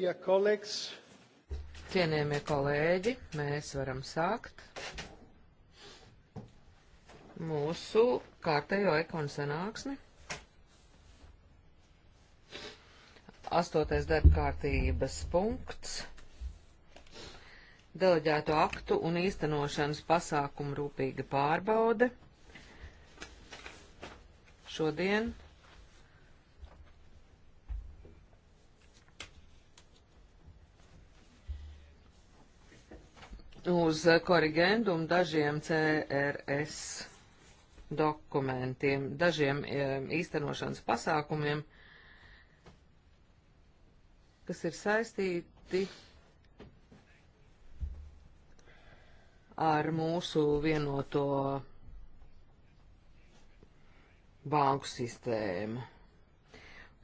Dear colleagues, Cienījamie kolēģi, mēs varam sākt mūsu kārtējo ekonu sanāksmi. Astotais darba kārtības punkts - deleģēto aktu un īstenošanas pasākumu rūpīga pārbaude. Šodien uz korigendu un dažiem CRS dokumentiem, dažiem īstenošanas pasākumiem, kas ir saistīti ar mūsu vienoto banku sistēmu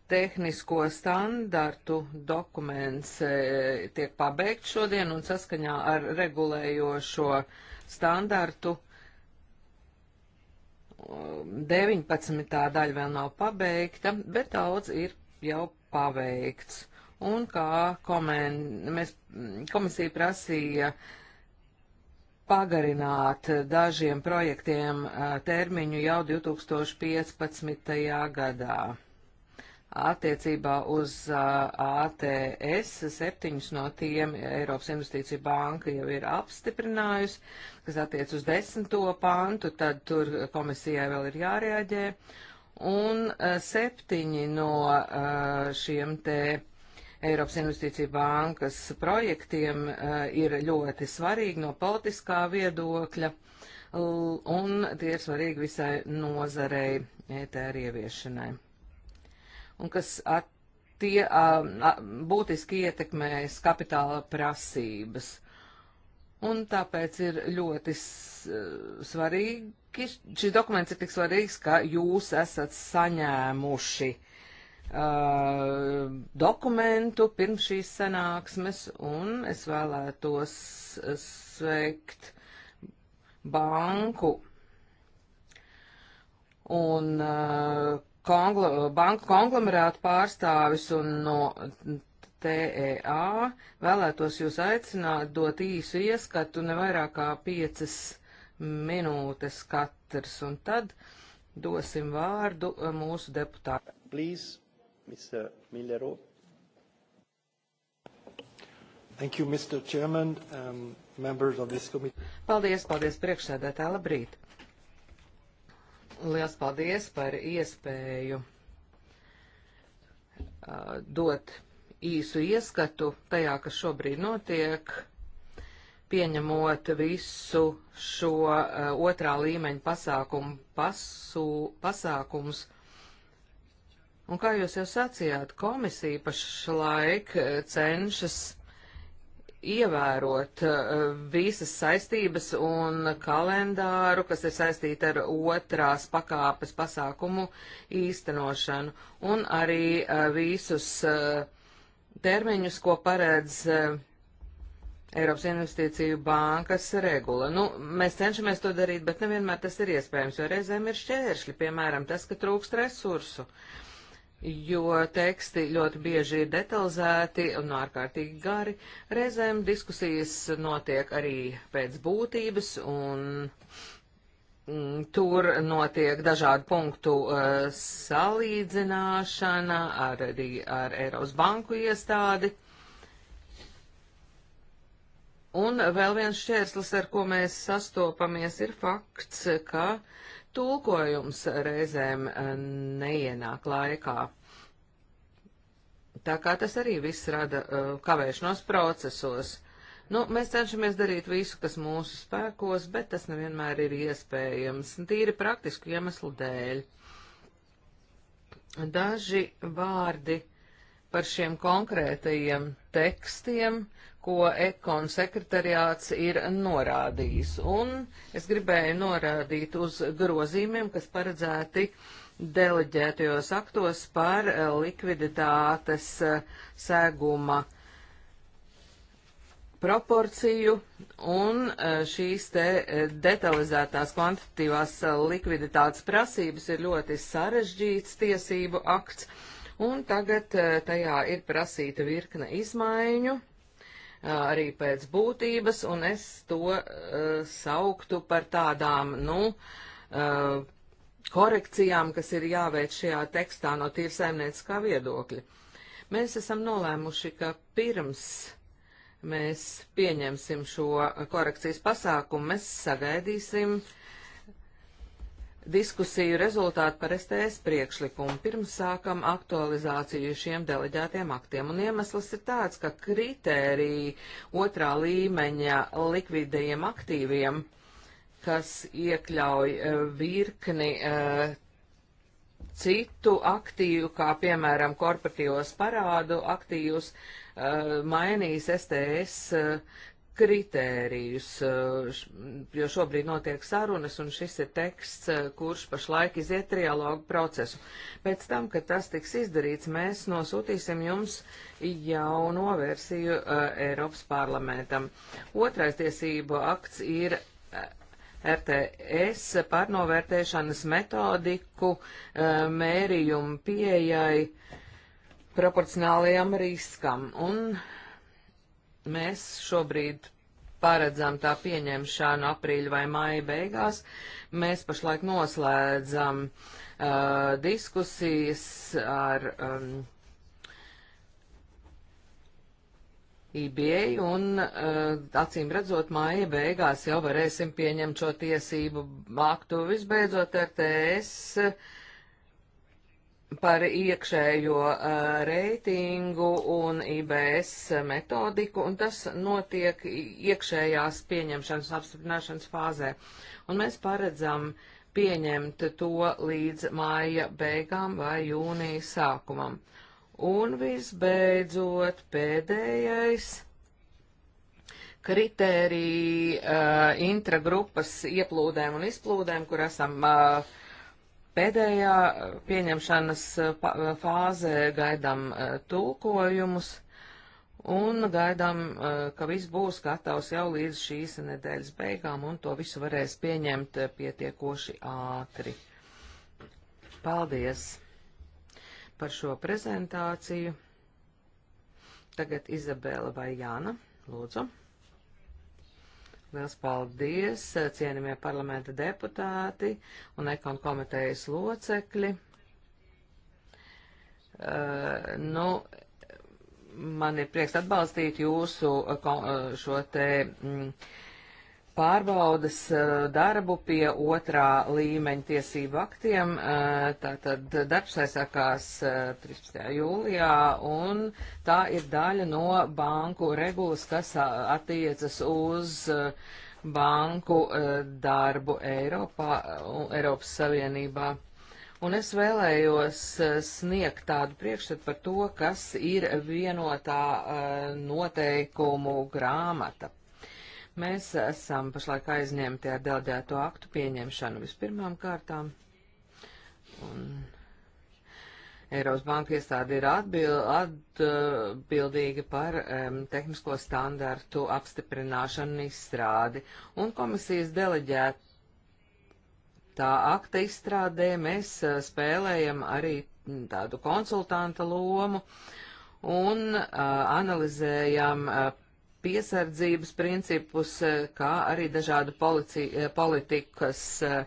tehnisko standartu dokuments e, tiek pabeigts šodien un saskaņā ar regulējošo standartu 19. Um, daļa vēl nav pabeigta, bet daudz ir jau paveikts. Un kā komen, mēs, komisija prasīja pagarināt dažiem projektiem e, termiņu jau 2015. gadā Attiecībā uz ATS septiņus no tiem Eiropas Investīcija banka jau ir apstiprinājusi, kas attiec uz desmito pantu, tad tur komisijai vēl ir jārēģē. Un septiņi no šiem te Eiropas Investīcija bankas projektiem ir ļoti svarīgi no politiskā viedokļa, un tie ir svarīgi visai nozarei ETR ieviešanai un kas at, tie a, būtiski ietekmēs kapitāla prasības. Un tāpēc ir ļoti e, svarīgi, šis dokuments ir tik svarīgs, ka jūs esat saņēmuši uh, dokumentu pirms šīs sanāksmes, un es vēlētos sveikt banku un uh, kongla, banku konglomerātu pārstāvis un no TEA vēlētos jūs aicināt dot īsu ieskatu nevairāk kā piecas minūtes katrs, un tad dosim vārdu eh, mūsu deputātam. Please, Mr. Millero. Thank you, Mr. Chairman, um, members of this committee. Paldies, paldies priekšsēdētā, labrīt. Liels paldies par iespēju dot īsu ieskatu tajā, kas šobrīd notiek, pieņemot visu šo uh, otrā līmeņa pasākumu, pasu, pasākums. Un kā jūs jau sacījāt, komisija pašlaik cenšas ievērot uh, visas saistības un kalendāru, kas ir saistīta ar otrās pakāpes pasākumu īstenošanu, un arī uh, visus uh, termiņus, ko paredz Eiropas Investīciju bankas regula. Nu, mēs cenšamies to darīt, bet nevienmēr tas ir iespējams, jo reizēm ir šķēršļi, piemēram, tas, ka trūkst resursu. Uh, jo teksti ļoti bieži ir detalizēti un ārkārtīgi gari. Reizēm diskusijas notiek arī pēc būtības, un mm, tur notiek dažādu punktu uh, salīdzināšana ar, arī ar Eiropas banku iestādi. Un vēl viens šķērslis, ar ko mēs sastopamies, ir fakts, ka uh, tulkojums reizēm e, neienāk laikā. Tā kā tas arī viss rada e, kavēšanos procesos. Nu, mēs cenšamies darīt visu, kas mūsu spēkos, bet tas nevienmēr ir iespējams, tīri praktisku iemeslu dēļ. Daži vārdi par šiem konkrētajiem tekstiem, ko ekon sekretariāts ir norādījis. Un es gribēju norādīt uz grozījumiem, kas paredzēti deleģētajos aktos par eh, likviditātes eh, seguma proporciju un eh, šīs te detalizētās kvantitīvās likviditātes prasības ir ļoti sarežģīts tiesību akts, un tagad tajā ir prasīta virkne izmaiņu arī pēc būtības, un es to uh, sauktu par tādām, nu, uh, korekcijām, kas ir jāveic šajā tekstā no tīrsaimnieciskā viedokļa. Mēs esam nolēmuši, ka pirms mēs pieņemsim šo korekcijas pasākumu, mēs sagaidīsim uh, diskusiju rezultāti par STS priekšlikumu. Pirms sākam aktualizāciju šiem deleģētiem aktiem, un iemesls ir tāds, ka kritēriji otrā līmeņa likvidējiem aktīviem, kas iekļauj e, virkni e, citu aktīvu, kā piemēram korporatīvos parādu aktīvus, e, mainīs STS kritērijus, eh, jo šobrīd notiek sarunas, un šis ir teksts, eh, kurš pašlaik iziet trialogu procesu. Pēc tam, kad tas tiks izdarīts, mēs nosūtīsim jums jauno versiju eh, Eiropas parlamentam. Otrais tiesību akts ir RTS pārnovērtēšanas metodiku mērījumu pieejai proporcionālajam riskam. Un Mēs šobrīd paredzam tā pieņemšanu aprīļa vai māja beigās. Mēs pašlaik noslēdzam uh, diskusijas ar um, EBA un uh, acīm redzot māja beigās jau varēsim pieņemt šo tiesību aktu visbeidzot ar TS. Uh, par iekšējo uh, reitingu un IBS metodiku, un tas notiek iekšējās pieņemšanas un apstiprināšanas fāzē. Un mēs paredzam pieņemt to līdz māja beigām vai jūnija sākumam. Un visbeidzot pēdējais kritērija uh, intragrupas ieplūdēm un izplūdēm, kur esam uh, Pēdējā eh, pieņemšanas eh, eh, fāzē gaidām tulkojumus un gaidām, ka viss būs gatavs jau līdz šīs nedēļas beigām un to visu varēs pieņemt pietiekoši ātri. Paldies par šo prezentāciju. Tagad Izabela vai Jāna, lūdzu. Liels paldies, eh, cienījamie parlamenta deputāti un ekonu komitejas locekļi. Uh, nu, man ir prieks atbalstīt jūsu uh, šo te. Mm, um, pārbaudas eh, darbu pie otrā līmeņa tiesību aktiem. Eh, tātad darbs aizsākās 13. Eh, jūlijā, un tā ir daļa no banku regulas, kas attiecas uz banku darbu Eiropā, Eiropas Savienībā. Un es vēlējos sniegt tādu priekšstatu par to, kas ir vienotā noteikumu grāmata Mēs esam pašlaik aizņemti ar delegēto aktu pieņemšanu vispirmām kārtām. Un Eiropas Banka iestāde ir atbil, atbildīga par um, tehnisko standartu apstiprināšanu un izstrādi, un komisijas deleģētā akta izstrādē mēs uh, spēlējam arī tādu konsultanta lomu un uh, analizējam uh, piesardzības principus, eh, kā arī dažādu polici, eh, politikas eh,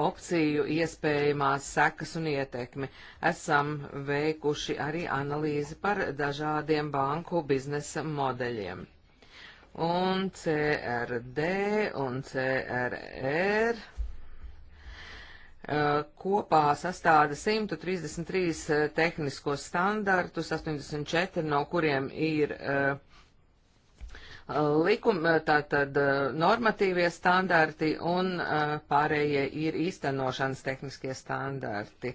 opciju iespējamās sekas un ietekmi. Esam veikuši arī analīzi par dažādiem banku biznesa modeļiem. Un CRD un CRR kopā sastāda 133 tehniskos standartus, 84 no kuriem ir uh, likuma, tātad eh, normatīvie standarti un eh, pārējie ir īstenošanas tehniskie standarti.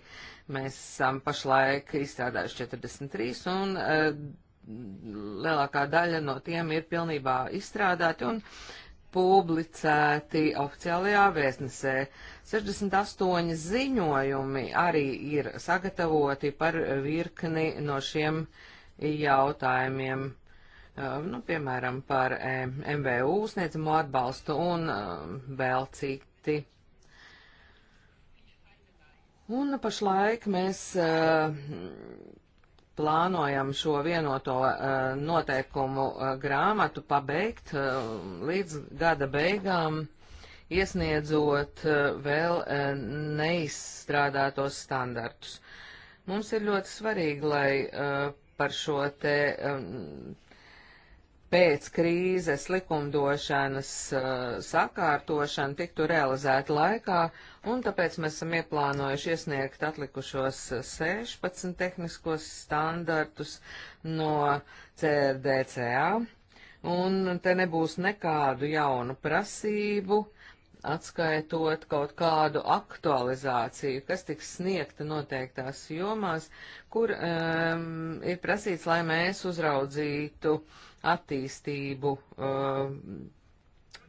Mēs esam pašlaik izstrādājuši 43 un eh, lielākā daļa no tiem ir pilnībā izstrādāti un publicēti oficiālajā vēstnesē. 68 ziņojumi arī ir sagatavoti par virkni no šiem jautājumiem. Uh, nu, piemēram, par eh, MVU sniedzamo atbalstu un eh, vēl citi. Un pašlaik mēs eh, plānojam šo vienoto noteikumu grāmatu pabeigt līdz gada beigām, iesniedzot vēl neizstrādātos standartus. Mums ir ļoti svarīgi, lai par šo te pēc krīzes likumdošanas uh, sakārtošana tiktu realizēta laikā, un tāpēc mēs esam ieplānojuši iesniegt atlikušos 16 eh, tehniskos standartus no CRDCA, un te nebūs nekādu jaunu prasību, atskaitot kaut kādu aktualizāciju, kas tiks sniegta noteiktās jomās, kur um, ir prasīts, lai mēs uzraudzītu uh, attīstību uh,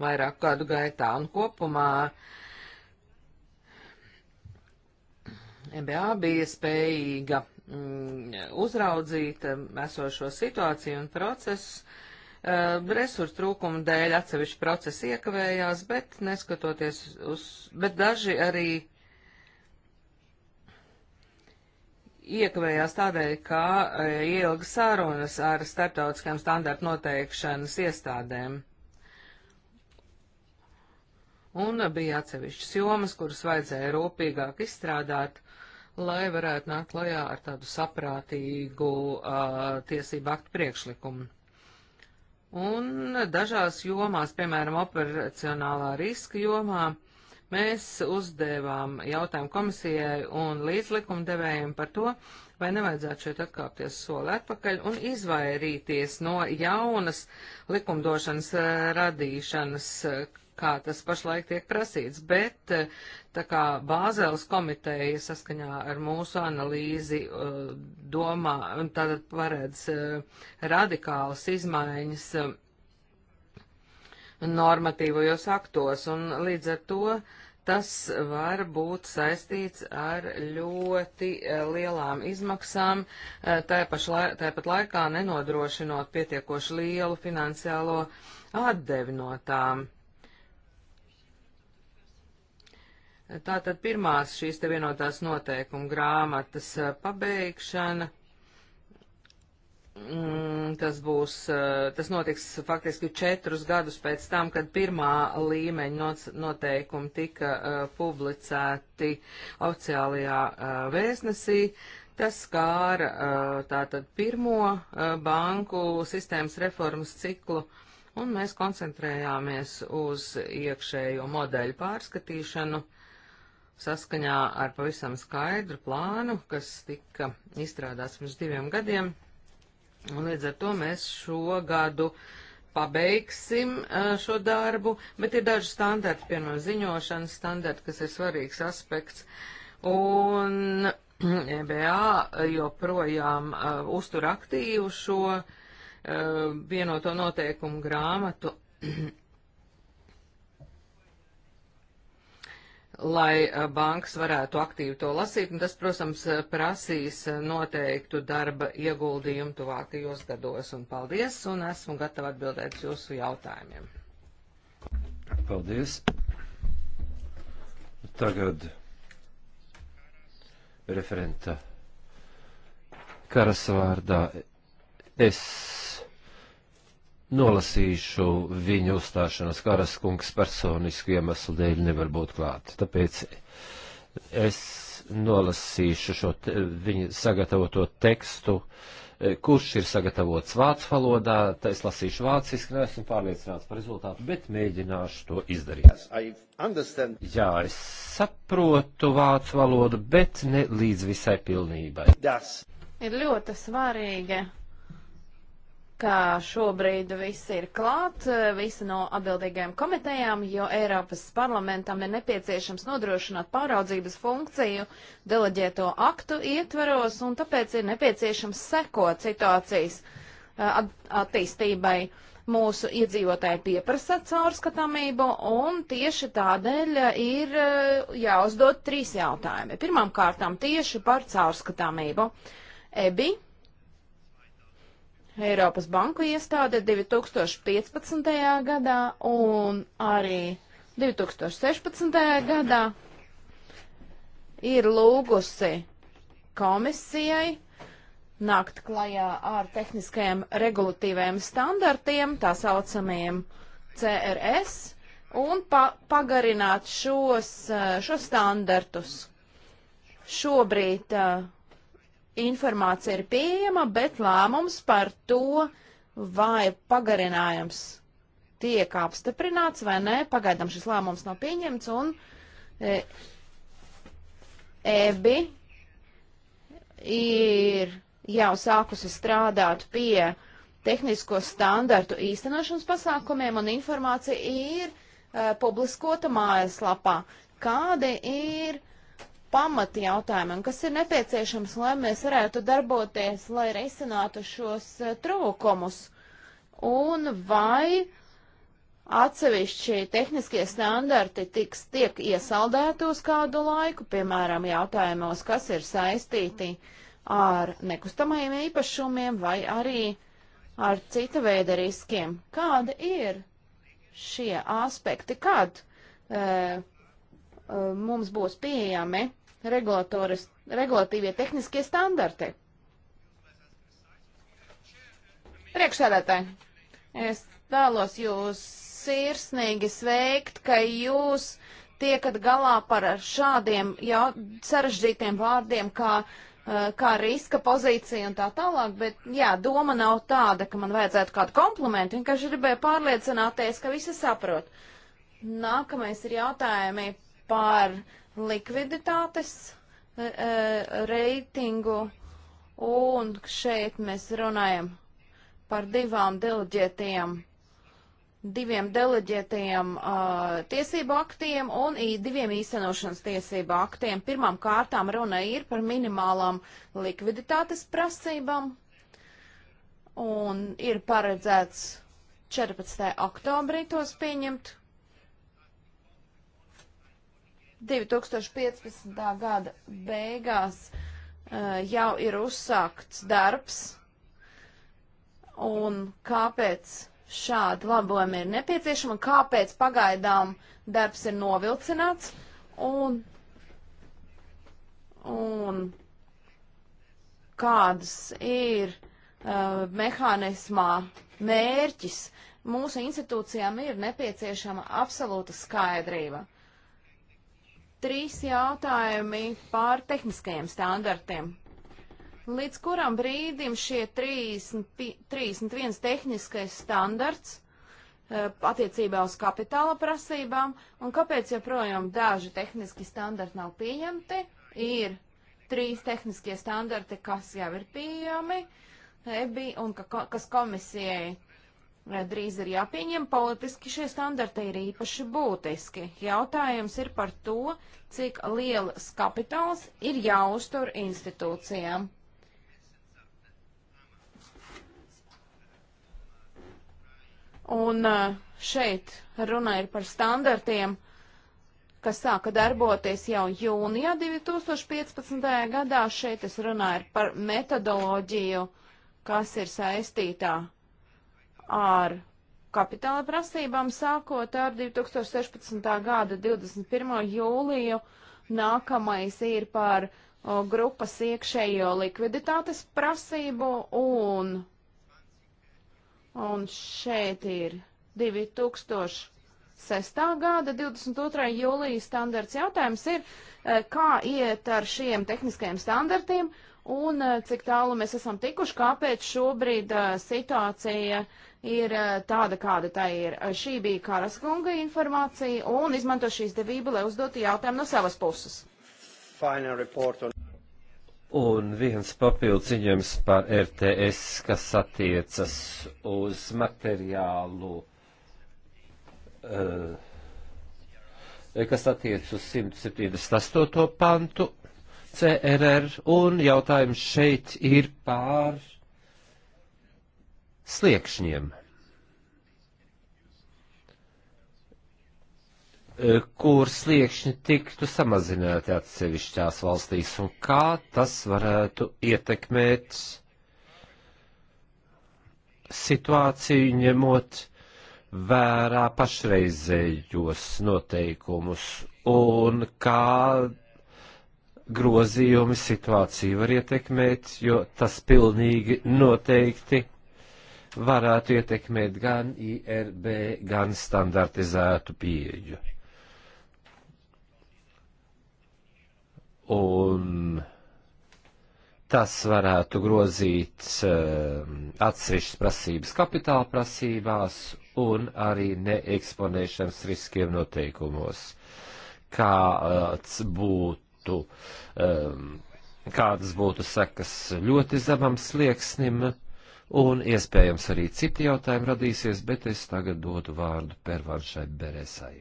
vairāk gadu gaitā un kopumā EBA bija spējīga mm, uzraudzīt um, esošo situāciju un procesu. Uh, resursu trūkuma dēļ atsevišķi procesi iekavējās, bet neskatoties uz, bet daži arī iekavējās tādēļ, ka e, ielga sarunas ar starptautiskām standartu noteikšanas iestādēm. Un bija atsevišķas jomas, kuras vajadzēja rūpīgāk izstrādāt, lai varētu nākt klajā ar tādu saprātīgu uh, tiesību aktu priekšlikumu. Un dažās jomās, piemēram, operacionālā riska jomā, uh, Mēs uzdevām jautājumu komisijai un līdzlikumdevējiem par to, vai nevajadzētu šeit atkāpties soli atpakaļ un izvairīties no jaunas likumdošanas eh, radīšanas, eh, kā tas pašlaik tiek prasīts. Bet eh, tā kā Bāzēlas komiteja saskaņā ar mūsu analīzi domā un tātad paredz radikālas izmaiņas normatīvajos aktos, un līdz ar to tas var būt saistīts ar ļoti e, lielām izmaksām, e, tāpat lai, laikā nenodrošinot pietiekoši lielu finansiālo atdevi no tām. Tātad pirmās šīs te vienotās noteikuma grāmatas e, pabeigšana Mm, tas būs, eh, tas notiks faktiski četrus gadus pēc tam, kad pirmā līmeņa noteikumi tika uh, publicēti oficiālajā uh, vēstnesī. Tas skāra uh, tātad pirmo banku sistēmas reformas ciklu, un mēs koncentrējāmies uz iekšējo modeļu pārskatīšanu saskaņā ar pavisam skaidru plānu, kas tika izstrādāts pirms diviem gadiem. Un līdz ar to mēs šo gadu pabeigsim šo darbu, bet ir daži standarti, piemēram, ziņošanas standarti, kas ir svarīgs aspekts. Un EBA e joprojām uh, uztur aktīvu šo uh, vienoto noteikumu grāmatu. lai eh, bankas varētu aktīvi to lasīt, un tas, protams, eh, prasīs eh, noteiktu darba ieguldījumu tuvākajos gados. Un paldies, un esmu gatava atbildēt jūsu jautājumiem. Paldies. Tagad referenta karas vārdā es nolasīšu viņa uzstāšanos, kā Raskungs personisku iemeslu dēļ nevar būt klāt. Tāpēc es nolasīšu šo te, viņa sagatavoto tekstu, e, kurš ir sagatavots vācu valodā, tā es lasīšu vāciski, neesmu pārliecināts par rezultātu, bet mēģināšu to izdarīt. Jā, es saprotu vācu valodu, bet ne līdz visai pilnībai. Das. Ir ļoti svarīgi ka šobrīd viss ir klāt, visi no atbildīgajām komitejām, jo Eiropas parlamentam ir nepieciešams nodrošināt pāraudzības funkciju deleģēto aktu ietvaros, un tāpēc ir nepieciešams sekot situācijas at attīstībai. Mūsu iedzīvotāji pieprasa caurskatāmību, un tieši tādēļ ir jāuzdod trīs jautājumi. Pirmām kārtām tieši par caurskatāmību. Ebi, Eiropas banku iestāde 2015. gadā un arī 2016. gadā ir lūgusi komisijai nākt klajā ar tehniskajiem regulatīviem standartiem, tā saucamajiem CRS, un pa pagarināt šos, eh, šos standartus. Šobrīd uh, informācija ir pieejama, bet lēmums par to, vai pagarinājums tiek apstiprināts vai nē, pagaidām šis lēmums nav pieņemts, un e, EBI ir jau sākusi strādāt pie tehnisko standartu īstenošanas pasākumiem, un informācija ir e, publiskota mājaslapā. Kādi ir pamati jautājumam, kas ir nepieciešams, lai mēs varētu darboties, lai risinātu šos uh, trūkumus, un vai atsevišķi tehniskie standarti tiks, tiek iesaldēti uz kādu laiku, piemēram, jautājumos, kas ir saistīti ar nekustamajiem īpašumiem vai arī ar cita veida riskiem. Kāda ir šie aspekti, kad e, uh, Um, mums būs pieejami regulatīvie tehniskie standarti. Priekšsēdētāji, es vēlos jūs sirsnīgi sveikt, ka jūs tiekat galā par šādiem jau sarežģītiem vārdiem, kā uh, kā riska pozīcija un tā tālāk, bet jā, doma nav tāda, ka man vajadzētu kādu komplimentu, vienkārši gribēju pārliecināties, ka visi saprot. Nākamais ir jautājumi par likviditātes e, e, reitingu, un šeit mēs runājam par divām deleģētajām, diviem deleģētajiem uh, tiesību aktiem un diviem īstenošanas tiesību aktiem. Pirmām kārtām runa ir par minimālām likviditātes prasībām, un ir paredzēts 14. oktobrī tos pieņemt, 2015. gada beigās uh, jau ir uzsākts darbs, un kāpēc šādi labojumi ir nepieciešami, un kāpēc pagaidām darbs ir novilcināts, un, un kādas ir uh, mehānismā mērķis. Mūsu institūcijām ir nepieciešama absolūta skaidrība trīs jautājumi par tehniskajiem standartiem. Līdz kuram brīdim šie 30, 31 tehniskais standarts uh, attiecībā uz kapitāla prasībām un kāpēc joprojām daži tehniski standarti nav pieņemti? Ir trīs tehniskie standarti, kas jau ir pieejami, EBI eh, un ka, kas komisijai drīz ir jāpieņem politiski šie standarti, ir īpaši būtiski. Jautājums ir par to, cik liels kapitāls ir jāuztur institūcijām. Un eh, šeit runa ir par standartiem, kas sāka darboties jau jūnijā 2015. gadā. Šeit es runāju par metodoloģiju, kas ir saistītā ar kapitāla prasībām sākot ar 2016. gada 21. jūliju. Nākamais ir par o, grupas iekšējo likviditātes prasību un, un šeit ir 2000. 6. gada 22. jūlijas standarts jautājums ir, e, kā iet ar šiem tehniskajiem standartiem un e, cik tālu mēs esam tikuši, kāpēc šobrīd e, situācija uh, ir eh, tāda, kāda tā ir. Eh, šī bija Karaskunga informācija un izmanto šīs devību, lai uzdotu jautājumu no savas puses. On... Un viens papildziņojums par RTS, kas attiecas uz materiālu, eh, kas attiecas uz 178. pantu CRR, un jautājums šeit ir pār sliekšņiem, eh, kur sliekšņi tiktu samazināti atsevišķās valstīs un kā tas varētu ietekmēt situāciju ņemot vērā pašreizējos noteikumus un kā grozījumi situāciju var ietekmēt, jo tas pilnīgi noteikti varētu ietekmēt gan IRB, gan standartizētu pieeju. Un tas varētu grozīt um, atsevišķas prasības kapitāla prasībās un arī neeksponēšanas riskiem noteikumos, kāds būtu, um, kādas būtu sekas ļoti zemam slieksnim un iespējams arī citi jautājumi radīsies, bet es tagad dodu vārdu pervanšai Beresai.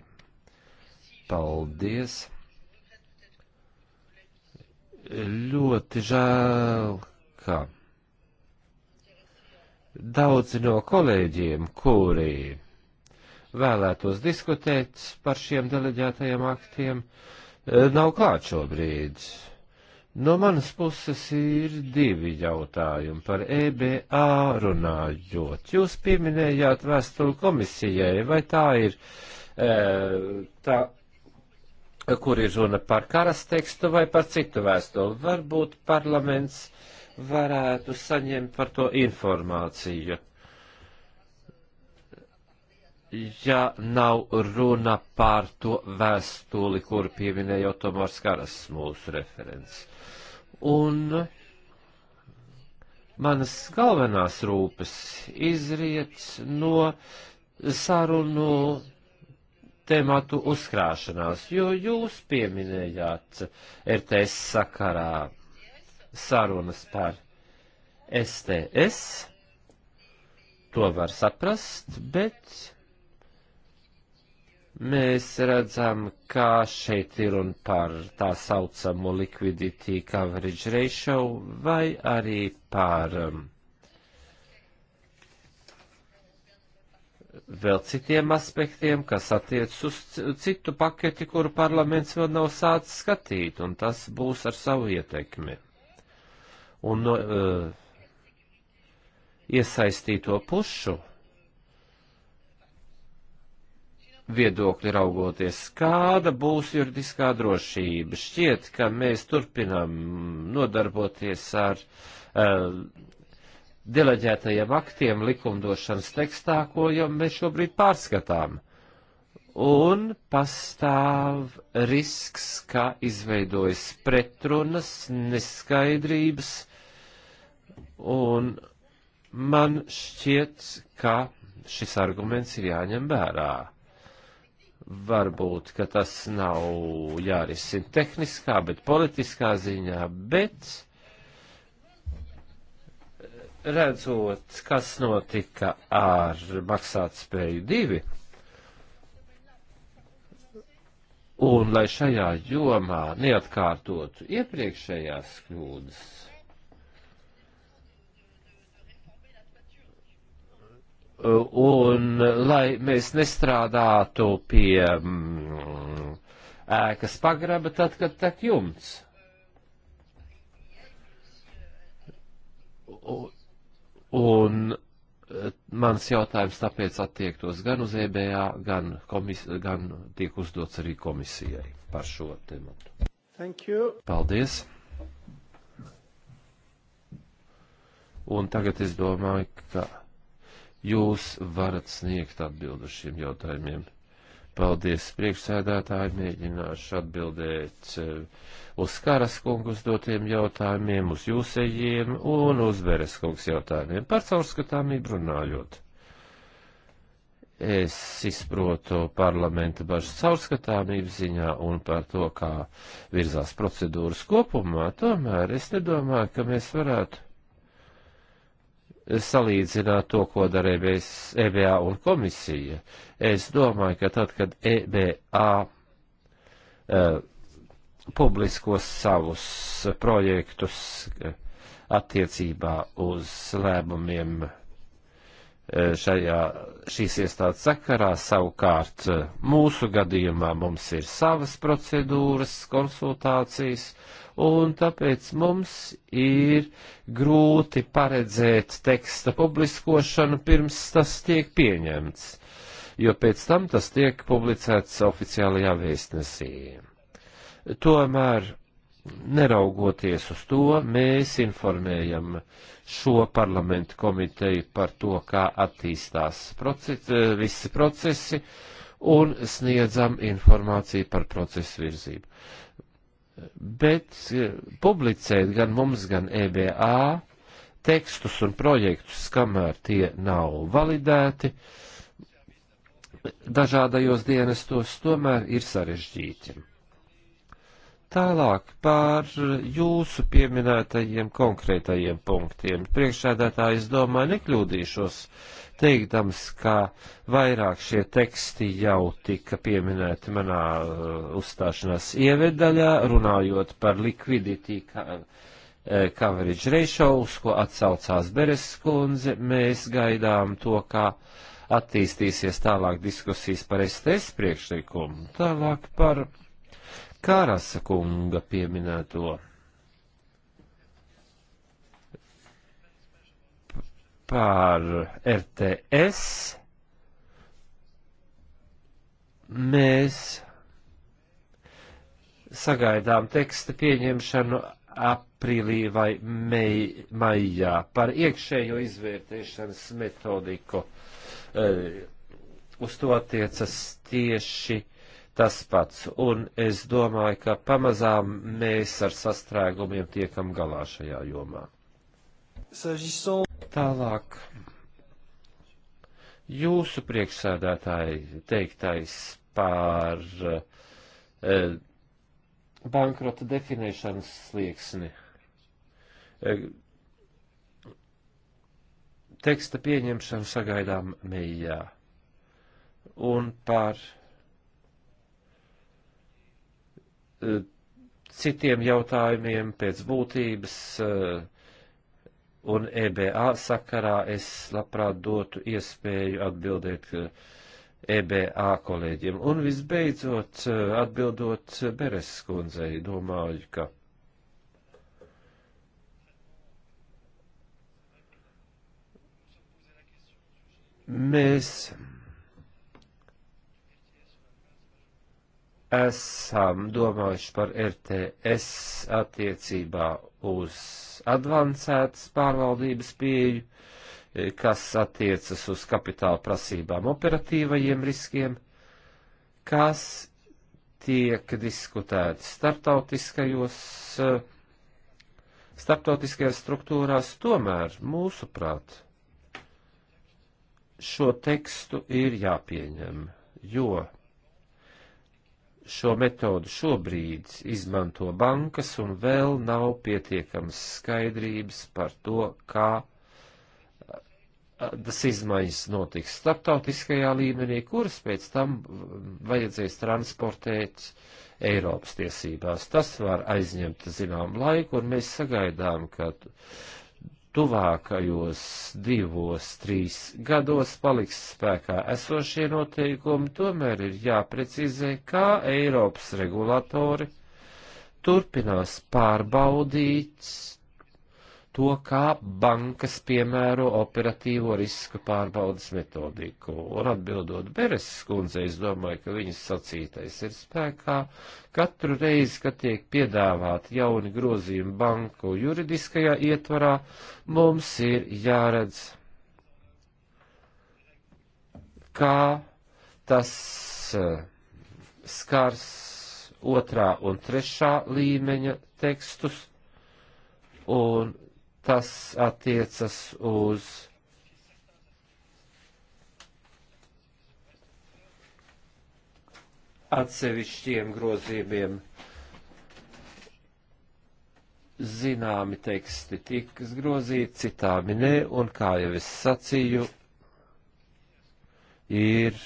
Paldies! Ļoti žēl, ka daudzi no kolēģiem, kuri vēlētos diskutēt par šiem deleģētajiem aktiem, nav klāt šobrīd. No manas puses ir divi jautājumi par EBA runājot. Jūs pieminējāt vēstuli komisijai, vai tā ir e, tā, kur ir runa par karas tekstu vai par citu vēstuli? Varbūt parlaments varētu saņemt par to informāciju ja nav runa pār to vēstuli, kuru pieminēja Otomārs Karas mūsu referents. Un manas galvenās rūpes izriet no sarunu tematu uzkrāšanās, jo jūs pieminējāt RTS sakarā sarunas par STS, to var saprast, bet Mēs redzam, kā šeit ir un par tā saucamo liquidity coverage ratio vai arī par um, vēl citiem aspektiem, kas attiec uz citu paketi, kuru parlaments vēl nav sācis skatīt, un tas būs ar savu ietekmi. Un no, uh, iesaistīto pušu viedokļa raugoties, kāda būs juridiskā drošība. Šķiet, ka mēs turpinām nodarboties ar uh, deleģētajiem aktiem likumdošanas tekstā, ko jau mēs šobrīd pārskatām. Un pastāv risks, ka izveidojas pretrunas, neskaidrības, un man šķiet, ka šis arguments ir jāņem vērā Varbūt, ka tas nav jārisina tehniskā, bet politiskā ziņā, bet redzot, kas notika ar maksātspēju divi, un lai šajā jomā neatkārtotu iepriekšējās kļūdas. un lai mēs nestrādātu pie mm, ēkas pagraba tad, kad tek jumts. Un, un mans jautājums tāpēc attiektos gan uz EBA, gan, komis, gan tiek uzdots arī komisijai par šo tematu. Thank you. Paldies. Un tagad es domāju, ka jūs varat sniegt atbildu šiem jautājumiem. Paldies priekšsēdētāji, mēģināšu atbildēt eh, uz Karas kungu uzdotiem jautājumiem, uz jūsējiem un uz Veres kungs jautājumiem par caurskatāmību runājot. Es izprotu parlamenta bažas caurskatāmības ziņā un par to, kā virzās procedūras kopumā, tomēr es nedomāju, ka mēs varētu salīdzināt to, ko dara EBA e un komisija. Es domāju, ka tad, kad EBA uh, e, publiskos savus projektus e, attiecībā uz lēmumiem E, šajā, šīs iestādes sakarā. Savukārt e, mūsu gadījumā mums ir savas procedūras, konsultācijas, un tāpēc mums ir grūti paredzēt teksta publiskošanu pirms tas tiek pieņemts, jo pēc tam tas tiek publicēts oficiālajā vēstnesī. Tomēr neraugoties uz to, mēs informējam šo parlamentu komiteju par to, kā attīstās procesi, eh, visi procesi un sniedzam informāciju par procesu virzību. Bet eh, publicēt gan mums, gan EBA tekstus un projektus, kamēr tie nav validēti, dažādajos dienestos tomēr ir sarežģīti. Tālāk par jūsu pieminētajiem konkrētajiem punktiem. Priekšsēdētāji, es domāju, nekļūdīšos teikdams, ka vairāk šie teksti jau tika pieminēti manā uh, uzstāšanās ievedaļā, runājot par likviditī uh, coverage ratio, uz ko atsaucās Beres kundze. Mēs gaidām to, kā attīstīsies tālāk diskusijas par STS priekšlikumu. Tālāk par Kārasa kunga pieminēto par RTS, mēs sagaidām teksta pieņemšanu aprīlī vai mei, maijā par iekšējo izvērtēšanas metodiku. Uh, uz to attiecas tieši uh, tas pats, un es domāju, ka pamazām mēs ar sastrēgumiem tiekam galā šajā jomā. Tālāk. Jūsu priekšsēdētāji teiktais par e, bankrota definēšanas slieksni. E, teksta pieņemšanu sagaidām mējā. Un par citiem jautājumiem pēc būtības, un EBA sakarā es labprāt dotu iespēju atbildēt EBA kolēģiem. Un visbeidzot, atbildot Beres kundzei, domāju, ka. Mēs esam domājuši par RTS attiecībā uz advancētas pārvaldības pieju, e, kas attiecas uz kapitāla prasībām operatīvajiem riskiem, kas tiek diskutēti starptautiskajos, e, starptautiskajās struktūrās, tomēr mūsuprāt šo tekstu ir jāpieņem, jo šo metodu šobrīd izmanto bankas un vēl nav pietiekams skaidrības par to, kā tas izmaiņas notiks starptautiskajā līmenī, kuras pēc tam vajadzēs transportēt Eiropas tiesībās. Tas var aizņemt zinām laiku, un mēs sagaidām, ka tuvākajos divos, trīs gados paliks spēkā esošie noteikumi, tomēr ir jāprecizē, kā Eiropas regulatori turpinās pārbaudīt to, kā bankas piemēro operatīvo riska pārbaudas metodiku. Un atbildot Beres skundzei, es domāju, ka viņas sacītais ir spēkā. Katru reizi, kad tiek piedāvāti jauni grozījumi banku juridiskajā ietvarā, mums ir jāredz, kā tas eh, skars otrā un trešā līmeņa tekstus, un tas attiecas uz atsevišķiem grozījumiem zināmi teksti tiks grozīti, citāmi nē, un kā jau es sacīju, ir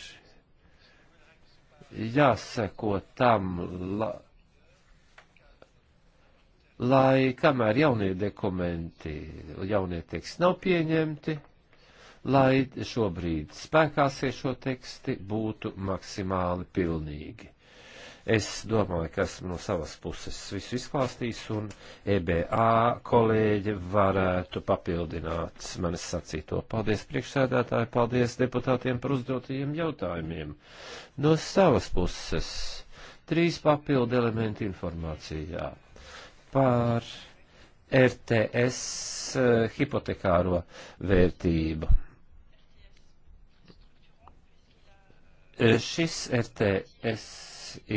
jāseko tam, lai lai kamēr jaunie dokumenti, jaunie teksti nav pieņemti, lai šobrīd spēkāsie šo teksti būtu maksimāli pilnīgi. Es domāju, ka esmu no savas puses visu izklāstījis, un EBA kolēģi varētu papildināt manis sacīto. Paldies priekšsēdētāji, paldies deputātiem par uzdotajiem jautājumiem. No savas puses trīs papildu elementi informācijā par RTS eh, hipotekāro vērtību. Eh, šis RTS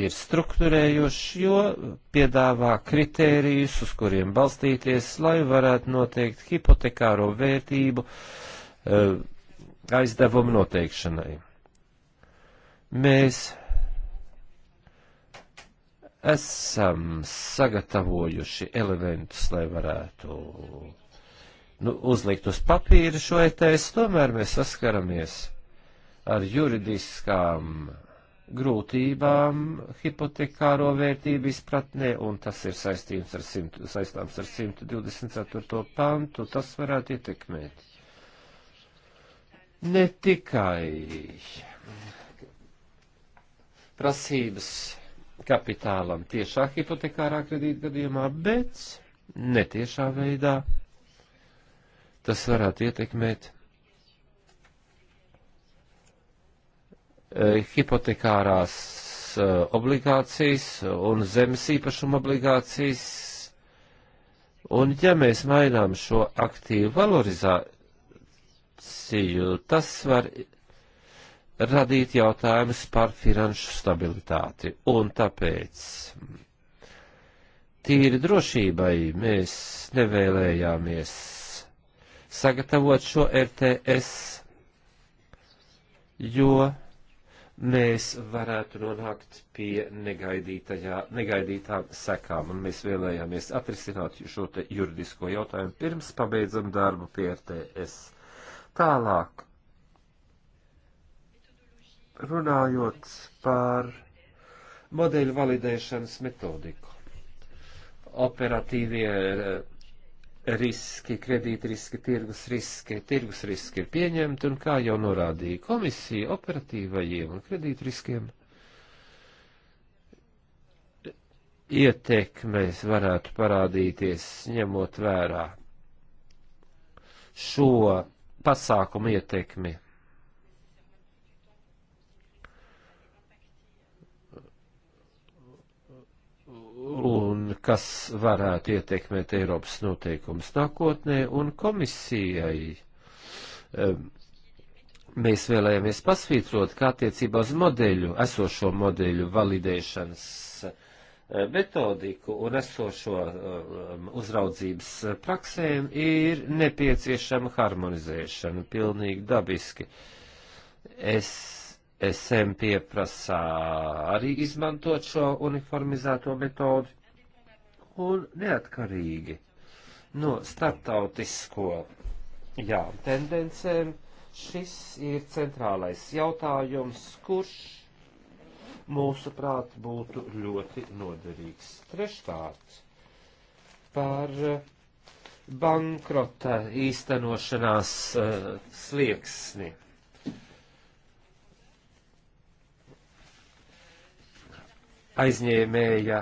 ir struktūrējošs, jo piedāvā kritērijus, uz kuriem balstīties, lai varētu noteikt hipotekāro vērtību eh, aizdevumu noteikšanai. Mēs esam sagatavojuši elementus, lai varētu nu, uzlikt uz papīra šo ETS, tomēr mēs saskaramies ar juridiskām grūtībām hipotekāro vērtību izpratnē, un tas ir saistīts ar, 100, saistāms ar 124. pantu, tas varētu ietekmēt. Ne tikai prasības kapitālam tiešā hipotekārā kredīta gadījumā, bet netiešā veidā tas varētu ietekmēt eh, hipotekārās eh, obligācijas un zemes īpašuma obligācijas. Un ja mēs mainām šo aktīvu valorizāciju, tas var radīt jautājumus par finanšu stabilitāti. Un tāpēc tīri drošībai mēs nevēlējāmies sagatavot šo RTS, jo mēs varētu nonākt pie negaidītām sekām, un mēs vēlējāmies atrisināt šo te juridisko jautājumu pirms pabeidzam darbu pie RTS. Tālāk runājot par modeļu validēšanas metodiku. Operatīvie eh, riski, kredītriski, tirgus riski, tirgus riski ir pieņemti, un kā jau norādīja komisija, operatīvajiem un kredītriskiem ietekmēs varētu parādīties, ņemot vērā šo pasākumu ietekmi un kas varētu ietekmēt Eiropas noteikumus nākotnē, un komisijai mēs vēlējāmies pasvītrot, kā attiecībā uz modeļu, esošo modeļu validēšanas eh, metodiku un esošo uzraudzības praksēm ir nepieciešama harmonizēšana, pilnīgi dabiski. Es SM pieprasā arī izmantot šo uniformizēto metodu un neatkarīgi no starptautisko jā, tendencēm. Šis ir centrālais jautājums, kurš mūsuprāt būtu ļoti noderīgs. Treškārt, par bankrota īstenošanās uh, slieksni aizņēmēja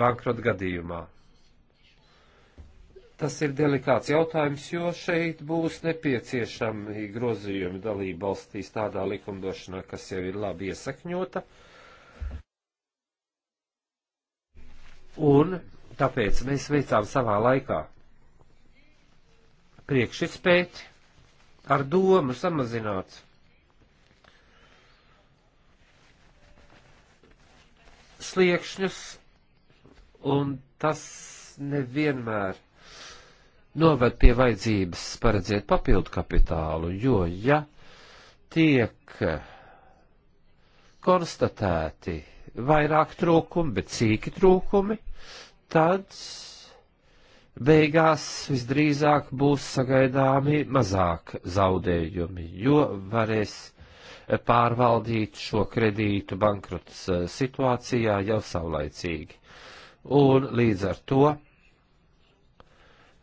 bankrota gadījumā. Tas ir delikāts jautājums, jo šeit būs nepieciešami grozījumi dalība valstīs tādā likumdošanā, kas jau ir labi iesakņota. Un tāpēc mēs veicām savā laikā priekšizpēti ar domu samazināt sliekšņus, un tas nevienmēr noved pie vajadzības paredzēt papildu kapitālu, jo ja tiek konstatēti vairāk trūkumi, bet cīki trūkumi, tad beigās visdrīzāk būs sagaidāmi mazāk zaudējumi, jo varēs pārvaldīt šo kredītu bankrotas eh, situācijā jau saulaicīgi. Un līdz ar to,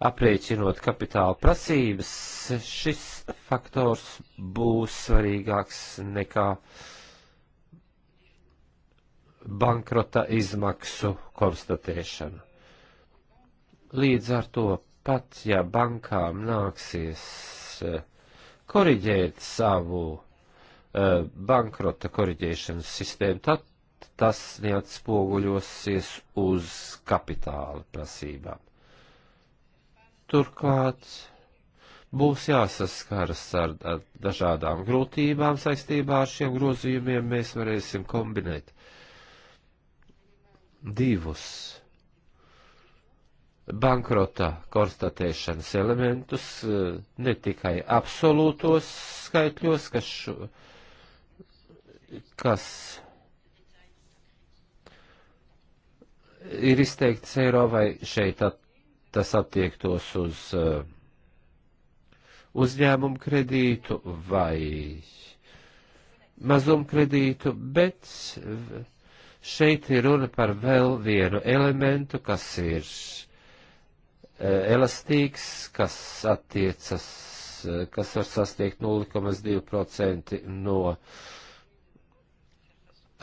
aprēķinot kapitāla prasības, šis faktors būs svarīgāks nekā bankrota izmaksu konstatēšana. Līdz ar to pat, ja bankām nāksies eh, koriģēt savu Uh, bankrota koriģēšanas sistēmu, tad tas neatspoguļosies uz kapitāla prasībām. Turklāt būs jāsaskaras ar, ar dažādām grūtībām saistībā ar šiem grozījumiem. Mēs varēsim kombinēt divus bankrota konstatēšanas elementus, uh, ne tikai absolūtos skaitļos, kas šo kas ir izteikts eiro vai šeit at, tas attiektos uz uh, uzņēmumu kredītu vai mazumu kredītu, bet šeit ir runa par vēl vienu elementu, kas ir eh, elastīgs, kas attiecas, eh, kas var sasniegt 0,2% no uh,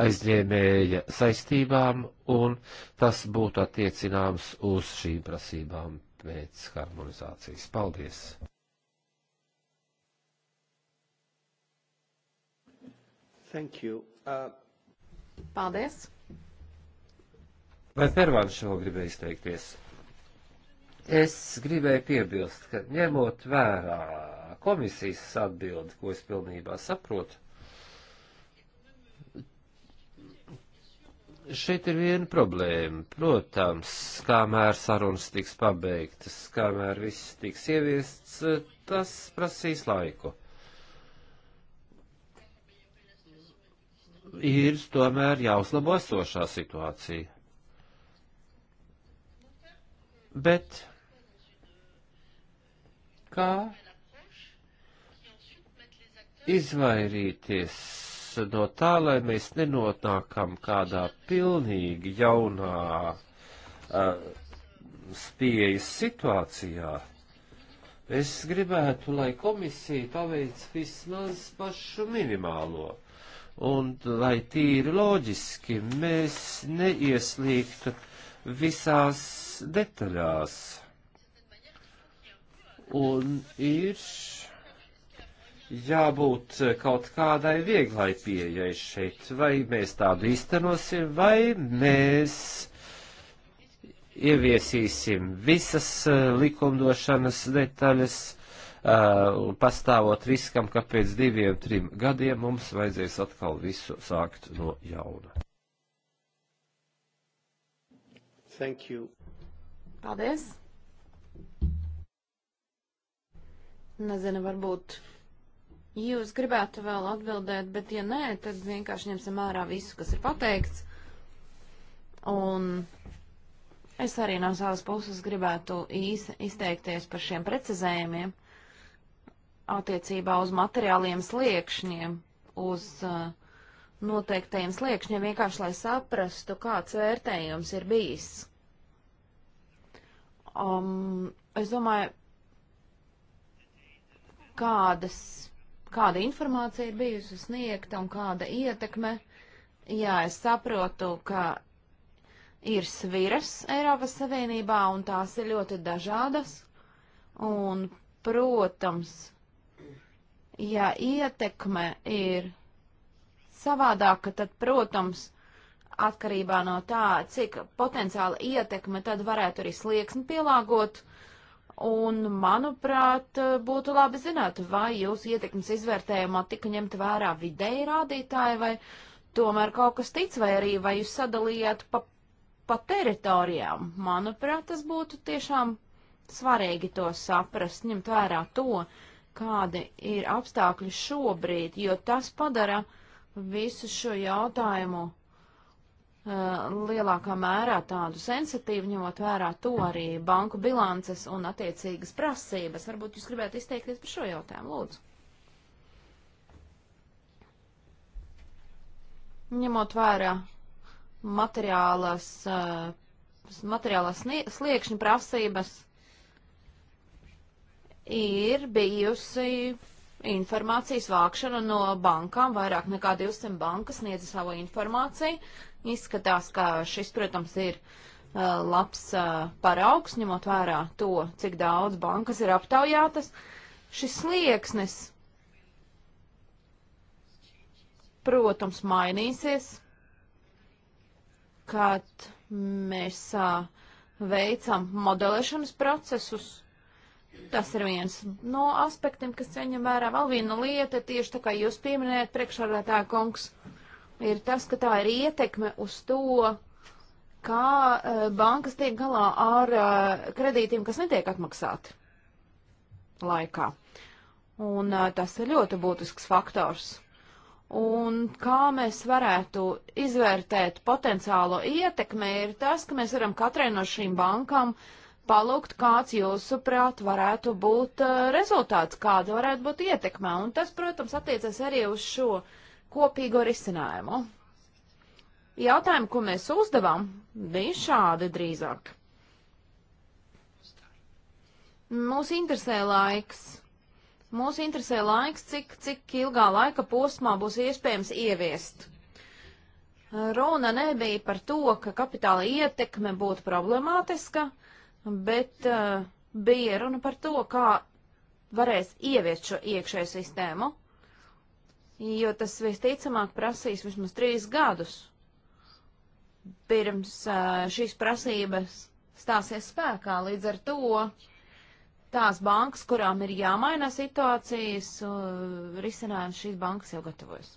aizņēmēja saistībām, un tas būtu attiecināms uz šīm prasībām pēc harmonizācijas. Paldies! Thank you. Uh... Paldies! Vai Pervāns vēl gribēja izteikties? Es gribēju piebilst, ka ņemot vērā komisijas atbildi, ko es pilnībā saprotu, šeit ir viena problēma. Protams, kamēr sarunas tiks pabeigtas, kamēr viss tiks ieviests, tas prasīs laiku. Ir tomēr jāuzlabo esošā situācija. Bet kā izvairīties no tā, lai mēs nenotnākam kādā pilnīgi jaunā uh, spiejas situācijā. Es gribētu, lai komisija paveic vismaz pašu minimālo. Un lai tīri loģiski mēs neieslīgtu visās detaļās. Un ir jābūt eh, kaut kādai vieglai pieejai šeit. Vai mēs tādu īstenosim, vai mēs ieviesīsim visas eh, likumdošanas detaļas, eh, pastāvot riskam, ka pēc diviem, trim gadiem mums vajadzēs atkal visu sākt no jauna. Thank you. Paldies. Nezinu, varbūt Jūs gribētu vēl atbildēt, bet ja nē, tad vienkārši ņemsim ārā visu, kas ir pateikts. Un es arī no savas puses gribētu īsi izteikties par šiem precizējumiem attiecībā uz materiāliem sliekšņiem, uz uh, noteiktajiem sliekšņiem, vienkārši lai saprastu, kāds vērtējums ir bijis. Um, es domāju, kādas kāda informācija ir bijusi sniegta un kāda ietekme. Jā, es saprotu, ka ir sviras Eiropas Savienībā un tās ir ļoti dažādas. Un, protams, ja ietekme ir savādāka, tad, protams, atkarībā no tā, cik potenciāla ietekme, tad varētu arī slieksni pielāgot. Uh, Un, manuprāt, būtu labi zināt, vai jūsu ietekmes izvērtējumā tika ņemta vērā vidēji rādītāji, vai tomēr kaut kas cits, vai arī vai jūs sadalījāt pa, pa teritorijām. Manuprāt, tas būtu tiešām svarīgi to saprast, ņemt vērā to, kādi ir apstākļi šobrīd, jo tas padara visu šo jautājumu Eh, lielākā mērā tādu sensitīvu, ņemot vērā to arī banku bilances un attiecīgas prasības. Varbūt jūs gribētu izteikties par šo jautājumu, lūdzu. Ņemot vērā materiālas, eh, materiālas sliekšņa prasības, ir bijusi informācijas vākšana no bankām. Vairāk nekā 200 bankas sniedza savu informāciju Izskatās, ka šis, protams, ir uh, labs uh, paraugs, ņemot vērā to, cik daudz bankas ir aptaujātas. Šis slieksnis, protams, mainīsies, kad mēs uh, veicam modelēšanas procesus. Tas ir viens no aspektiem, kas ceņam vērā. Vēl viena lieta, tieši tā kā jūs pieminējat, priekšārētāja kungs, ir tas, ka tā ir ietekme uz to, kā uh, bankas tiek galā ar uh, kredītiem, kas netiek atmaksāti laikā. Un uh, tas ir ļoti būtisks faktors. Un kā mēs varētu izvērtēt potenciālo ietekmi, ir tas, ka mēs varam katrai no šīm bankām palūgt, kāds jūsuprāt varētu būt rezultāts, kāda varētu būt ietekme. Un tas, protams, attiecas arī uz šo uh, kopīgo risinājumu. Jautājumi, ko mēs uzdevām, bija šādi drīzāk. Mūs interesē laiks. Mūs interesē laiks, cik, cik ilgā laika posmā būs iespējams ieviest. Runa nebija par to, ka kapitāla ietekme būtu problemātiska, bet uh, bija runa par to, kā varēs ieviest šo iekšēju sistēmu jo tas visticamāk prasīs vismaz trīs gadus pirms šīs prasības stāsies spēkā. Līdz ar to tās bankas, kurām ir jāmaina situācijas, risinājums šīs bankas jau gatavojas.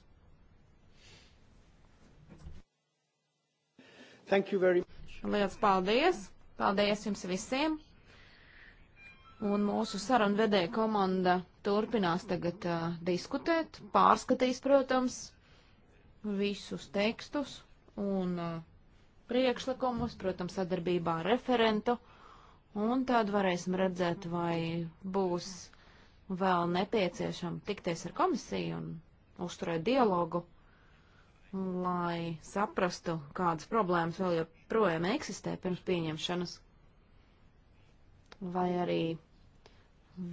Lielas paldies! Paldies jums visiem! Un mūsu sarunvedēja komanda turpinās tagad uh, diskutēt, pārskatīs, protams, visus tekstus un uh, priekšlikumus, protams, sadarbībā ar referentu, un tad varēsim redzēt, vai būs vēl nepieciešama tikties ar komisiju un uzturēt dialogu, lai saprastu, kādas problēmas vēl joprojām eksistē pirms pieņemšanas, vai arī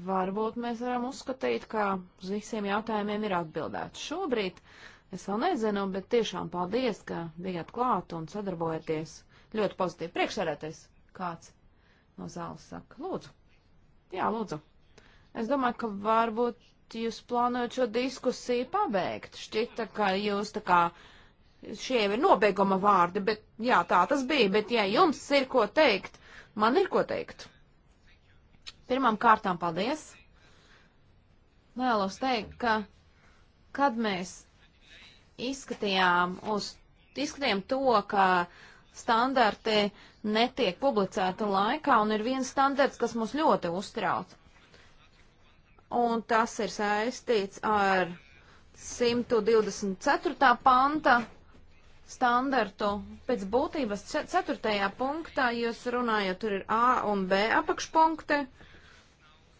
Varbūt mēs varam uzskatīt, ka uz visiem jautājumiem ir atbildēts. Šobrīd es vēl nezinu, bet tiešām paldies, ka bijāt klāt un sadarbojaties. Ļoti pozitīvi. Priekšsēdētais kāds no zāles saka, lūdzu. Jā, lūdzu. Es domāju, ka varbūt jūs plānojat šo diskusiju pabeigt. Šķita, ka jūs tā kā šie ir nobeiguma vārdi, bet jā, tā tas bija, bet ja jums ir ko teikt, man ir ko teikt. Pirmām kārtām paldies. Vēlos teikt, ka kad mēs izskatījām, uz, izskatījām to, ka standarti netiek publicēti laikā, un ir viens standarts, kas mums ļoti uztrauc. Un tas ir saistīts ar 124. panta standartu. Pēc būtības 4. punktā jūs runājat, tur ir A un B apakšpunkti. Uh,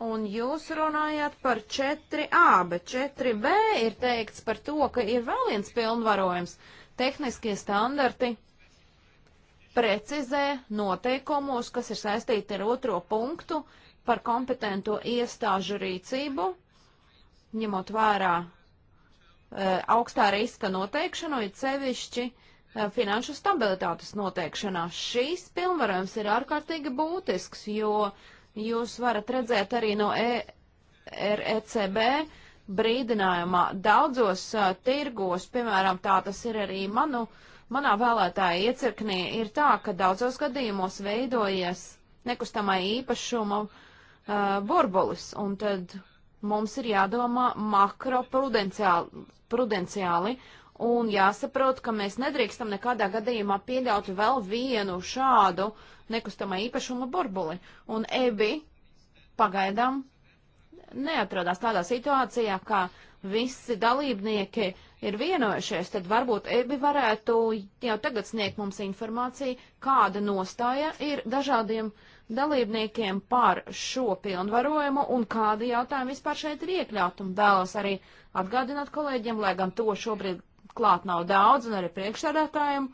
Un jūs runājāt par 4A, bet 4B ir teikts par to, ka ir vēl viens pilnvarojums. Tehniskie standarti precizē noteikumos, kas ir saistīti ar otro punktu par kompetento iestāžu rīcību, ņemot vērā e, augstā riska noteikšanu, ir sevišķi e, finanšu stabilitātes noteikšanā. Šīs pilnvarojums ir ārkārtīgi būtisks, jo Jūs varat redzēt arī no ECB e brīdinājumā daudzos uh, tirgos, piemēram, tā tas ir arī manu, manā vēlētāja iecirknī, ir tā, ka daudzos gadījumos veidojies nekustamā īpašuma uh, burbulis, un tad mums ir jādomā makroprudenciāli, Un jāsaprot, ka mēs nedrīkstam nekādā gadījumā pieļaut vēl vienu šādu nekustamā īpašuma burbuli. Un ebi pagaidām neatrodās tādā situācijā, ka visi dalībnieki ir vienojušies, tad varbūt ebi varētu jau tagad sniegt mums informāciju, kāda nostāja ir dažādiem dalībniekiem par šo pilnvarojumu un kādi jautājumi vispār šeit ir iekļauti. Un vēlos arī atgādināt kolēģiem, lai gan to šobrīd klāt nav daudz, un arī priekšsēdētājiem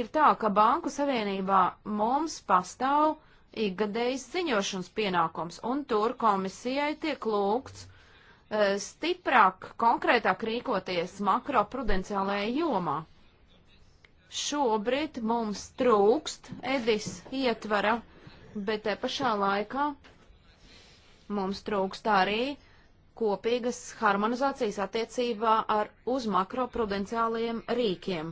ir tā, ka Banku Savienībā mums pastāv ikgadējas ziņošanas pienākums, un tur komisijai tiek lūgts e, stiprāk, konkrētāk rīkoties makroprudenciālajā jomā. Šobrīd mums trūkst Edis ietvara, bet te pašā laikā mums trūkst arī uh, kopīgas harmonizācijas attiecībā ar uz makroprudenciālajiem rīkiem.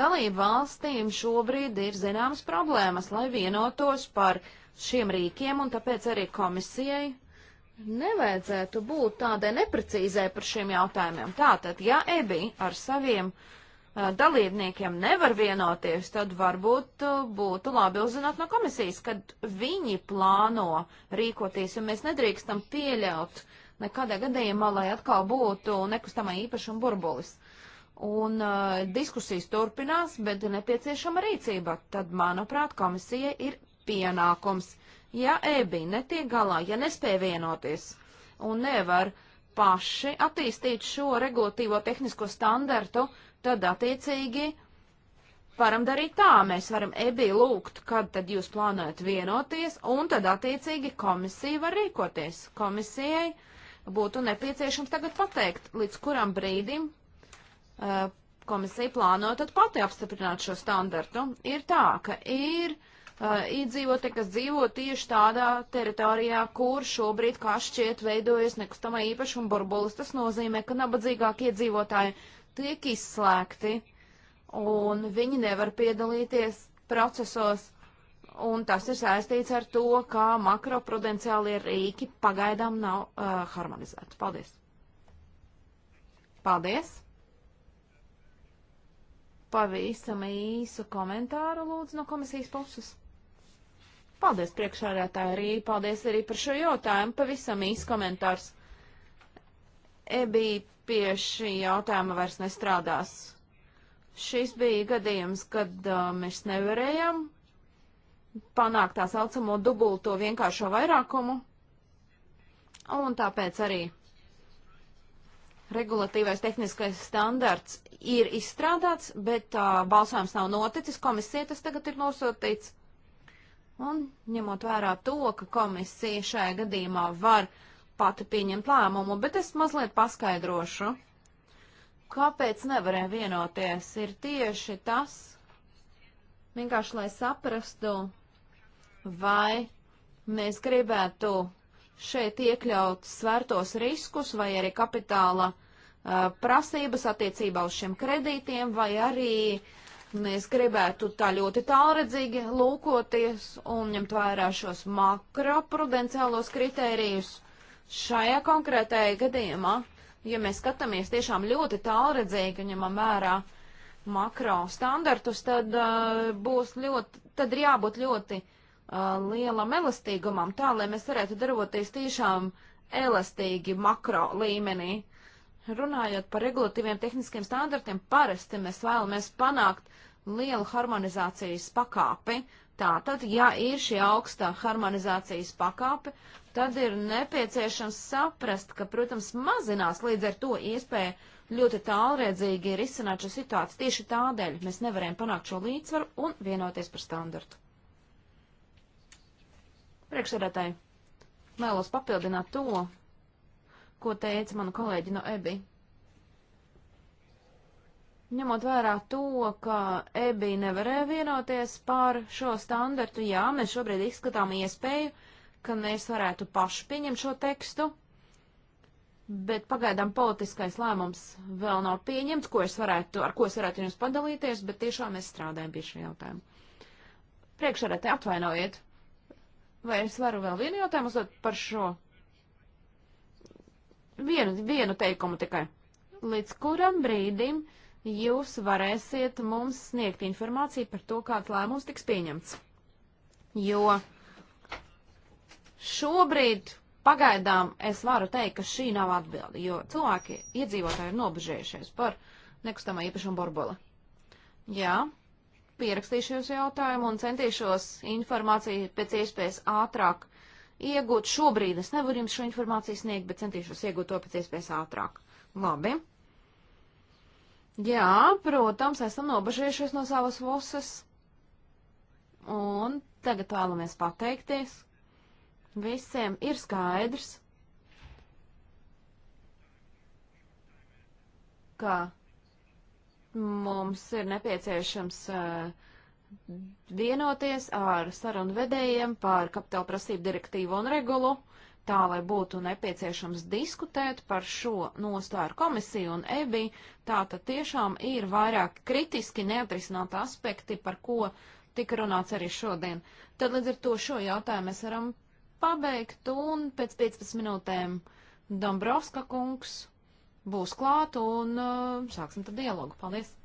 Dalību valstīm šobrīd ir zināmas problēmas, lai vienotos par šiem rīkiem, un tāpēc arī komisijai nevajadzētu būt tādai neprecīzai par šiem jautājumiem. Tātad, ja EBI ar saviem uh, dalībniekiem nevar vienoties, tad varbūt uh, būtu labi uzzināt no komisijas, kad viņi plāno rīkoties, jo mēs nedrīkstam pieļaut uh, nekādā gadījumā, lai atkal būtu nekustamā īpašuma burbulis. Un uh, diskusijas turpinās, bet nepieciešama rīcība. Tad, manuprāt, komisija ir pienākums. Ja ebi netiek galā, ja nespēja vienoties un nevar paši attīstīt šo regulatīvo tehnisko standartu, tad attiecīgi varam darīt tā, mēs varam EBI lūgt, kad tad jūs plānojat vienoties, un tad attiecīgi komisija var rīkoties. Komisijai būtu nepieciešams tagad pateikt, līdz kuram brīdim uh, komisija plāno tad pati apstiprināt šo standartu. Ir tā, ka ir uh, iedzīvoti, kas dzīvo tieši tādā teritorijā, kur šobrīd, kā šķiet, veidojas nekustamā īpašuma burbulis. Tas nozīmē, ka nabadzīgākie iedzīvotāji tiek izslēgti un viņi nevar piedalīties procesos un tas ir saistīts ar to, kā makroprudenciālie rīki pagaidām nav uh, harmonizēti. Paldies! Paldies! Pavisam īsu komentāru lūdzu no komisijas puses. Paldies priekšārētāji arī, paldies arī par šo jautājumu. Pavisam īsts komentārs. Ebī pie šī jautājuma vairs nestrādās. Šis bija gadījums, kad uh, mēs nevarējām panākt tā saucamo dubulto vienkāršo vairākumu, un tāpēc arī regulatīvais tehniskais standarts ir izstrādāts, bet uh, balsojums nav noticis, komisija tas tagad ir nosūtīts. Un ņemot vērā to, ka komisija šajā gadījumā var pati pieņemt lēmumu, bet es mazliet paskaidrošu, kāpēc nevarēja vienoties, ir tieši tas, vienkārši lai saprastu, vai mēs gribētu šeit iekļaut svērtos riskus vai arī kapitāla uh, prasības attiecībā uz šiem kredītiem, vai arī mēs gribētu tā ļoti tālredzīgi lūkoties un ņemt vērā šos makroprudenciālos kritērijus. Šajā konkrētajā gadījumā, ja mēs skatāmies tiešām ļoti tālredzīgi un ņemam vērā makro standartus, tad uh, būs ļoti, tad ir jābūt ļoti uh, Uh, lielam elastīgumam, tā lai mēs varētu darboties tiešām elastīgi makro līmenī. Runājot par regulatīviem tehniskiem standartiem, parasti mēs vēlamies panākt lielu harmonizācijas pakāpi. Tātad, ja ir šī augsta harmonizācijas pakāpe, tad ir nepieciešams saprast, ka, protams, mazinās līdz ar to iespēja ļoti tālredzīgi risināt šo situāciju. Tieši tādēļ mēs nevarējam panākt šo līdzsvaru un vienoties par standartu. Priekšsēdētāji, vēlos papildināt to, ko teica mana kolēģi no EBI. Ņemot vērā to, ka EBI nevarēja vienoties par šo standartu, jā, mēs šobrīd izskatām iespēju, ka mēs varētu paši pieņemt šo tekstu, bet pagaidām politiskais lēmums vēl nav pieņemts, ko es varētu, ar ko es varētu jums padalīties, bet tiešām mēs strādājam pie šī jautājuma. Priekšsēdētāji, atvainojiet! Vai es varu vēl vienu jautājumu uzdot par šo? Vienu, vienu teikumu tikai. Līdz kuram brīdim jūs varēsiet mums sniegt informāciju par to, kāds lēmums tiks pieņemts? Jo šobrīd pagaidām es varu teikt, ka šī nav atbilde, jo cilvēki, iedzīvotāji ir nobežējušies par nekustamā īpašuma borbola. Jā, pierakstīšu jūsu jautājumu un centīšos informāciju pēc iespējas ātrāk iegūt. Šobrīd es nevaru jums šo informāciju sniegt, bet centīšos iegūt to pēc iespējas ātrāk. Labi. Jā, protams, esam nobežījušies no savas puses. Un tagad vēlamies pateikties. Visiem ir skaidrs, ka mums ir nepieciešams vienoties ar sarunu vedējiem par kapitāla prasību direktīvu un regulu, tā lai būtu nepieciešams diskutēt par šo nostāru komisiju un EBI, tā tad tiešām ir vairāk kritiski neatrisināti aspekti, par ko tika runāts arī šodien. Tad līdz ar to šo jautājumu mēs varam pabeigt un pēc 15 minūtēm Dombrovska kungs būs klāt un uh, sāksim tad dialogu. Paldies!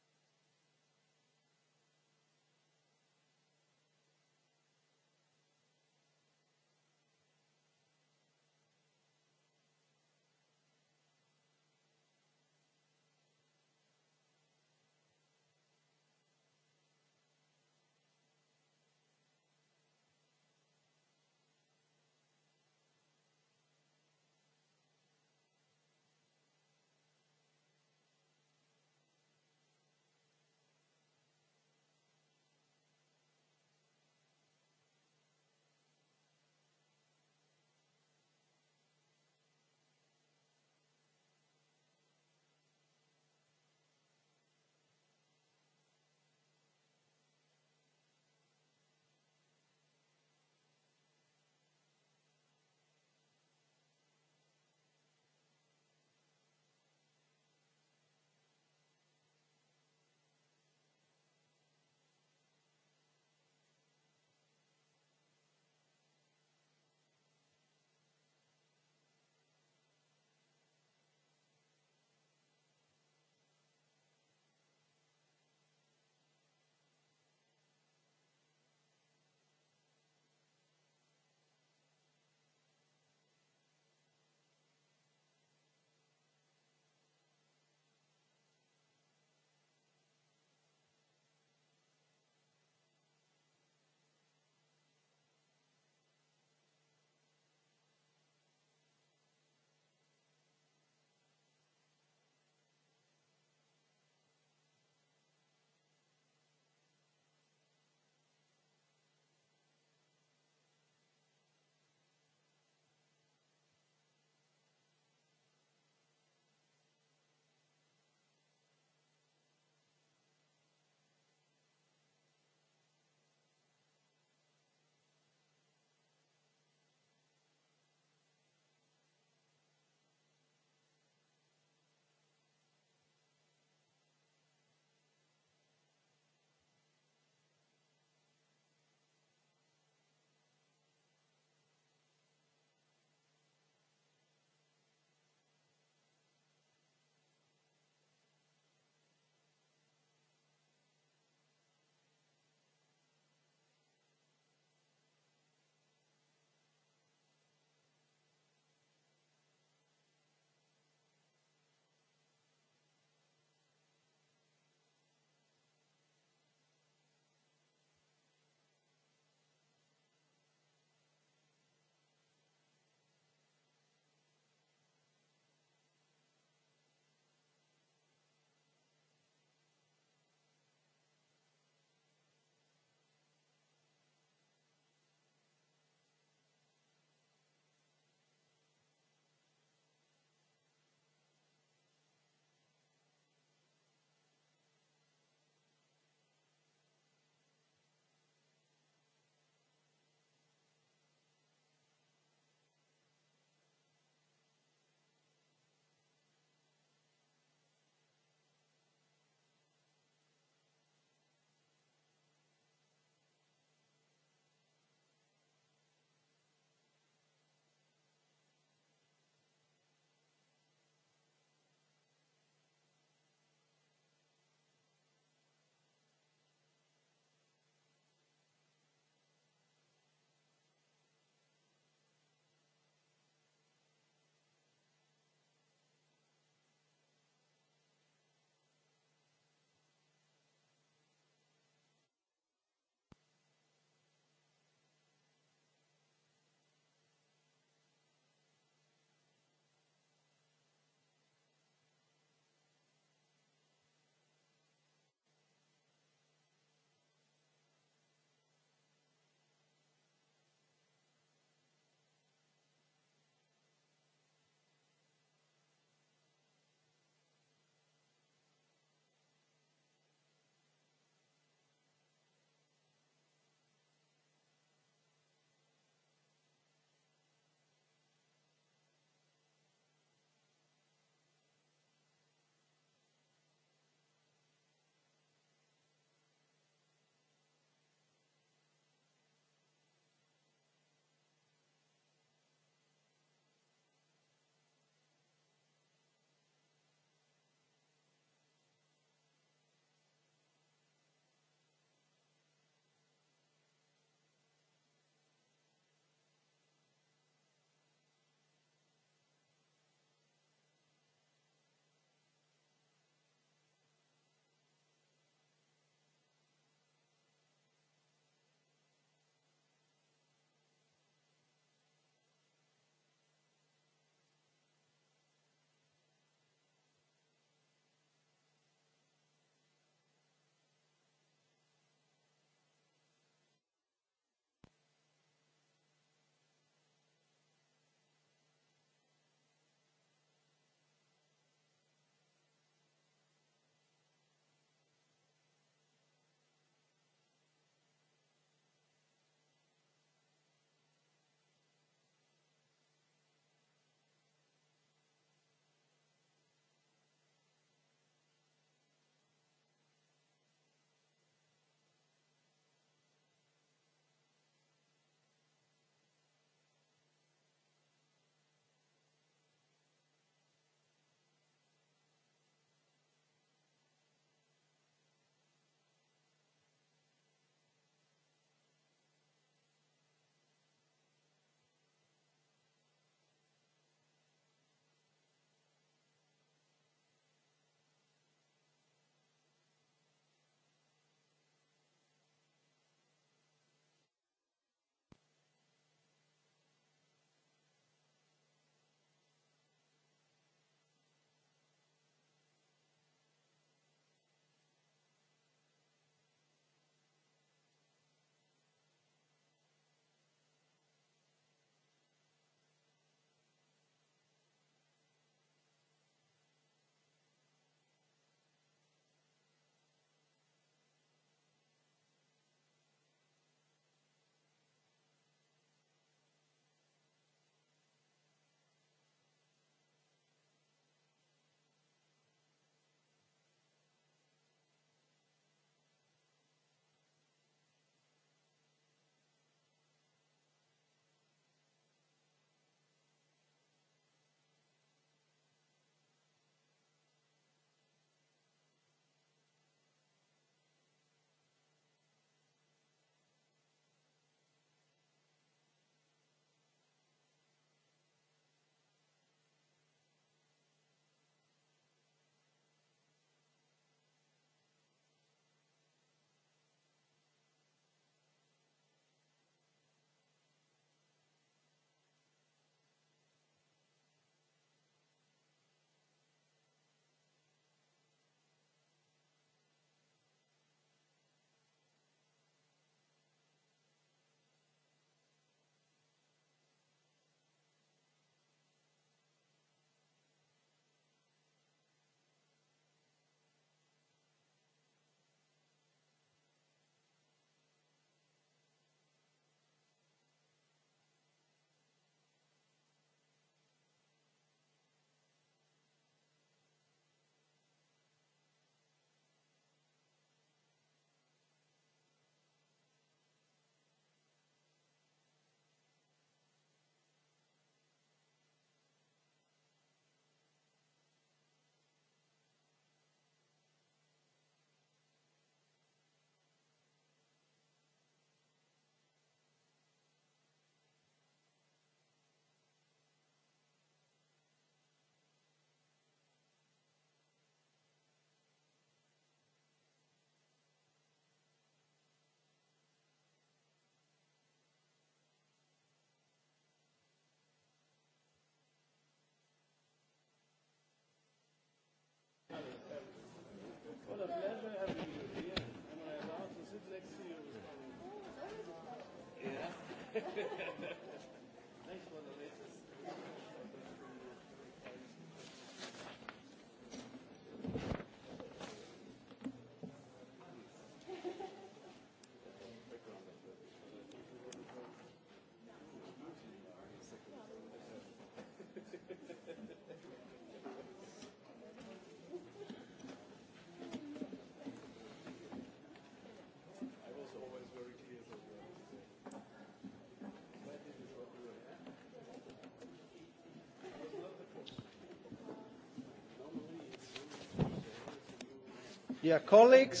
Ja kolēģis.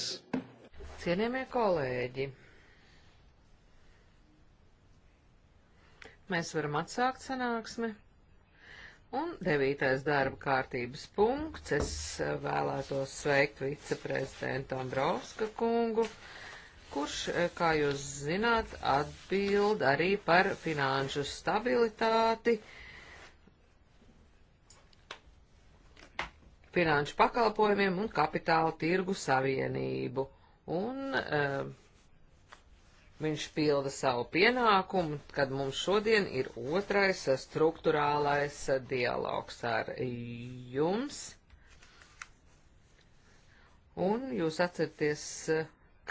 Cienījamie kolēģi. Mēs varam atsākt sanāksmi. Un devītais darba kārtības punkts. Es eh, vēlētos sveikt viceprezidentu Ambrovska kungu, kurš, eh, kā jūs zināt, atbild arī par finanšu stabilitāti. Uh, finanšu pakalpojumiem un kapitāla tirgu savienību. Un uh, viņš pilda savu pienākumu, kad mums šodien ir otrais struktūrālais dialogs ar jums. Un jūs atcerieties,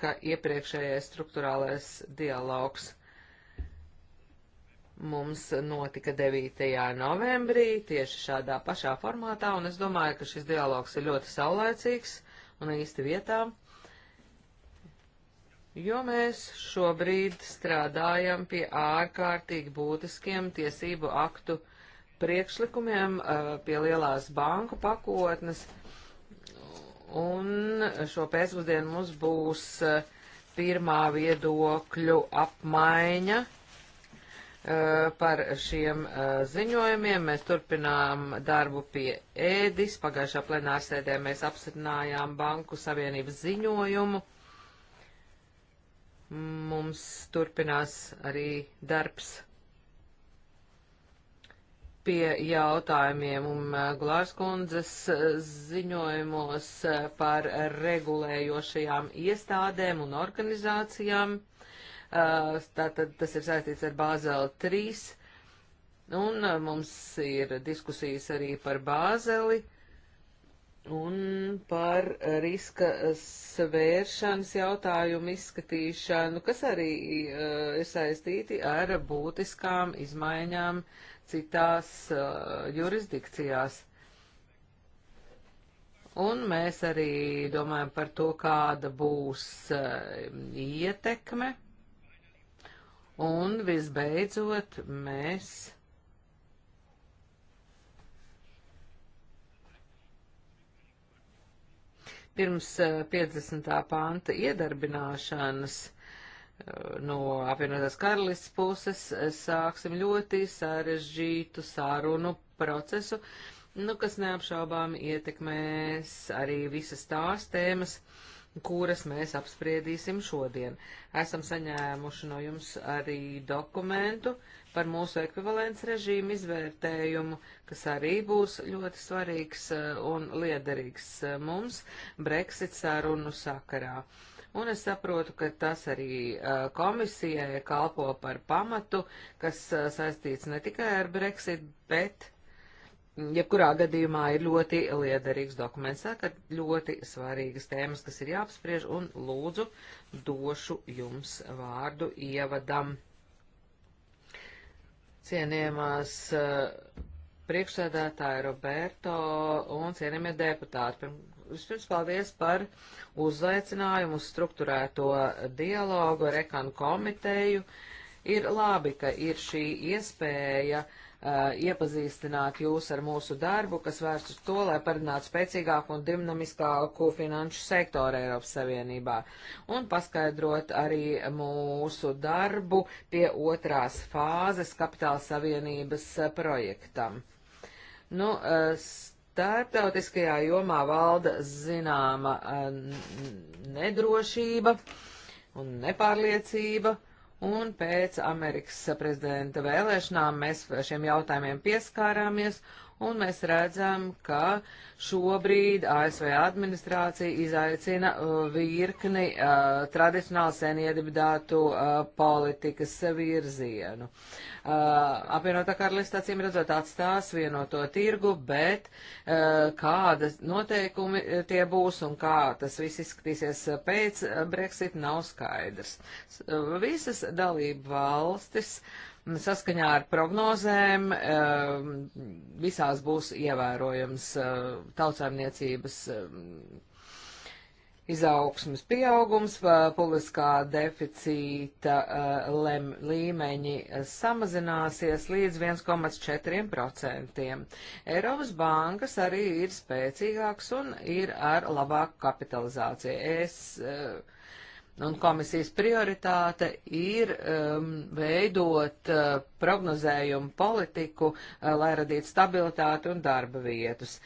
ka iepriekšējais struktūrālais dialogs mums notika 9. novembrī tieši šādā pašā formātā, un es domāju, ka šis dialogs ir ļoti saulēcīgs un īsti vietā, jo mēs šobrīd strādājam pie ārkārtīgi būtiskiem tiesību aktu priekšlikumiem, eh, pie lielās banku pakotnes, un šo pēcpusdienu mums būs eh, pirmā viedokļu apmaiņa Eh, par šiem eh, ziņojumiem. Mēs turpinām darbu pie ēdis. Pagājušā plenārsēdē mēs apstiprinājām Banku Savienības ziņojumu. Mums turpinās arī darbs pie jautājumiem un eh, Glārskundzes ziņojumos par regulējošajām iestādēm un organizācijām. Uh, tātad tas ir saistīts ar Bāzeli 3. Un uh, mums ir diskusijas arī par Bāzeli un par riska svēršanas jautājumu izskatīšanu, kas arī uh, ir saistīti ar būtiskām izmaiņām citās uh, jurisdikcijās. Un mēs arī domājam par to, kāda būs uh, ietekme Un visbeidzot, mēs pirms 50. Eh, panta iedarbināšanas eh, no apvienotās karalists puses eh, sāksim ļoti sarežģītu sarunu procesu, nu, kas neapšaubām ietekmēs arī visas tās tēmas, uh, kuras mēs apspriedīsim šodien. Esam saņēmuši no jums arī dokumentu par mūsu ekvivalents režīmu izvērtējumu, kas arī būs ļoti svarīgs eh, un liederīgs eh, mums Brexit sarunu sakarā. Un es saprotu, ka tas arī eh, komisijai kalpo par pamatu, kas saistīts ne tikai ar Brexit, bet jebkurā gadījumā ir ļoti liederīgs dokuments, sākat ļoti svarīgas tēmas, kas ir jāapspriež, un lūdzu došu jums vārdu ievadam. Cienījamās eh, priekšsēdētāji Roberto un cienījamie deputāti, vispirms paldies par uzaicinājumu uz struktūrēto dialogu ar ekanu komiteju. Ir labi, ka ir šī iespēja uh, Uh, iepazīstināt jūs ar mūsu darbu, kas vērsts uz to, lai parunātu spēcīgāku un dinamiskāku finanšu sektoru Eiropas Savienībā un paskaidrot arī mūsu darbu pie otrās fāzes Kapitāla Savienības uh, projektam. Nu, uh, starptautiskajā jomā valda zināma nedrošība un nepārliecība. Uh, Un pēc Amerikas prezidenta vēlēšanām mēs šiem jautājumiem pieskārāmies un mēs redzam, ka šobrīd ASV administrācija izaicina uh, virkni uh, tradicionāli seniedibdātu uh, politikas virzienu. Uh, apvienotā karalista acīm redzot atstās vienoto tirgu, bet uh, kādas noteikumi uh, tie būs un kā tas viss izskatīsies pēc Brexit nav skaidrs. Visas dalība valstis uh, saskaņā ar prognozēm ehm, visās būs ievērojams ehm, tautsēmniecības ehm, izaugsmas pieaugums, publiskā deficīta lem, līmeņi samazināsies līdz 1,4%. Eiropas bankas arī ir spēcīgāks un ir ar labāku kapitalizāciju. Es, Un komisijas prioritāte ir um, veidot uh, prognozējumu politiku, uh, lai radītu stabilitāti un darba vietas.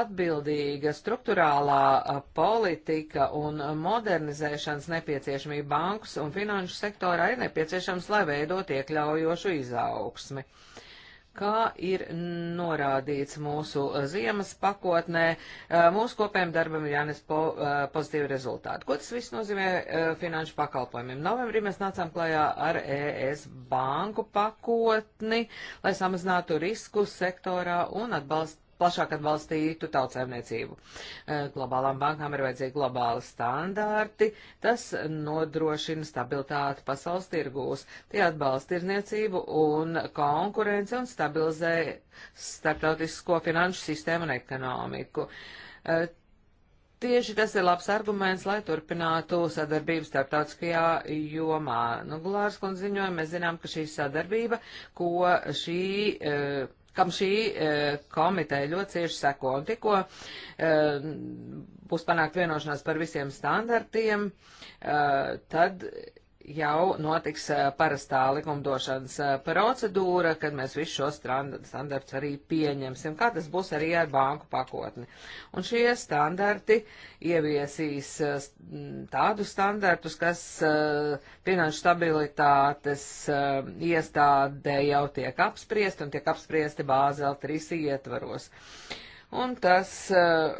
Atbildīga struktūrālā uh, politika un modernizēšanas nepieciešamība bankas un finanšu sektorā ir nepieciešams, lai veidot iekļaujošu izaugsmi. Uh, kā ir norādīts mūsu uh, ziemas pakotnē, uh, mūsu kopējiem darbam ir jānes po, uh, pozitīvi rezultāti. Ko tas viss nozīmē finanšu pakalpojumiem? Novembrī mēs nācām klajā ar ES banku pakotni, lai samazinātu risku sektorā un atbalstu plašāk atbalstītu tautsēmniecību. Eh, globālām bankām ir vajadzīgi globāli standarti, tas nodrošina stabilitāti pasaules tirgūs, tie atbalsta tirzniecību un konkurenci un stabilizē starptautisko finanšu sistēmu un ekonomiku. Eh, tieši tas ir labs arguments, lai turpinātu sadarbību starptautiskajā jomā. Nu, Gulārs kundze ziņoja, mēs zinām, ka šī sadarbība, ko šī. Uh, kam šī e, komiteja ļoti cieši seko. Un tikko e, būs panākt vienošanās par visiem standartiem, e, tad jau notiks eh, parastā likumdošanas eh, procedūra, kad mēs visu šo standartu arī pieņemsim, kā tas būs arī ar banku pakotni. Un šie standarti ieviesīs eh, tādus standartus, kas finanšu stabilitātes iestādē jau tiek apspriesti un tiek apspriesti Bāzel 3 ietvaros. Un tas uh,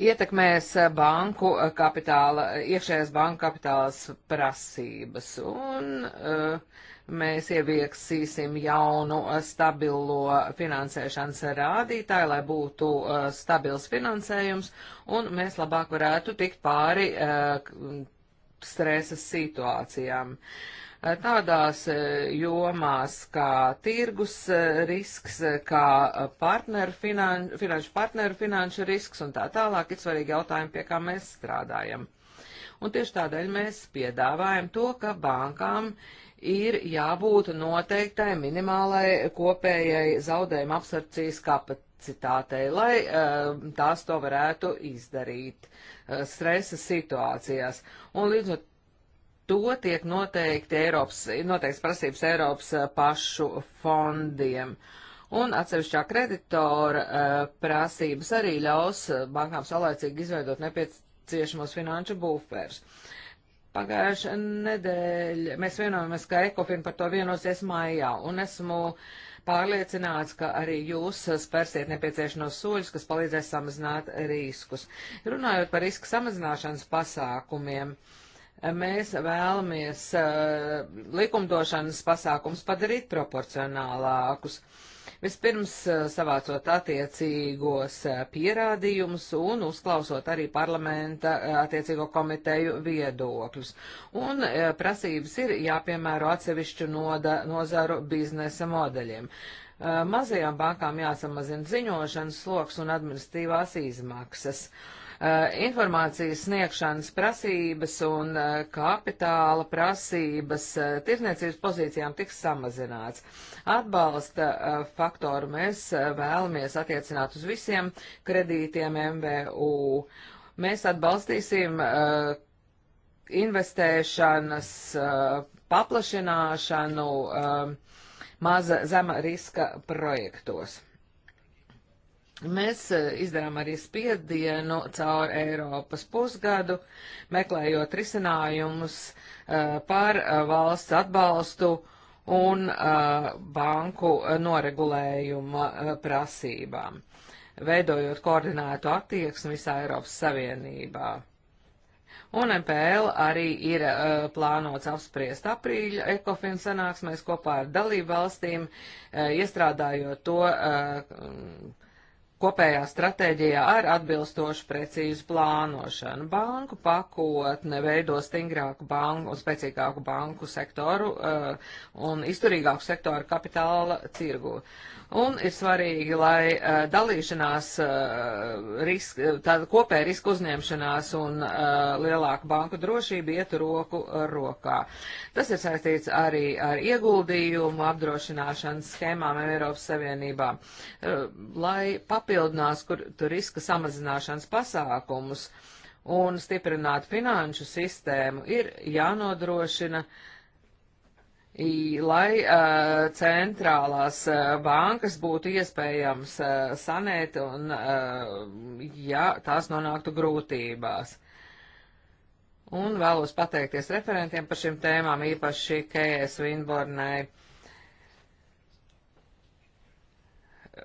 ietekmēs eh, banku eh, kapitāla, eh, iekšējās banku kapitālas prasības. Un uh, mēs ievieksīsim jaunu stabilo finansēšanas rādītāju, lai būtu uh, stabils finansējums, un mēs labāk varētu tikt pāri uh, stresa situācijām. Uh, tādās e, jomās kā tirgus e, risks, e, kā partneru finanšu, finanšu partneru finanšu risks un tā tālāk ir svarīgi jautājumi, pie kā mēs strādājam. Un tieši tādēļ mēs piedāvājam to, ka bankām ir jābūt noteiktai minimālai kopējai zaudējuma apsardzības kapacitātei, lai uh, tās to varētu izdarīt uh, stresa situācijās. Un līdz ar to tiek noteikti Eiropas, noteikts prasības Eiropas eh, pašu fondiem. Un atsevišķā kreditora eh, prasības arī ļaus eh, bankām saulēcīgi izveidot nepieciešamos finanšu buferus. Pagājušā nedēļa mēs vienojamies, ka Ekofin par to vienosies maijā, un esmu pārliecināts, ka arī jūs spērsiet nepieciešamos soļus, kas palīdzēs samazināt riskus. Runājot par riska samazināšanas pasākumiem, uh, Mēs vēlamies eh, likumdošanas pasākums padarīt proporcionālākus. Vispirms eh, savācot attiecīgos eh, pierādījumus un uzklausot arī parlamenta attiecīgo komiteju viedokļus. Un prasības ir jāpiemēro atsevišķu noda, nozaru biznesa modeļiem. Mazajām bankām jāsamazina ziņošanas sloks un administratīvās izmaksas. Uh, Eh, informācijas sniegšanas prasības un eh, kapitāla prasības eh, tirzniecības pozīcijām tiks samazināts. Atbalsta faktoru mēs vēlamies attiecināt uz visiem kredītiem MVU. Mēs atbalstīsim investēšanas paplašināšanu maza zema riska projektos. Mēs eh, izdarām arī spiedienu caur Eiropas pusgadu, meklējot risinājumus eh, par eh, valsts atbalstu un banku noregulējuma prasībām, veidojot koordinētu attieksmi visā Eiropas Savienībā. Un MPL arī ir uh, plānots apspriest aprīļa ekofin sanāksmēs kopā ar dalību valstīm, uh, iestrādājot to uh, kopējā stratēģijā ar atbilstošu precīzu plānošanu. Banku pakotne veido stingrāku banku un spēcīgāku banku sektoru uh, un izturīgāku sektoru kapitāla cirgu. Un ir svarīgi, lai uh, dalīšanās, uh, risk, tāda kopēja riska uzņemšanās un uh, lielāka banku drošība ietu roku rokā. Tas ir saistīts arī ar ieguldījumu apdrošināšanas schēmām Eiropas Savienībā. Uh, lai papi papildinās kur, riska samazināšanas pasākumus un stiprināt finanšu sistēmu, ir jānodrošina, lai uh, centrālās uh, bankas būtu iespējams uh, sanēt, un, ja tās nonāktu grūtībās. Un vēlos pateikties referentiem par šīm tēmām, īpaši Kējas Vinbornai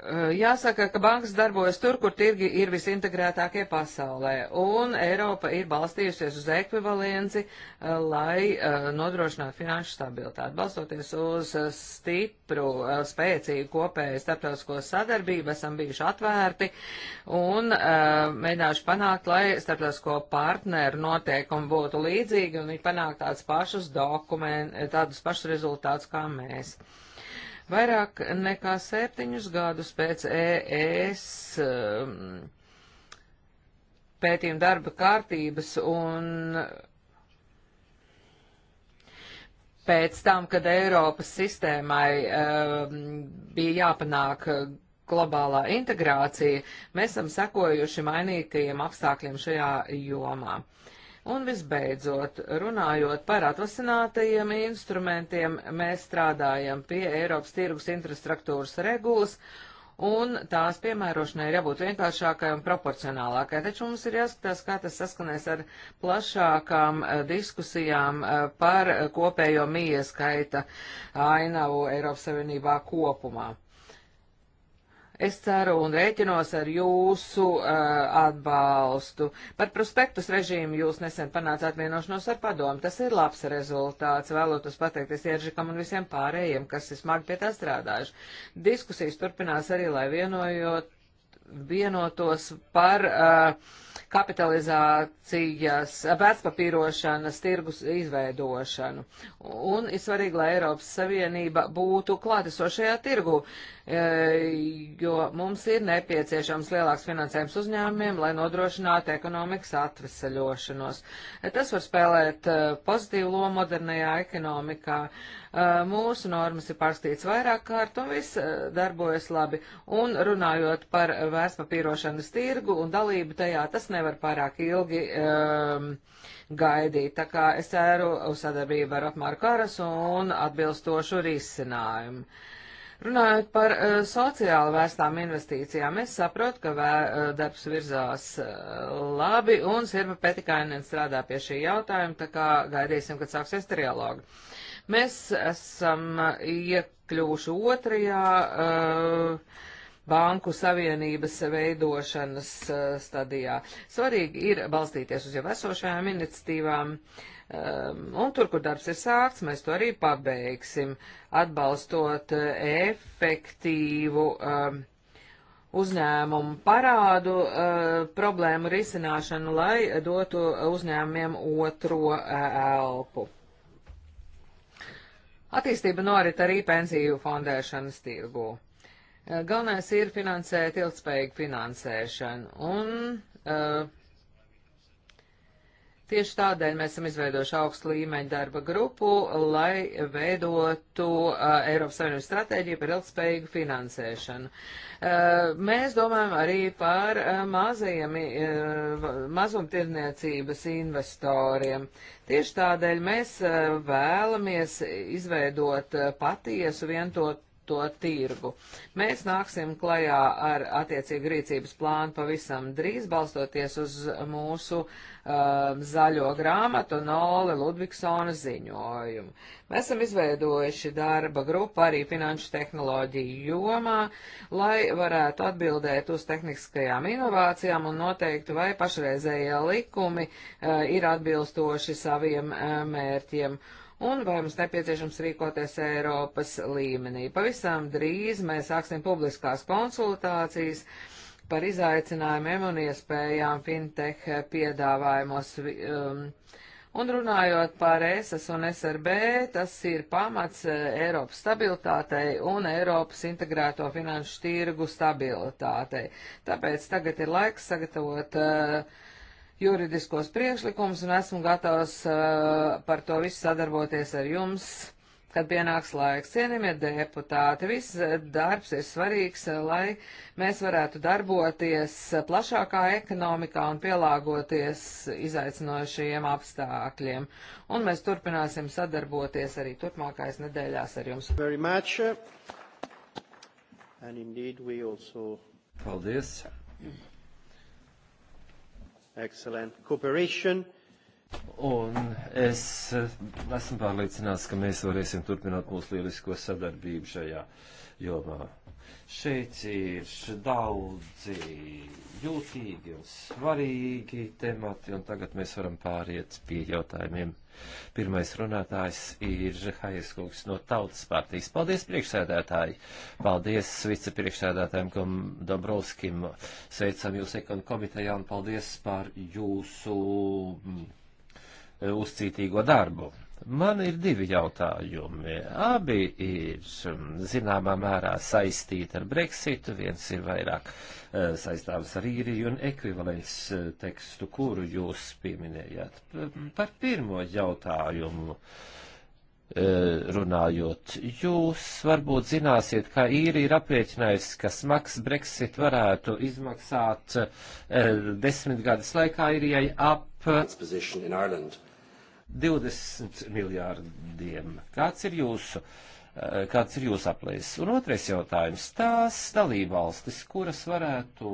Eh, jāsaka, ka bankas darbojas tur, kur tirgi ir visintegrētākie pasaulē, un Eiropa ir balstījusies uz ekvivalenci, eh, lai eh, nodrošinātu finanšu stabilitāti. Balstoties uz stipru, spēcīgu kopēju starptautisko sadarbību, esam bijuši atvērti un mēģinājuši panākt, lai starptautisko partneru noteikumi būtu līdzīgi un viņi panāk tādus pašus dokumentus, tādus pašus rezultātus kā mēs. Vairāk nekā septiņus gadus pēc ES e um, pētījuma darba kārtības un pēc tam, kad Eiropas sistēmai uh, bija jāpanāk globālā integrācija, mēs esam sekojuši mainītajiem apstākļiem šajā jomā. Uh, Un visbeidzot, runājot par atvasinātajiem instrumentiem, mēs strādājam pie Eiropas tirgus infrastruktūras regulas, un tās piemērošanai ir jābūt vienkāršākai un proporcionālākai. Taču mums ir jāskatās, kā tas saskanēs ar plašākām eh, diskusijām eh, par kopējo mieskaita ainavu Eiropas Savienībā kopumā. Es ceru un rēķinos ar jūsu uh, atbalstu. Par prospektus režīmu jūs nesen panācāt vienošanos ar padomu. Tas ir labs rezultāts. Vēlotos pateikties Ieržikam un visiem pārējiem, kas ir smagi pie tā strādājuši. Diskusijas turpinās arī, lai vienojot, vienotos par. Uh, kapitalizācijas, vecpapīrošanas tirgus izveidošanu. Un ir svarīgi, lai Eiropas Savienība būtu klātesošajā tirgu, e, jo mums ir nepieciešams lielāks finansējums uzņēmumiem, lai nodrošinātu ekonomikas atveseļošanos. E, tas var spēlēt e, pozitīvu lomu modernajā ekonomikā. Mūsu normas ir pārstīts vairāk kārt un viss darbojas labi. Un runājot par vērtspapīrošanas tirgu un dalību tajā, tas tas nevar pārāk ilgi um, gaidīt. Tā kā es ceru uz sadarbību ar apmāru karas un atbilstošu risinājumu. Runājot par uh, sociāli vērstām investīcijām, es saprotu, ka vē, uh, darbs virzās uh, labi un Sirma Petikainen strādā pie šī jautājuma, tā kā gaidīsim, kad sāksies trialogi. Mēs esam iekļuvuši otrajā. Uh, banku savienības veidošanas uh, stadijā. Svarīgi ir balstīties uz jau esošajām iniciatīvām, um, un tur, kur darbs ir sākts, mēs to arī pabeigsim, atbalstot uh, efektīvu um, uzņēmumu parādu uh, problēmu risināšanu, lai dotu uzņēmumiem otro elpu. Attīstība norit arī pensiju fondēšanas tirgū. Eh, galvenais ir finansēt ilgspējīgu finansēšanu, un eh, tieši tādēļ mēs esam izveidojuši augstu līmeņu darba grupu, lai veidotu eh, Eiropas Savienības stratēģiju par ilgspējīgu finansēšanu. Mēs domājam arī par mazajiem, mazumtirniecības investoriem. Tieši tādēļ mēs vēlamies izveidot patiesu vientot to tirgu. Mēs nāksim klajā ar attiecīgu rīcības plānu pavisam drīz, balstoties uz mūsu uh, zaļo grāmatu un Ole Ludvigsona ziņojumu. Mēs esam izveidojuši darba grupu arī finanšu tehnoloģiju jomā, lai varētu atbildēt uz tehniskajām inovācijām un noteiktu, vai pašreizējie likumi uh, ir atbilstoši saviem uh, mērķiem. Uh, un vai mums nepieciešams rīkoties Eiropas līmenī. Pavisam drīz mēs sāksim publiskās konsultācijas par izaicinājumiem un iespējām fintech piedāvājumos. Um, Un runājot par ESAS un SRB, tas ir pamats eh, Eiropas stabilitātei un Eiropas integrēto finanšu tirgu stabilitātei. Tāpēc tagad ir laiks sagatavot uh, juridiskos priekšlikumus un esmu gatavs uh, par to visu sadarboties ar jums, kad pienāks laiks. Cienījamie deputāti, viss eh, darbs ir svarīgs, eh, lai mēs varētu darboties plašākā ekonomikā un pielāgoties izaicinošajiem apstākļiem. Un mēs turpināsim sadarboties arī turpmākais nedēļās ar jums. Paldies! excellent cooperation. Un es esmu pārliecināts, ka mēs varēsim turpināt mūsu lielisko sadarbību šajā jomā. Šeit ir daudzi jūtīgi un svarīgi temati, un tagad mēs varam pāriet pie jautājumiem Pirmais runātājs ir Haiskungs no Tautas partijas. Paldies priekšsēdētāji! Paldies vicepriekšsēdētājiem Dombrovskim! Sveicam jūs ekonu komitejā un paldies par jūsu mm, uzcītīgo darbu! Man ir divi jautājumi. Abi ir mm, zināmā mērā saistīti ar Brexitu, viens ir vairāk e, saistāms ar īriju un ekvivalents e, tekstu, kuru jūs pieminējāt. Par pirmo jautājumu e, runājot, jūs varbūt zināsiet, ka īri ir aprēķinājis, ka smags Brexit varētu izmaksāt desmit gadus laikā īrijai ap. 20 miljārdiem. Kāds ir jūsu, eh, kāds ir jūsu aplēses? Un otrais jautājums. Tās dalībvalstis, kuras varētu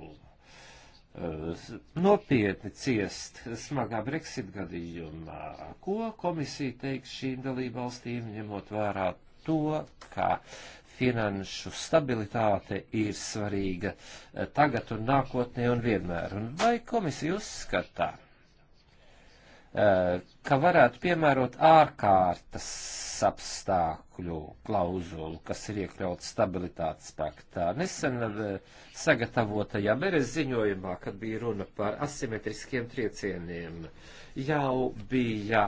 uh, nopietni ciest smagā Brexit gadījumā, ko komisija teiks šīm dalībvalstīm, ņemot vērā to, ka finanšu stabilitāte ir svarīga eh, tagad un nākotnē un vienmēr. Un vai komisija uzskatā, Eh, ka varētu piemērot ārkārtas apstākļu klauzulu, kas ir iekļauts stabilitātes paktā. Nesen eh, sagatavotajā Beres ziņojumā, kad bija runa par asimetriskiem triecieniem, jau bija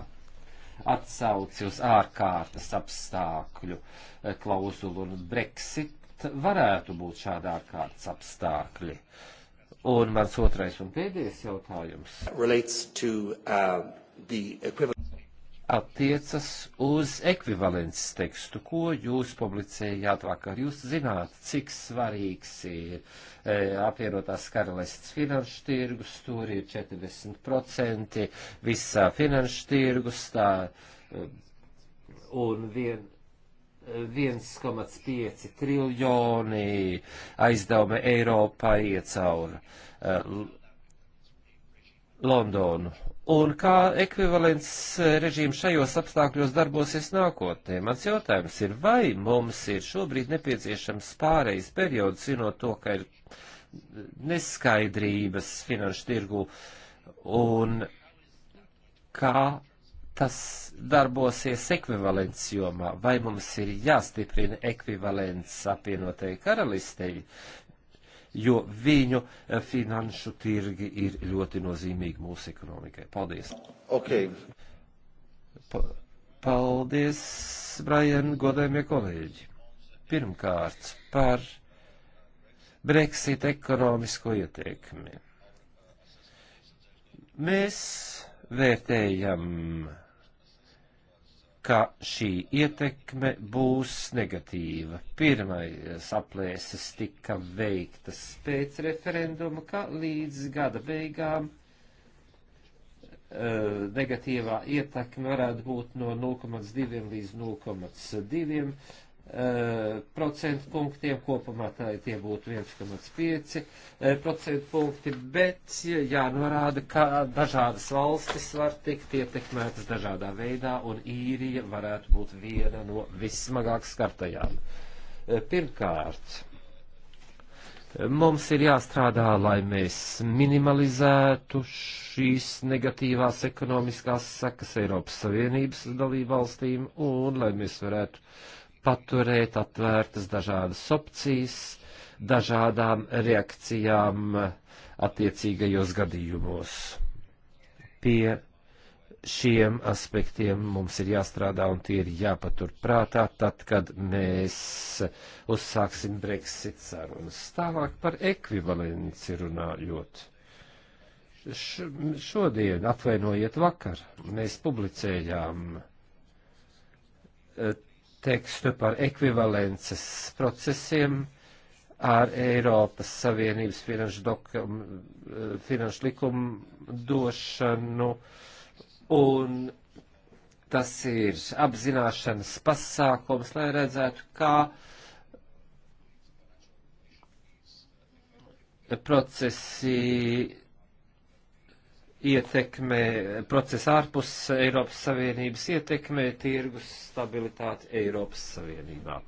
atsauci uz ārkārtas apstākļu eh, klauzulu un Brexit varētu būt šādi ārkārtas apstākļi. Uh, Un mans otrais un pēdējais jautājums to, uh, attiecas uz ekvivalences tekstu, ko jūs publicējāt vakar. Jūs zināt, cik svarīgs ir e, apvienotās karalists finanšu tirgus, tur ir 40% visā finanšu tirgus, tā, e, un vien 1,5 triljoni aizdevumi Eiropā iet cauri uh, eh, Londonu. Un kā ekvivalents eh, režīms šajos apstākļos darbosies nākotnē? Mans jautājums ir, vai mums ir šobrīd nepieciešams pārejas periods, zinot to, ka ir neskaidrības finanšu tirgu un kā tas darbosies ekvivalents jomā, vai mums ir jāstiprina ekvivalents apvienotai karalistei, jo viņu eh, finanšu tirgi ir ļoti nozīmīgi mūsu ekonomikai. Paldies! Okay. Pa paldies, Brian, godējumie kolēģi! Pirmkārt, par Brexit ekonomisko ietekmi. Mēs vērtējam ka šī ietekme būs negatīva. Pirmais aplēses tika veiktas pēc referenduma, ka līdz gada beigām eh, negatīvā ietekme varētu būt no 0,2 līdz 0,2 Eh, procentu punktiem, kopumā tā, tie būtu 1,5 eh, procentu punkti, bet jānorāda, ka dažādas valstis var tikt ietekmētas dažādā veidā, un īrija varētu būt viena no vissmagāk skartajām. Eh, pirmkārt, mums ir jāstrādā, lai mēs minimalizētu šīs negatīvās ekonomiskās sekas Eiropas Savienības dalībvalstīm, un lai mēs varētu uh, paturēt atvērtas dažādas opcijas, dažādām reakcijām attiecīgajos gadījumos. Pie šiem aspektiem mums ir jāstrādā un tie ir jāpatur prātā tad, kad mēs uzsāksim Brexit sarunas. Tālāk par ekvivalenci runājot. Š šodien, atvainojiet vakar, mēs publicējām eh, tekstu par ekvivalences procesiem ar Eiropas Savienības finanšu, dokum, eh, finanšu likumu došanu, un tas ir apzināšanas pasākums, lai redzētu, kā procesi ietekmē procesa ārpus Eiropas Savienības, ietekmē tirgus stabilitāti Eiropas Savienībā.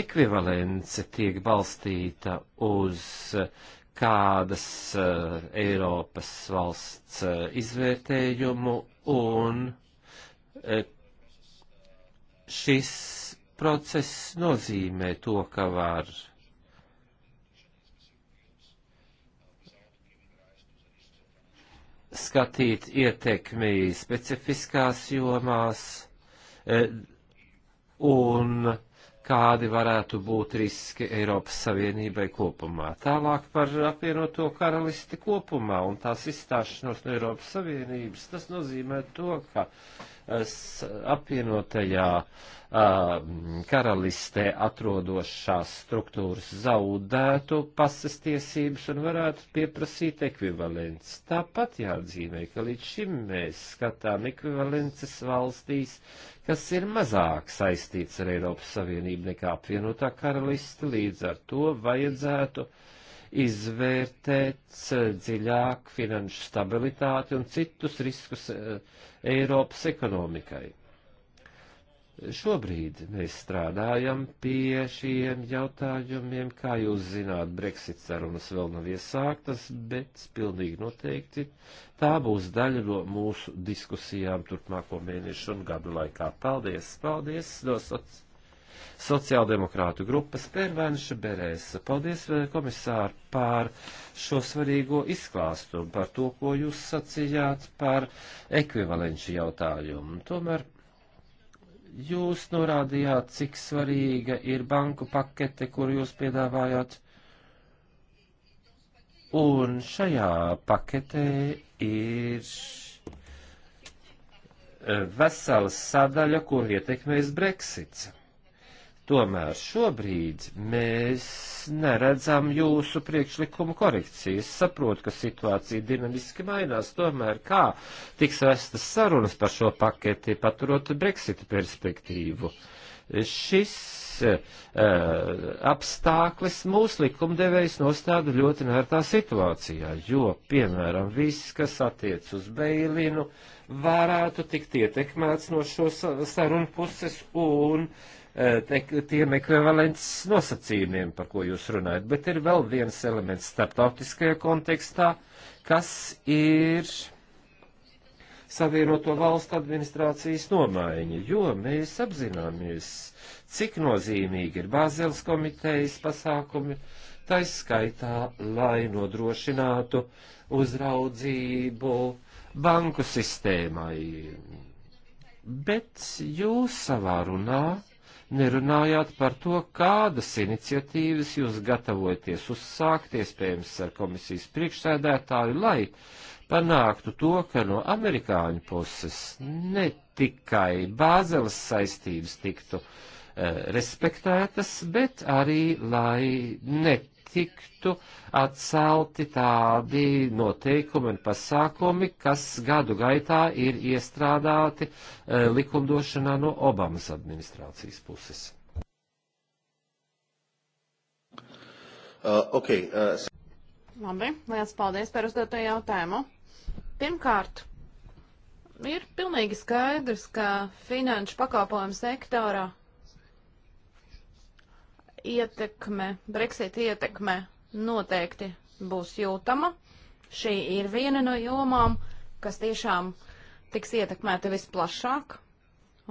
Ekvivalence tiek balstīta uz kādas uh, Eiropas valsts uh, izvērtējumu un uh, šis process nozīmē to, ka var uh, skatīt ietekmi specifiskās jomās eh, un kādi varētu būt riski Eiropas Savienībai kopumā. Tālāk par apvienoto karalisti kopumā un tās izstāšanos no Eiropas Savienības. Tas nozīmē to, ka apvienotajā um, karalistē atrodošās struktūras zaudētu pases tiesības un varētu pieprasīt ekvivalents. Tāpat jāatzīmē, ka līdz šim mēs skatām ekvivalences valstīs, kas ir mazāk saistīts ar Eiropas Savienību nekā apvienotā karaliste, līdz ar to vajadzētu izvērtēt eh, dziļāk finanšu stabilitāti un citus riskus eh, Eiropas ekonomikai. Šobrīd mēs strādājam pie šiem jautājumiem. Kā jūs zināt, Brexit sarunas vēl nav iesāktas, bet pilnīgi noteikti tā būs daļa no mūsu diskusijām turpmāko mēnešu un gadu laikā. Paldies, paldies no soci sociāldemokrātu grupas Pērvenša Berēsa. Paldies, eh, komisāri, par šo svarīgo izklāstu, par to, ko jūs sacījāt par ekvivalenci jautājumu. Tomēr Jūs norādījāt, cik svarīga ir banku pakete, kuru jūs piedāvājāt. Un šajā paketē ir eh, vesela sadaļa, kur ietekmēs Brexits. Tomēr šobrīd mēs neredzam jūsu priekšlikumu korekcijas. Saprotu, ka situācija dinamiski mainās, tomēr kā tiks vestas sarunas par šo paketi, paturot Brexit perspektīvu. Šis uh, eh, apstākļus mūsu likumdevējs nostāda ļoti nērtā situācijā, jo, piemēram, viss, kas attiec uz Beilinu, varētu tikt ietekmēts no šo sarunu puses un uh, Eh, tiem ekvivalents nosacījumiem, par ko jūs runājat, bet ir vēl viens elements starptautiskajā kontekstā, kas ir savienoto valstu administrācijas nomaiņa, jo mēs apzināmies, cik nozīmīgi ir Bāzeles komitejas pasākumi, taiskaitā, lai nodrošinātu uzraudzību banku sistēmai. Bet jūs savā runā nerunājāt par to, kādas iniciatīvas jūs gatavojaties uzsākt, iespējams, ar komisijas priekšsēdētāju, lai panāktu to, ka no amerikāņu puses ne tikai bāzeles saistības tiktu uh, respektētas, bet arī, lai ne tiktu atcelti tādi noteikumi un pasākumi, kas gadu gaitā ir iestrādāti e, likumdošanā no Obamas administrācijas puses. Uh, okay, uh... Labi, liels paldies par uzdoto jautājumu. Pirmkārt, ir pilnīgi skaidrs, ka finanšu pakalpojumu sektorā ietekme, Brexit ietekme noteikti būs jūtama. Šī ir viena no jomām, kas tiešām tiks ietekmēta visplašāk.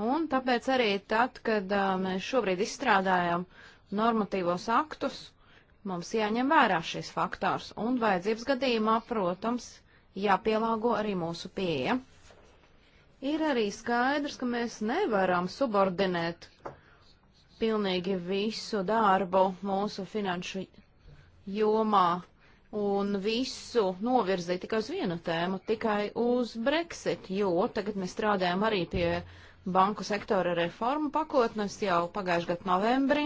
Un tāpēc arī tad, kad uh, mēs šobrīd izstrādājam normatīvos aktus, mums jāņem vērā šis faktors. Un vajadzības gadījumā, protams, jāpielāgo arī mūsu pieeja. Ir arī skaidrs, ka mēs nevaram subordinēt uh, pilnīgi visu darbu mūsu finanšu jomā un visu novirzīt tikai uz vienu tēmu, tikai uz Brexit, jo tagad mēs strādājam arī pie banku sektora reformu pakotnes jau pagājušajā gadā novembrī.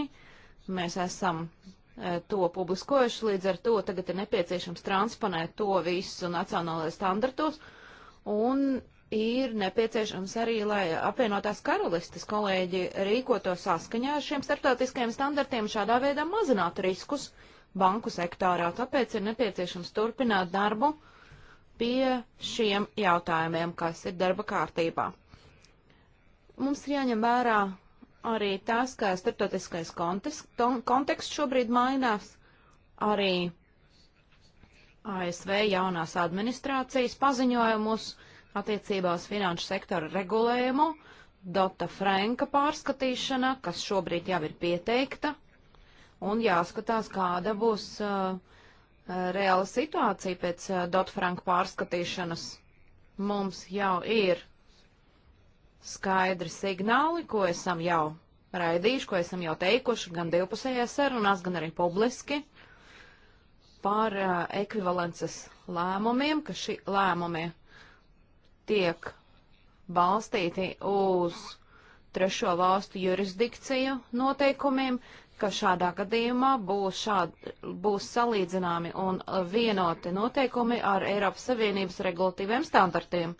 Mēs esam e, to publiskojuši, līdz ar to tagad ir nepieciešams transponēt to visu nacionālajā standartos. Un ir nepieciešams arī, lai apvienotās karalistes kolēģi rīkoto saskaņā ar šiem starptautiskajiem standartiem, šādā veidā mazinātu riskus banku sektorā. Tāpēc ir nepieciešams turpināt darbu pie šiem jautājumiem, kas ir darba kārtībā. Mums ir jāņem vērā arī tas, ka starptautiskais konteksts, konteksts šobrīd mainās, arī ASV jaunās administrācijas paziņojumus, uh, attiecībā uz finanšu sektoru regulējumu, Dota Franka pārskatīšana, kas šobrīd jau ir pieteikta, un jāskatās, kāda būs uh, reāla situācija pēc uh, Dota Franka pārskatīšanas. Mums jau ir skaidri signāli, ko esam jau raidījuši, ko esam jau teikuši gan divpusējās sarunās, gan arī publiski par uh, ekvivalences lēmumiem, ka šī lēmumi tiek balstīti uz trešo valstu jurisdikciju noteikumiem, ka šādā gadījumā būs, šād, būs salīdzināmi un vienoti noteikumi ar Eiropas Savienības regulatīviem standartiem.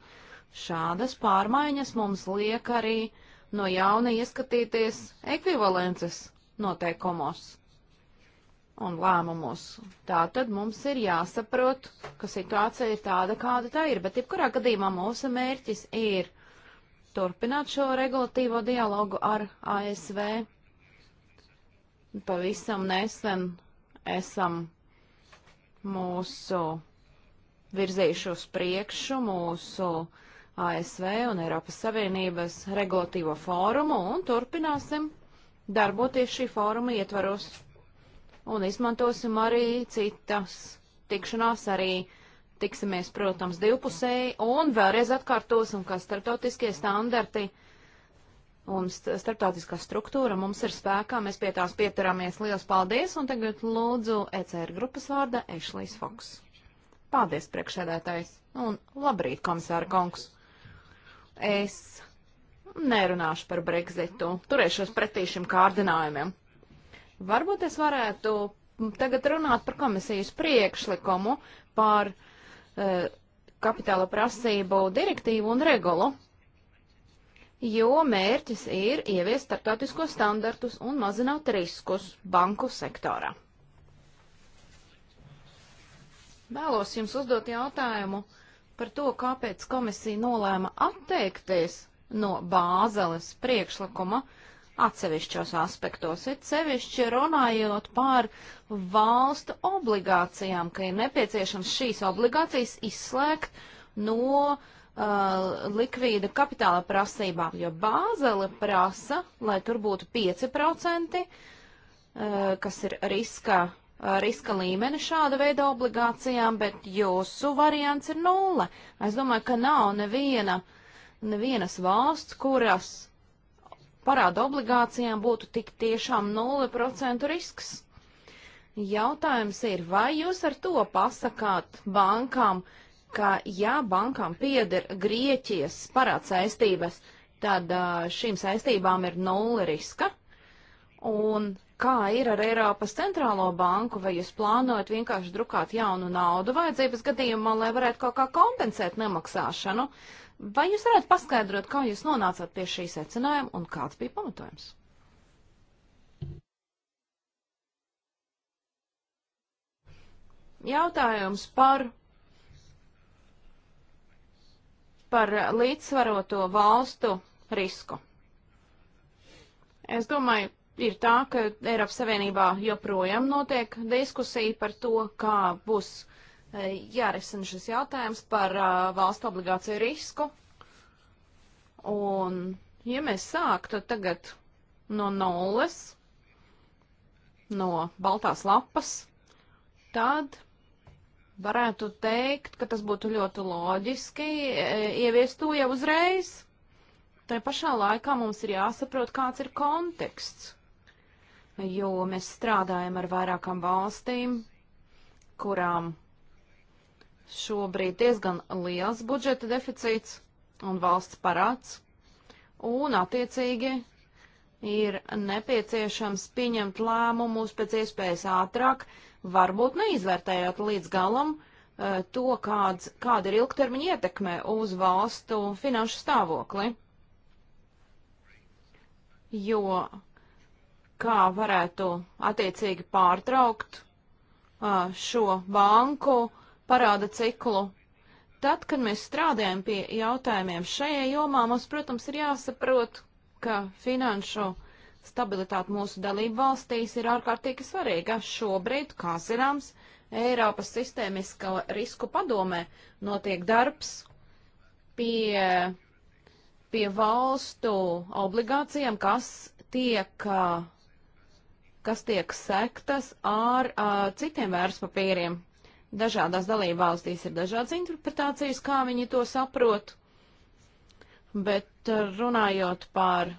Šādas pārmaiņas mums liek arī no jauna ieskatīties ekvivalences noteikumos un lēmumus. Tā tad mums ir jāsaprot, ka situācija ir tāda, kāda tā ir. Bet, jebkurā gadījumā, mūsu mērķis ir turpināt šo regulatīvo dialogu ar ASV. Pavisam nesen esam mūsu virzījuši uz priekšu mūsu ASV un Eiropas Savienības regulatīvo fórumu un turpināsim darboties šī fóruma ietvaros un izmantosim arī citas tikšanās arī. Tiksimies, protams, divpusēji un vēlreiz atkārtosim, ka starptautiskie standarti un st starptautiskā struktūra mums ir spēkā. Mēs pie tās pieturāmies. Lielas paldies un tagad lūdzu ECR grupas vārda Ešlijs Foks. Paldies, priekšsēdētājs un labrīt, komisāra kungs. Es nerunāšu par Brexitu. Turēšos pretī šim kārdinājumiem. Varbūt es varētu tagad runāt par komisijas priekšlikumu par e, kapitāla prasību direktīvu un regulu, jo mērķis ir ieviest starptautiskos standartus un mazināt riskus banku sektorā. Vēlos jums uzdot jautājumu par to, kāpēc komisija nolēma atteikties no bāzeles priekšlikuma, uh, atsevišķos aspektos, it sevišķi runājot par valstu obligācijām, ka ir nepieciešams šīs obligācijas izslēgt no uh, likvīda kapitāla prasībām, jo Bāzele prasa, lai tur būtu 5%, uh, kas ir riska, uh, riska līmeni šāda veida obligācijām, bet jūsu variants ir nulle. Es domāju, ka nav neviena, nevienas valsts, kuras parāda obligācijām būtu tik tiešām 0% risks. Jautājums ir, vai jūs ar to pasakāt bankām, ka ja bankām pieder Grieķijas parāds saistības, tad šīm saistībām ir nulle riska? Un kā ir ar Eiropas centrālo banku, vai jūs plānojat vienkārši drukāt jaunu naudu vajadzības gadījumā, lai varētu kaut kā kompensēt nemaksāšanu? Uh, Vai jūs varētu paskaidrot, kā jūs nonācāt pie šī secinājuma un kāds bija pamatojums? Jautājums par, par līdzsvaroto valstu risku. Es domāju, ir tā, ka Eiropas Savienībā joprojām notiek diskusija par to, kā būs Eh, jārisina šis jautājums par uh, valstu obligāciju risku. Un, ja mēs sāktu tagad no nulles, no baltās lapas, tad varētu teikt, ka tas būtu ļoti loģiski eh, ieviest to jau uzreiz. Tā pašā laikā mums ir jāsaprot, kāds ir konteksts, jo mēs strādājam ar vairākām valstīm, kurām šobrīd diezgan liels budžeta deficīts un valsts parāds, un attiecīgi ir nepieciešams pieņemt lēmumus pēc iespējas ātrāk, varbūt neizvērtējot līdz galam uh, to, kāds, kāda ir ilgtermiņa ietekme uz valstu finanšu stāvokli. Jo kā varētu attiecīgi pārtraukt uh, šo banku uh, parāda ciklu. Tad, kad mēs strādājam pie jautājumiem šajā jomā, mums, protams, ir jāsaprot, ka finanšu stabilitāte mūsu dalību valstīs ir ārkārtīgi svarīga. Šobrīd, kā zināms, Eiropas sistēmiska risku padomē notiek darbs pie, pie valstu obligācijām, kas tiek kas tiek sektas ar uh, citiem vērtspapīriem. Dažādās dalībvalstīs ir dažādas interpretācijas, kā viņi to saprot, bet eh, runājot par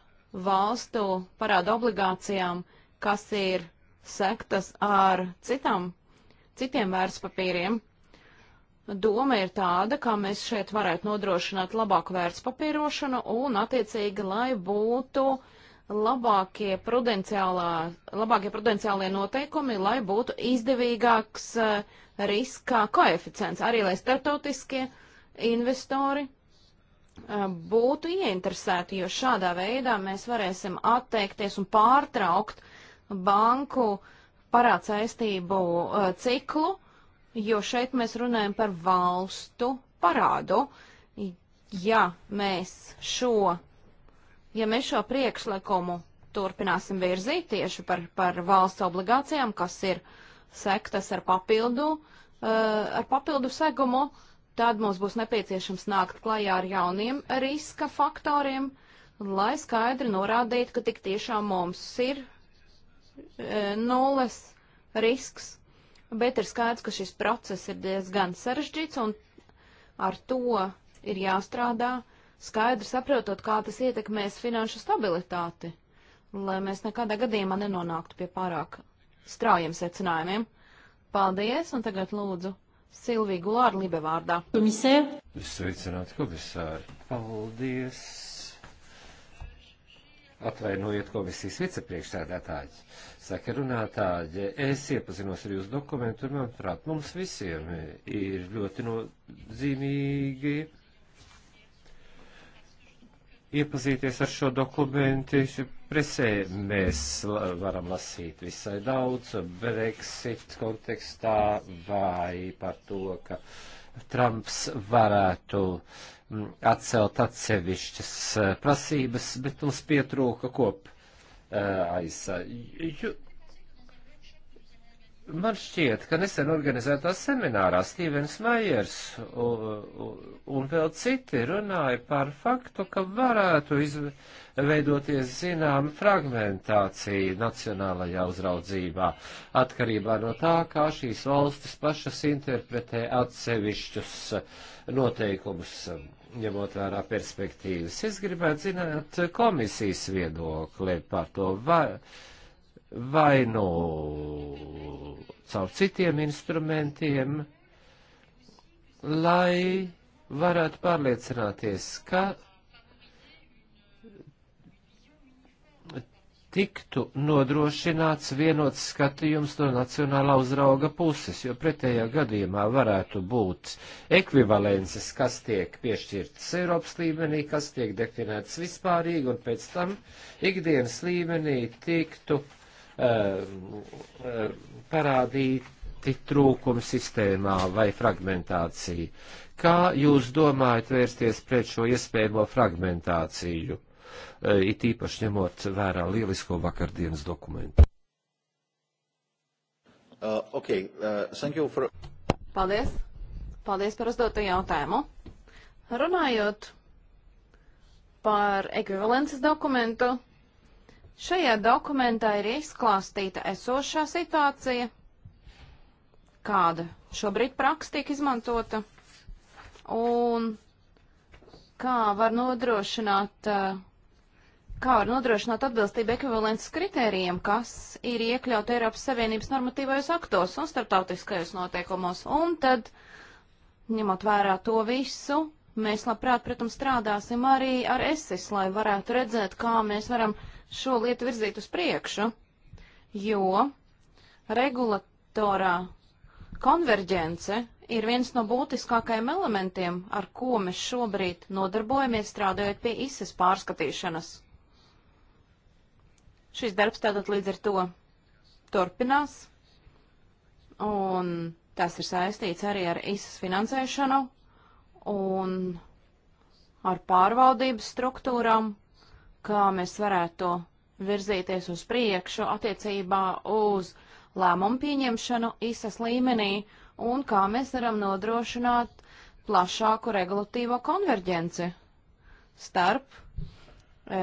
valstu parādu obligācijām, kas ir sektas ar citam, citiem vērtspapīriem. Doma ir tāda, kā mēs šeit varētu nodrošināt labāku vērtspapīrošanu un, attiecīgi, lai būtu uh, labākie prudenciālā, labākie prudenciālie noteikumi, lai būtu izdevīgāks uh, riska koeficients, arī lai startautiskie investori uh, būtu ieinteresēti, jo šādā veidā mēs varēsim atteikties un pārtraukt banku parādsaistību uh, eh, ciklu, jo šeit mēs runājam par valstu parādu. Ja mēs šo ja mēs šo priekšlikumu turpināsim virzīt tieši par, par valsts obligācijām, kas ir sektas ar papildu, eh, ar papildu segumu, tad mums būs nepieciešams nākt klajā ar jauniem riska faktoriem, lai skaidri norādītu, ka tik tiešām mums ir eh, nulles risks, bet ir skaidrs, ka šis process ir diezgan sarežģīts un ar to ir jāstrādā skaidri saprotot, kā tas ietekmēs finanšu stabilitāti, lai mēs nekādā gadījumā nenonāktu pie pārāk straujiem secinājumiem. Paldies, un tagad lūdzu Silviju Gulāru Libe vārdā. Komisēr. Sveicināti, komisāri. Paldies. Atvainojiet komisijas vicepriekšsēdētāji, saka runātāji, es iepazinos ar jūsu dokumentu un, manuprāt, mums visiem ir ļoti nozīmīgi iepazīties ar šo dokumentu. Presē mēs varam lasīt visai daudz Brexit kontekstā vai par to, ka Trumps varētu mm, atcelt atsevišķas eh, prasības, bet mums pietrūka kop eh, aiz. Man šķiet, ka nesen organizētā seminārā Stīvens Maiers un, un vēl citi runāja par faktu, ka varētu izveidoties zinām fragmentācija nacionālajā uzraudzībā, atkarībā no tā, kā šīs valstis pašas interpretē atsevišķus noteikumus, ņemot vērā perspektīvas. Es gribētu zināt komisijas viedokli par to. Var, vai no nu caur citiem instrumentiem, lai varētu pārliecināties, ka tiktu nodrošināts vienots skatījums no nacionālā uzrauga puses, jo pretējā gadījumā varētu būt ekvivalences, kas tiek piešķirtas Eiropas līmenī, kas tiek definētas vispārīgi, un pēc tam ikdienas līmenī tiktu uh, Eh, parādīti trūkumi sistēmā vai fragmentācija. Kā jūs domājat vērsties pret šo iespējamo fragmentāciju, eh, it īpaši ņemot vērā lielisko vakardienas dokumentu? Uh, okay. uh, for... Paldies! Paldies par uzdoto jautājumu. Runājot par ekvivalences dokumentu, Šajā dokumentā ir izklāstīta esošā situācija, kāda šobrīd praksa tiek izmantota un kā var nodrošināt, eh, kā var nodrošināt atbilstību ekvivalents kritērijiem, kas ir iekļauti Eiropas Savienības normatīvajos aktos un starptautiskajos noteikumos. Un tad, ņemot vērā to visu, mēs labprāt, protams, strādāsim arī ar ESIS, lai varētu redzēt, kā mēs varam uh, šo lietu virzīt uz priekšu, jo regulatorā konverģence ir viens no būtiskākajiem elementiem, ar ko mēs šobrīd nodarbojamies strādājot pie ISIS pārskatīšanas. Šis darbs tātad līdz ar to turpinās, un tas ir saistīts arī ar ISIS finansēšanu un ar pārvaldības struktūrām kā mēs varētu virzīties uz priekšu attiecībā uz lēmumu pieņemšanu īsas līmenī un kā mēs varam nodrošināt plašāku regulatīvo konverģenci starp e,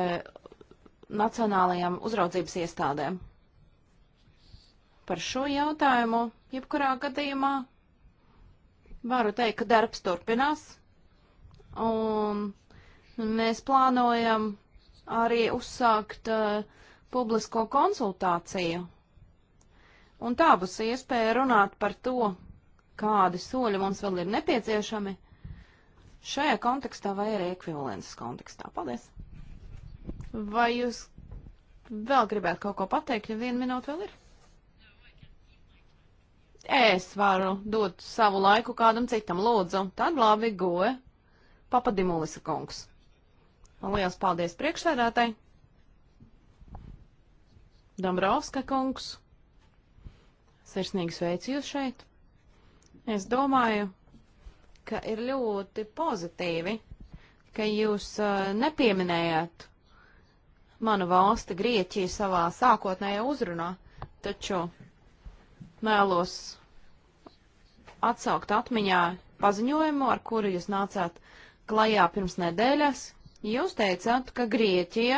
nacionālajām uzraudzības iestādēm. Par šo jautājumu, jebkurā gadījumā, varu teikt, ka darbs turpinās, un mēs plānojam arī uzsākt uh, publisko konsultāciju. Un tā būs iespēja runāt par to, kādi soļi mums vēl ir nepieciešami šajā kontekstā vai arī ekvivalences kontekstā. Paldies! Vai jūs vēl gribētu kaut ko pateikt, ja viena minūte vēl ir? Es varu dot savu laiku kādam citam, lūdzu. Tad labi, goe. Papadimulisa kungs. Un liels paldies priekšsēdētai. Dombrovska kungs, sirsnīgi sveicu jūs šeit. Es domāju, ka ir ļoti pozitīvi, ka jūs uh, nepieminējāt manu valsti Grieķiju savā sākotnējā uzrunā, taču mēlos atsaukt atmiņā paziņojumu, ar kuru jūs nācāt klajā pirms nedēļas, Jūs teicāt, ka Grieķija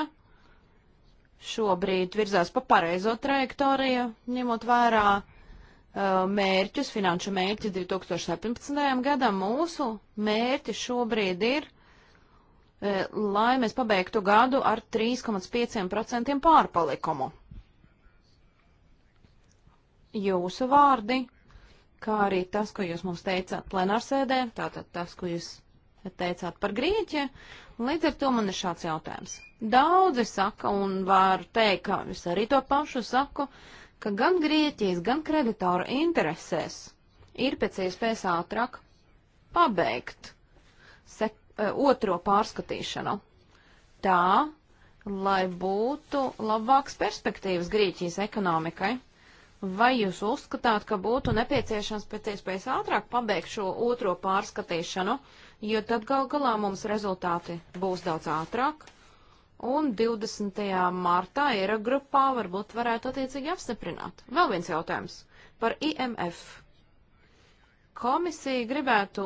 šobrīd virzās pa pareizo trajektoriju, ņemot vērā uh, mērķus, finanšu mērķus 2017. gadam. Mūsu mērķi šobrīd ir, uh, lai mēs pabeigtu gadu ar 3,5% pārpalikumu. Jūsu vārdi, kā arī tas, ko jūs mums teicāt plenārsēdē, tātad tas, ko jūs teicāt par Grieķiju, Līdz ar to man ir šāds jautājums. Daudzi saka, un var teikt, ka es arī to pašu saku, ka gan Grieķijas, gan kreditora interesēs ir pēc iespējas ātrāk pabeigt sek, e, otro pārskatīšanu. Tā, lai būtu labāks perspektīvas Grieķijas ekonomikai. Vai jūs uzskatāt, ka būtu nepieciešams pēc iespējas ātrāk pabeigt šo otro pārskatīšanu? Uh, jo tad gal galā mums rezultāti būs daudz ātrāk, un 20. martā Eirogrupā varbūt varētu attiecīgi apstiprināt. Vēl viens jautājums par IMF. Komisija gribētu,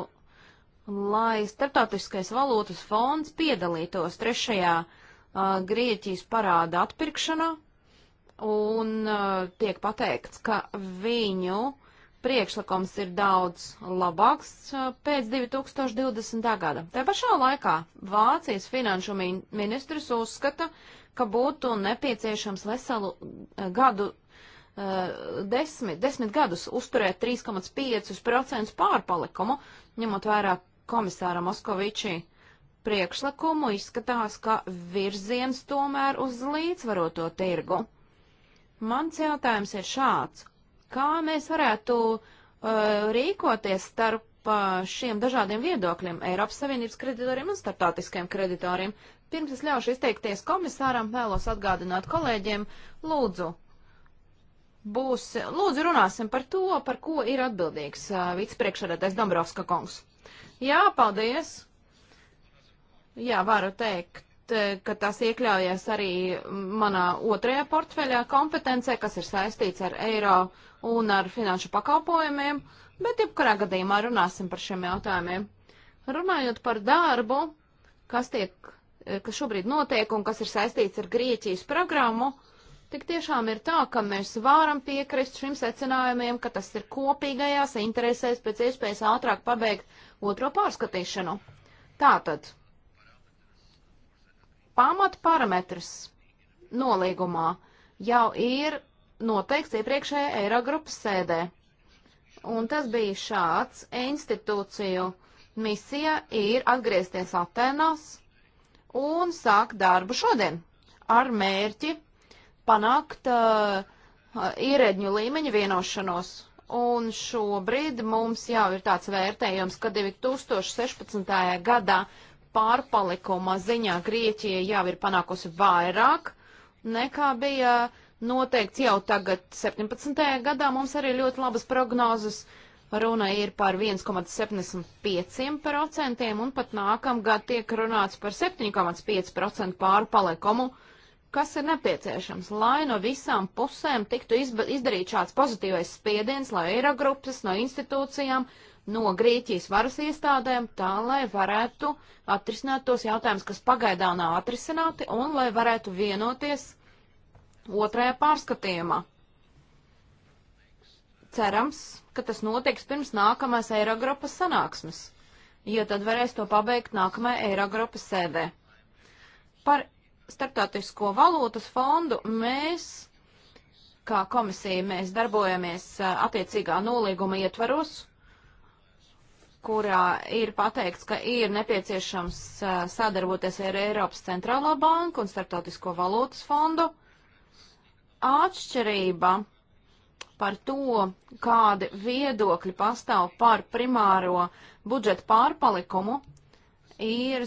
lai Startautiskais valūtas fonds piedalītos trešajā uh, Grieķijas parāda atpirkšanā, un uh, tiek pateikts, ka viņu uh, priekšlikums ir daudz labāks uh, pēc 2020. gada. Te pašā laikā Vācijas finanšu ministrs uzskata, ka būtu nepieciešams veselu uh, gadu, uh, desmit, desmit gadus uzturēt 3,5% pārpalikumu, ņemot vērā komisāra Moskovičī priekšlikumu, izskatās, ka virziens tomēr uz līdzvaroto tirgu. Mans jautājums ir šāds Kā mēs varētu uh, rīkoties starp uh, šiem dažādiem viedokļiem, Eiropas Savienības kreditoriem un starptautiskiem kreditoriem? Pirms es ļaušu izteikties komisāram, vēlos atgādināt kolēģiem, lūdzu, būs, lūdzu runāsim par to, par ko ir atbildīgs uh, vicepriekšredētais Dombrovska kungs. Jā, paldies! Jā, varu teikt, Eh, ka tās iekļaujas arī manā otrajā portfeļā kompetencē, kas ir saistīts ar eiro un ar finanšu pakalpojumiem, bet jebkurā gadījumā runāsim par šiem jautājumiem. Runājot par darbu, kas, tiek, eh, kas šobrīd notiek un kas ir saistīts ar Grieķijas programmu, tik tiešām ir tā, ka mēs varam piekrist šim secinājumiem, ka tas ir kopīgajās interesēs pēc iespējas ātrāk pabeigt otro pārskatīšanu. Tātad pamatparametrs nolīgumā jau ir noteikts iepriekšējā Eirogrupas sēdē. Un tas bija šāds institūciju misija ir atgriezties Atenās un sākt darbu šodien ar mērķi panākt uh, ierēģņu līmeņa vienošanos. Un šobrīd mums jau ir tāds vērtējums, ka 2016. gadā pārpalikuma ziņā Grieķija jau ir panākusi vairāk nekā bija noteikts jau tagad 17. gadā. Mums arī ļoti labas prognozes. Runa ir par 1,75% un pat nākamgad tiek runāts par 7,5% pārpalikumu, kas ir nepieciešams, lai no visām pusēm tiktu izdarīts šāds pozitīvais spiediens, lai eirogrupas no institūcijām, uh, no Grieķijas varas iestādēm, tā lai varētu atrisināt tos jautājumus, kas pagaidā nav atrisināti, un lai varētu vienoties otrajā pārskatījumā. Cerams, ka tas notiks pirms nākamās Eirogrupas sanāksmes, jo tad varēs to pabeigt nākamajā Eirogrupas sēdē. Par starptautisko valūtas fondu mēs, kā komisija, mēs darbojamies attiecīgā nolīguma ietvaros, kurā ir pateikts, ka ir nepieciešams sadarboties ar Eiropas centrālo banku un starptautisko valūtas fondu. Atšķirība par to, kādi viedokļi pastāv par primāro budžeta pārpalikumu, ir,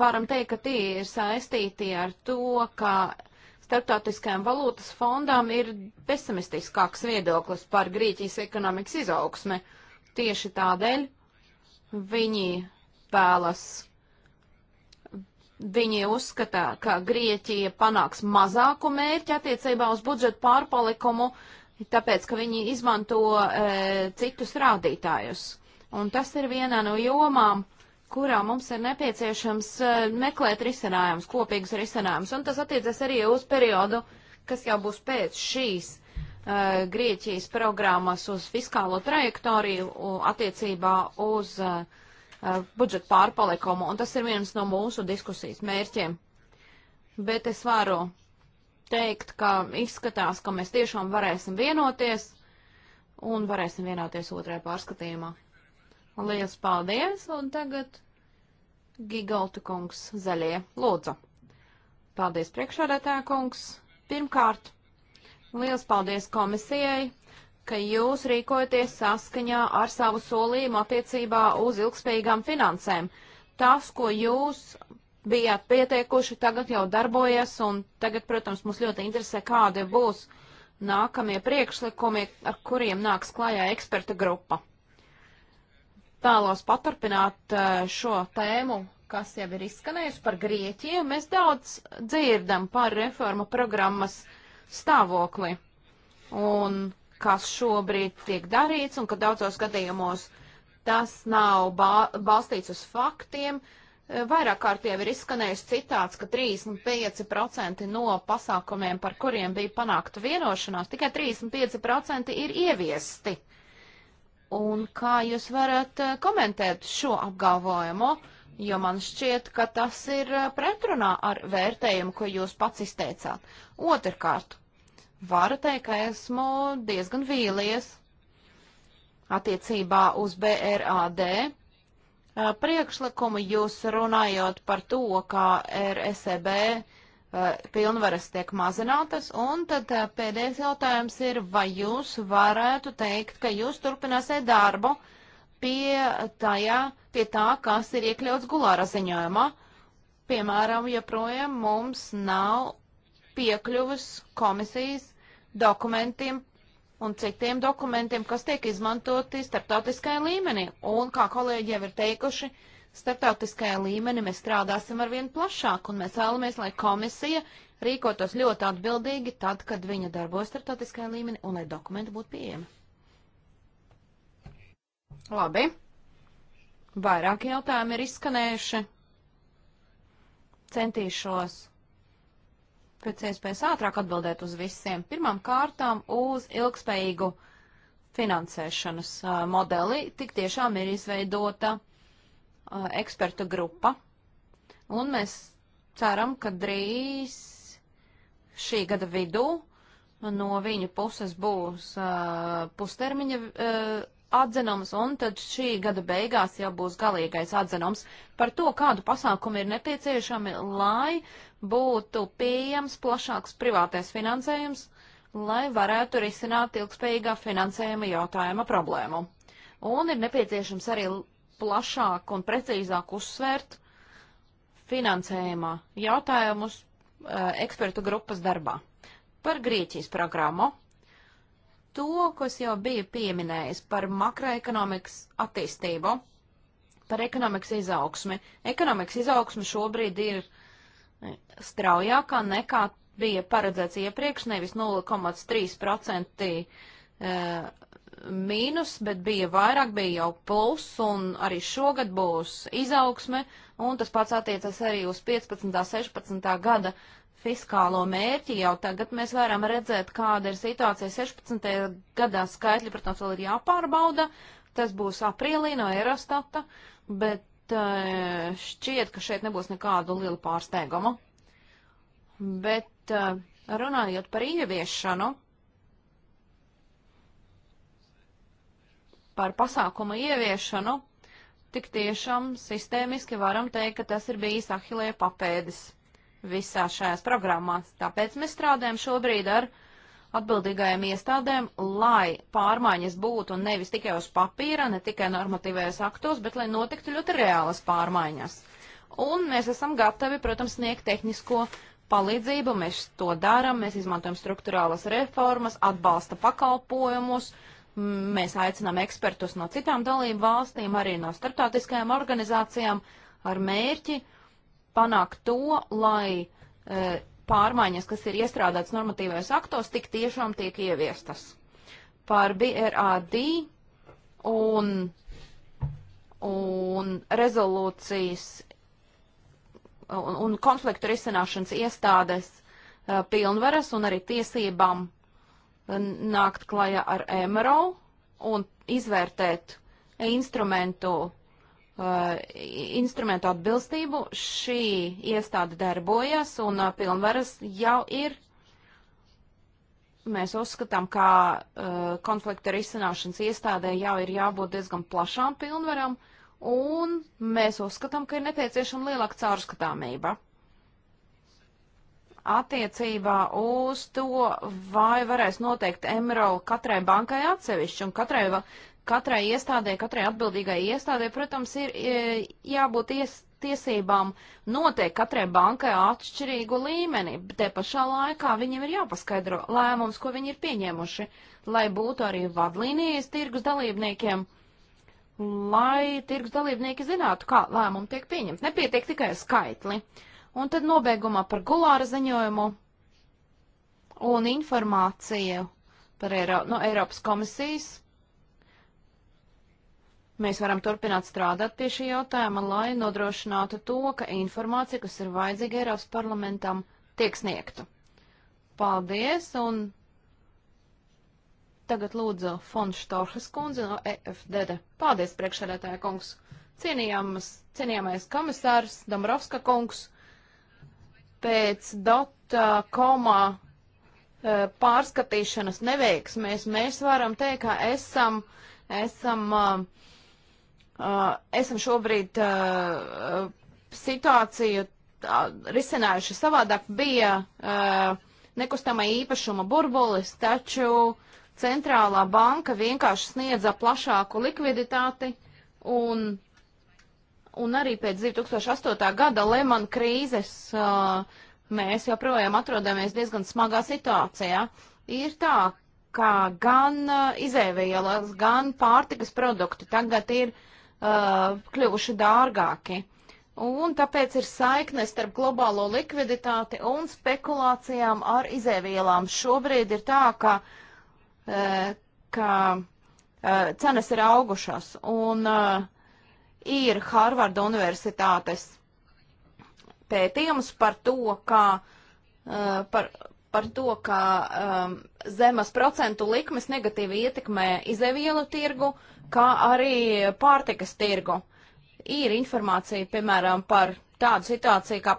varam teikt, ka tie ir saistīti ar to, ka starptautiskajam valūtas fondām ir pesimistiskāks viedoklis par Grieķijas ekonomikas izaugsmi. Tieši tādēļ Viņi vēlas, viņi uzskatā, ka Grieķija panāks mazāku mērķi attiecībā uz budžetu pārpalikumu, tāpēc, ka viņi izmanto e, citus rādītājus. Un tas ir viena no jomām, kurā mums ir nepieciešams e, meklēt risinājumus, kopīgus risinājumus. Un tas attiecas arī uz periodu, kas jau būs pēc šīs Eh, Grieķijas programmas uz fiskālo trajektoriju attiecībā uz eh, eh, budžeta pārpalikumu, un tas ir viens no mūsu diskusijas mērķiem. Bet es varu teikt, ka izskatās, ka mēs tiešām varēsim vienoties un varēsim vienoties otrajā pārskatījumā. Lielas paldies, un tagad Gigalta kungs zaļie lūdzu. Paldies priekšādētā kungs. Pirmkārt, Liels paldies komisijai, ka jūs rīkojaties saskaņā ar savu solījumu attiecībā uz ilgspējīgām finansēm. Tas, ko jūs bijāt pieteikuši, tagad jau darbojas, un tagad, protams, mums ļoti interesē, kādi būs nākamie priekšlikumi, ar kuriem nāks klajā eksperta grupa. Tālos paturpināt eh, šo tēmu, kas jau ir izskanējusi par Grieķiju. Mēs daudz dzirdam par reformu programmas uh, stāvokli un kas šobrīd tiek darīts un ka daudzos gadījumos tas nav ba balstīts uz faktiem. Eh, vairāk kārt jau ir izskanējis citāts, ka 35% no pasākumiem, par kuriem bija panākta vienošanās, tikai 35% ir ieviesti. Un kā jūs varat eh, komentēt šo apgalvojumu? Uh, jo man šķiet, ka tas ir eh, pretrunā ar vērtējumu, ko jūs pats izteicāt. Otrkārt, varu teikt, ka esmu diezgan vīlies attiecībā uz BRAD eh, priekšlikumu, jūs runājot par to, ka RSEB eh, pilnvaras tiek mazinātas, un tad pēdējais jautājums ir, vai jūs varētu teikt, ka jūs turpināsiet darbu, uh, pie, tajā, pie tā, kas ir iekļauts Gulāra ziņojumā. Piemēram, joprojām mums nav piekļuvis komisijas dokumentiem un citiem dokumentiem, kas tiek izmantoti starptautiskajā līmenī. Un, kā kolēģi jau ir teikuši, starptautiskajā līmenī mēs strādāsim ar vien plašāk, un mēs vēlamies, lai komisija rīkotos ļoti atbildīgi tad, kad viņa darbojas starptautiskajā līmenī, un lai dokumenti būtu pieejami. Labi. Vairāki jautājumi ir izskanējuši. Centīšos pēc iespējas ātrāk atbildēt uz visiem. Pirmām kārtām uz ilgspējīgu finansēšanas uh, modeli. Tik tiešām ir izveidota uh, ekspertu grupa. Un mēs ceram, ka drīz šī gada vidū no viņa puses būs uh, pustermiņa uh, atzinums, un tad šī gada beigās jau būs galīgais atzinums par to, kādu pasākumu ir nepieciešami, lai būtu pieejams plašāks privātais finansējums, lai varētu risināt ilgspējīgā finansējuma jautājuma problēmu. Un ir nepieciešams arī plašāk un precīzāk uzsvērt finansējuma jautājumus e, ekspertu grupas darbā. Par Grieķijas programmu to, ko es jau biju pieminējis par makroekonomikas attīstību, par ekonomikas izaugsmi. Ekonomikas izaugsme šobrīd ir eh, straujākā nekā bija paredzēts iepriekš, nevis 0,3% eh, mīnus, bet bija vairāk, bija jau plus, un arī šogad būs izaugsme, un tas pats attiecas arī uz 15. 16. gada uh, fiskālo mērķi, jau tagad mēs varam redzēt, kāda ir situācija 16. gadā. Skaitļi, protams, vēl ir jāpārbauda, tas būs aprīlī no Eurostata, bet uh, šķiet, ka šeit nebūs nekādu lielu pārsteigumu. Bet uh, runājot par ieviešanu, par pasākumu ieviešanu, tik tiešām sistēmiski varam teikt, ka tas ir bijis ahilē papēdis visā šajās programmās. Tāpēc mēs strādājam šobrīd ar atbildīgajām iestādēm, lai pārmaiņas būtu nevis tikai uz papīra, ne tikai normatīvajos aktos, bet lai notiktu ļoti reālas pārmaiņas. Un mēs esam gatavi, protams, sniegt tehnisko palīdzību, mēs to darām, mēs izmantojam struktūrālas reformas, atbalsta pakalpojumus, mēs aicinām ekspertus no citām dalību valstīm, arī no starptautiskajām organizācijām ar mērķi uh, panākt to, lai e, pārmaiņas, kas ir iestrādātas normatīvajos aktos, tik tiešām tiek ieviestas. Par BRAD un, un rezolūcijas un, un konfliktu risināšanas iestādes e, pilnvaras un arī tiesībām e, nākt klajā ar MRO un izvērtēt instrumentu Eh, instrumentu atbilstību, šī iestāde darbojas un eh, pilnvaras jau ir. Mēs uzskatām, ka uh, konflikta risināšanas iestādē jau ir jābūt diezgan plašām pilnvarām, un mēs uzskatām, ka ir nepieciešama lielāka caurskatāmība attiecībā uz to, vai varēs noteikt MRL katrai bankai atsevišķi un katrai katrai iestādē, katrai atbildīgai iestādē, protams, ir e, jābūt ies, tiesībām noteikt katrai bankai atšķirīgu līmeni, bet te pašā laikā viņiem ir jāpaskaidro lēmums, ko viņi ir pieņēmuši, lai būtu arī vadlīnijas tirgus dalībniekiem, lai tirgus dalībnieki zinātu, kā lēmumi tiek pieņemti. Nepietiek tikai skaitli. Un tad nobeigumā par Gulāra ziņojumu un informāciju par Eiro, no Eiropas komisijas Mēs varam turpināt strādāt pie šī jautājuma, lai nodrošinātu to, ka informācija, kas ir vajadzīga Eiropas parlamentam, tiek sniegta. Paldies, un tagad lūdzu Fons Štorhas kundze no EFDD. Paldies, priekšsēdētāja kungs. Cienījams, cienījamais komisārs Dombrovska kungs pēc dota komā e, pārskatīšanas neveiksmēs mēs varam teikt, ka esam, esam uh, Uh, esam šobrīd uh, situāciju uh, risinājuši savādāk. Bija nekustamā īpašuma burbulis, taču centrālā banka vienkārši sniedza plašāku likviditāti un, un arī pēc 2008. gada Lehman krīzes mēs joprojām atrodamies diezgan smagā situācijā. Ir tā, ka gan izēvielas, gan pārtikas produkti tagad ir uh, uh, kļuvuši dārgāki. Un tāpēc ir saikne starp globālo likviditāti un spekulācijām ar izēvielām. Šobrīd ir tā, ka, uh, ka uh, cenas ir augušas un uh, ir Harvarda universitātes pētījums par to, ka, uh, par, par to, ka um, zemas procentu likmes negatīvi ietekmē izēvielu tirgu, kā arī pārtikas tirgu. Ir informācija, piemēram, par tādu situāciju, kā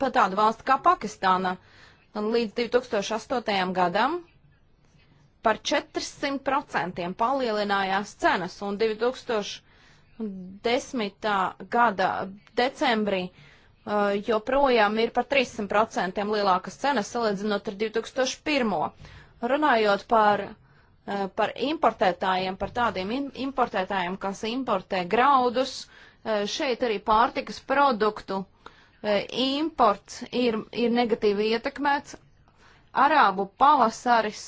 par tādu valstu kā Pakistāna. Līdz 2008. gadam par 400% palielinājās cenas, un 2010. gada decembrī uh, joprojām ir par 300% lielākas cenas salīdzinot ar 2001. Runājot par, eh, par importētājiem, par tādiem importētājiem, kas importē graudus, eh, šeit arī pārtikas produktu eh, imports ir, ir negatīvi ietekmēts. Arābu pavasaris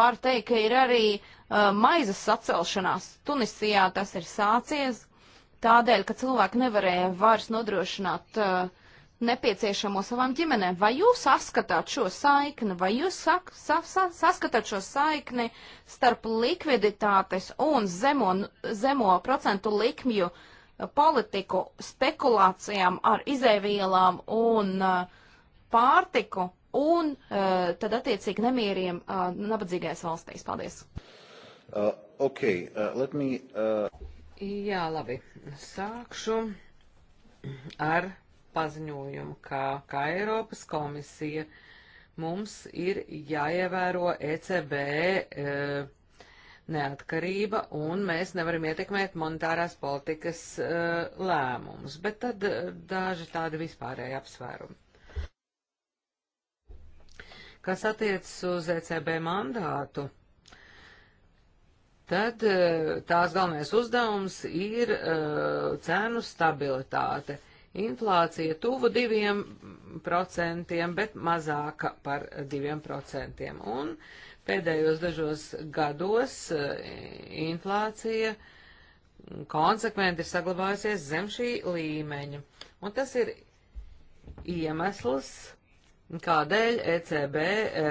var teikt, ka ir arī uh, maizes sacelšanās. Tunisijā tas ir sācies tādēļ, ka cilvēki nevarēja vairs nodrošināt uh, nepieciešamo savām ģimenēm. Vai jūs saskatāt šo saikni, vai jūs sak, sa, sa, saskatāt šo saikni starp likviditātes un zemo, zemo procentu likmju politiku, spekulācijām ar izēvielām un uh, pārtiku un uh, tad attiecīgi nemieriem uh, nabadzīgajās valstīs? Paldies! Uh, okay, uh, let me. Uh... Jā, labi. Sākšu ar paziņojumu, ka, kā Eiropas komisija, mums ir jāievēro ECB e, neatkarība un mēs nevaram ietekmēt monetārās politikas e, lēmumus, bet tad e, daži tādi vispārēji apsvērumi. Kas attiecas uz ECB mandātu? tad e, tās galvenais uzdevums ir uh, e, cēnu stabilitāte. Inflācija tuvu diviem procentiem, bet mazāka par diviem procentiem. Un pēdējos dažos gados eh, inflācija konsekventi ir saglabājusies zem šī līmeņa. Un tas ir iemesls, kādēļ ECB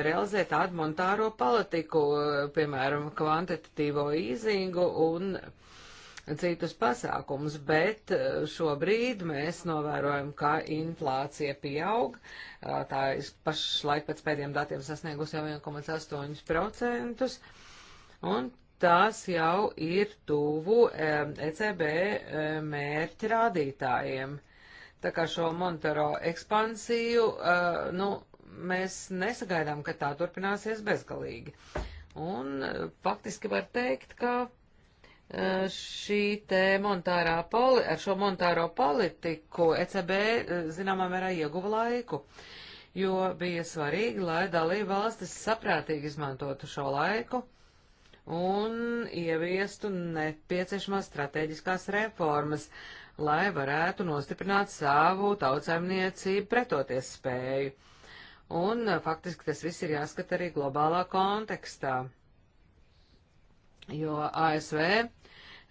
realizē tādu monetāro politiku, piemēram, kvantitatīvo īzingu un uh, citus pasākumus, bet eh, šobrīd mēs novērojam, ka inflācija pieaug. Eh, tā ir pašlaik pēc pēdējiem datiem sasniegusi jau 1,8%, un tas jau ir tuvu ECB eh, e mērķi rādītājiem. Tā kā šo Montero ekspansiju, nu, mēs nesagaidām, ka tā turpināsies bezgalīgi. Un faktiski var teikt, ka Eh, šī te monetārā poli, ar šo monetāro politiku ECB eh, zināmā mērā ieguva laiku, jo bija svarīgi, lai dalība valstis saprātīgi izmantotu šo laiku un ieviestu nepieciešamās strateģiskās reformas, lai varētu nostiprināt savu tautsēmniecību pretoties spēju. Un eh, faktiski tas viss ir jāskata arī globālā kontekstā, jo ASV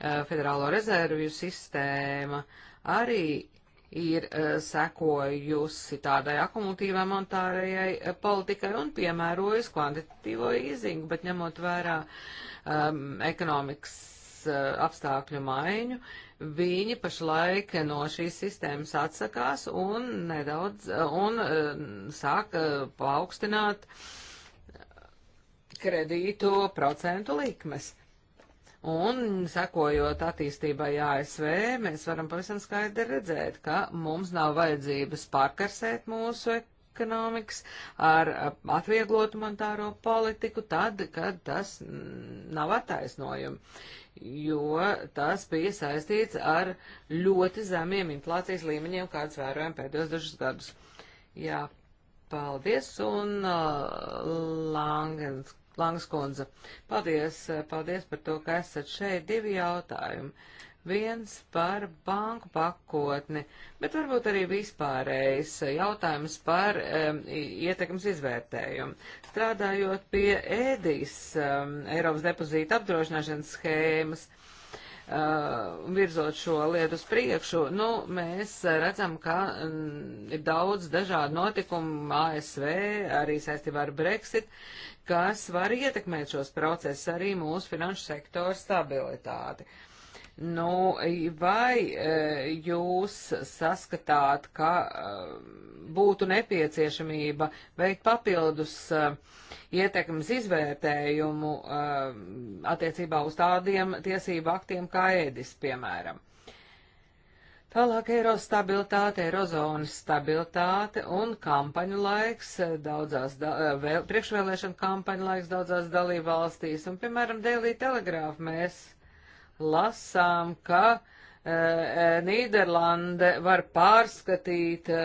Eh, Federālo rezervju sistēma arī ir eh, sekojusi tādai akumulatīvai monetārajai eh, politikai un piemērojas kvantitīvo izingu, bet ņemot vērā um, ekonomikas apstākļu maiņu, viņi pašlaik no šīs sistēmas atsakās un nedaudz un sāk paaugstināt kredītu procentu likmes. Un, sekojot attīstībai ASV, mēs varam pavisam skaidri redzēt, ka mums nav vajadzības pārkarsēt mūsu ekonomikas ar atvieglotu monetāro politiku tad, kad tas nav attaisnojumi, jo tas bija saistīts ar ļoti zemiem inflācijas līmeņiem, kādus vērojam pēdējos dažus gadus. Jā, paldies, un uh, Langens Langas kundze. Paldies, paldies par to, ka esat šeit. Divi jautājumi. Viens par banku pakotni, bet varbūt arī vispārējais jautājums par um, ietekmes izvērtējumu. Strādājot pie ēdīs um, Eiropas depozīta apdrošināšanas schēmas, uh, Uh, virzot šo lietu uz priekšu, nu, mēs redzam, ka mm, ir daudz dažādu notikumu ASV, arī saistībā ar Brexit, kas var ietekmēt šos procesus, arī mūsu finanšu sektoru stabilitāti. Uh, Nu, vai e, jūs saskatāt, ka e, būtu nepieciešamība veikt papildus e, ietekmes izvērtējumu attiecībā uz tādiem tiesību aktiem kā ēdis, piemēram? Tālāk eiro stabilitāte, eirozonas stabilitāte un kampaņu laiks, daudzās da, vēl, priekšvēlēšana kampaņu laiks daudzās dalībvalstīs. Un, piemēram, Dēlī telegrāfu mēs lasām, ka e, e, Nīderlande var pārskatīt e,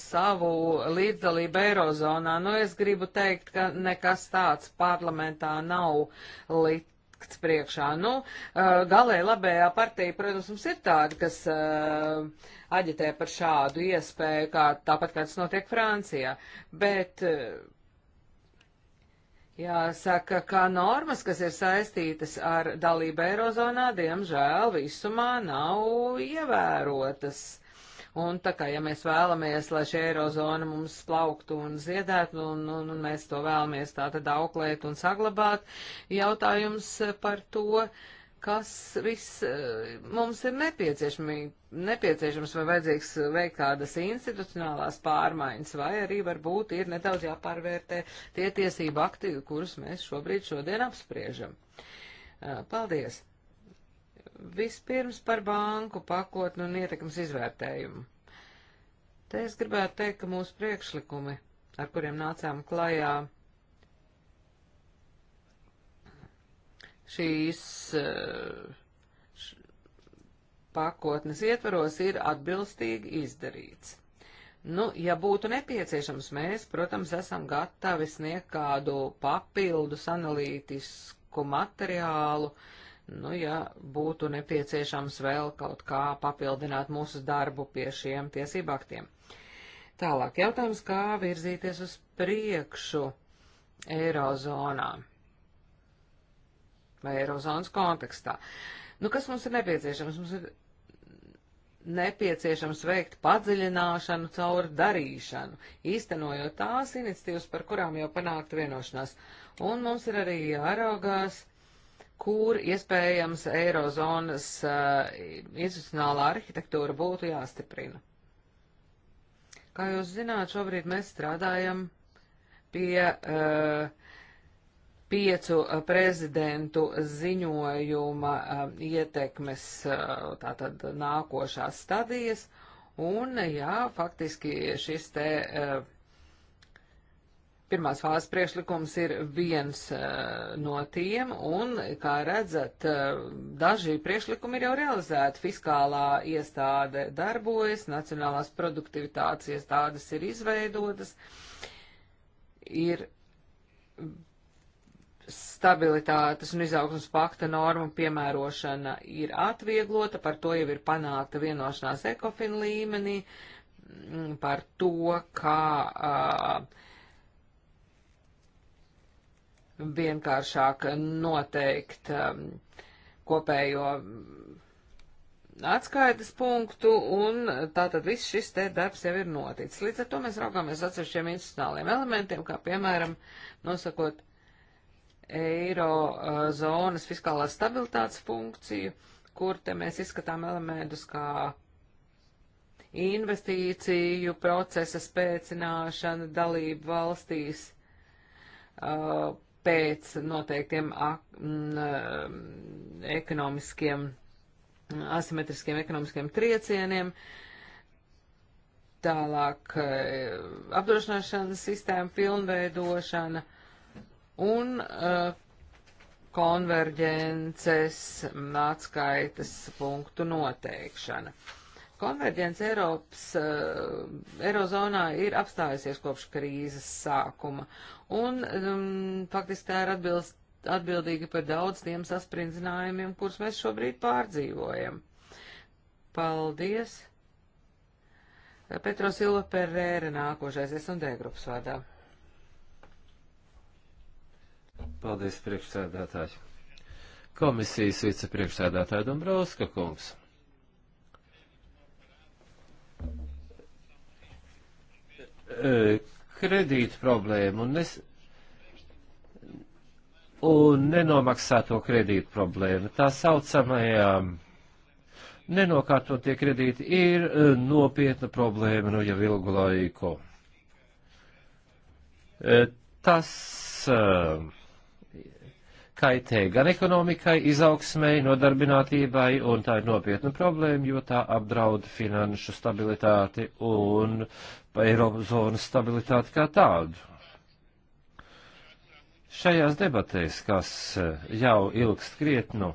savu līdzdalību Eirozonā. Nu, es gribu teikt, ka nekas tāds parlamentā nav lit likts priekšā. Nu, e, galēji labējā partija, protams, mums ir tāda, kas uh, aģitē par šādu iespēju, kā, tāpat kā tas notiek Francijā. Bet uh, Jāsaka, ka normas, kas ir saistītas ar dalību Eirozonā, diemžēl visumā nav ievērotas. Un tā kā, ja mēs vēlamies, lai šī Eirozona mums plauktu un ziedētu, un, un, un mēs to vēlamies tā tad auklēt un saglabāt, jautājums par to, uh, kas viss eh, mums ir nepieciešams vai vajadzīgs veikt kādas institucionālās pārmaiņas, vai arī varbūt ir nedaudz jāpārvērtē tie tiesību akti, kurus mēs šobrīd šodien apspriežam. Eh, paldies! Vispirms par banku pakotnu un ietekmes izvērtējumu. Te es gribētu teikt, ka mūsu priekšlikumi, ar kuriem nācām klajā, šīs eh, š, pakotnes ietvaros ir atbilstīgi izdarīts. Nu, ja būtu nepieciešams, mēs, protams, esam gatavi sniegt kādu papildus analītisku materiālu, nu, ja būtu nepieciešams vēl kaut kā papildināt mūsu darbu pie šiem tiesību aktiem. Tālāk jautājums, kā virzīties uz priekšu Eirozonā vai Eirozonas kontekstā. Nu, kas mums ir nepieciešams? Mums ir nepieciešams veikt padziļināšanu caur darīšanu, īstenojot tās iniciatīvas, par kurām jau panākt vienošanās. Un mums ir arī jāraugās, kur iespējams Eirozonas uh, institucionālā arhitektūra būtu jāstiprina. Kā jūs zināt, šobrīd mēs strādājam pie uh, piecu eh, prezidentu ziņojuma eh, ietekmes eh, tātad nākošās stadijas, un jā, faktiski šis te pirmās fāzes priekšlikums ir viens no tiem, un, kā redzat, daži priekšlikumi ir jau realizēti. Fiskālā iestāde darbojas, nacionālās produktivitātes iestādes ir izveidotas, ir stabilitātes un izaugsmas pakta normu piemērošana ir atvieglota, par to jau ir panākta vienošanās ekofin līmenī, mm, par to, kā uh, vienkāršāk noteikt um, kopējo atskaitas punktu, un tātad viss šis te darbs jau ir noticis. Līdz ar to mēs raugāmies atsevišķiem institucionāliem elementiem, kā piemēram nosakot uh, eiro zonas fiskālās stabilitātes funkciju, kur te mēs izskatām elementus kā investīciju procesa spēcināšana dalību valstīs uh, pēc noteiktiem ak, m, ekonomiskiem, asimetriskiem ekonomiskiem triecieniem, tālāk uh, apdrošināšanas sistēma pilnveidošana – un uh, konverģences atskaitas punktu noteikšana. Konverģence Eiropas, uh, Eirozonā ir apstājusies kopš krīzes sākuma, un um, faktiski tā ir atbilst, atbildīga par daudz tiem saspringzinājumiem, kurus mēs šobrīd pārdzīvojam. Paldies! Petro Silva Perēra nākošais S&D grupas vārdā. Paldies, priekšsēdētāji. Komisijas vicepriekšsēdētāja Dombrovska kungs. E, Kredīta problēma un, nes, un nenomaksāto kredītu problēma, tā saucamajā nenokārtotie kredīti ir e, nopietna problēma nu jau ilgu laiku. E, tas uh, kaitē gan ekonomikai, izaugsmai, nodarbinātībai, un tā ir nopietna problēma, jo tā apdraud finanšu stabilitāti un Eirozonas stabilitāti kā tādu. Šajās debatēs, kas jau ilgst krietnu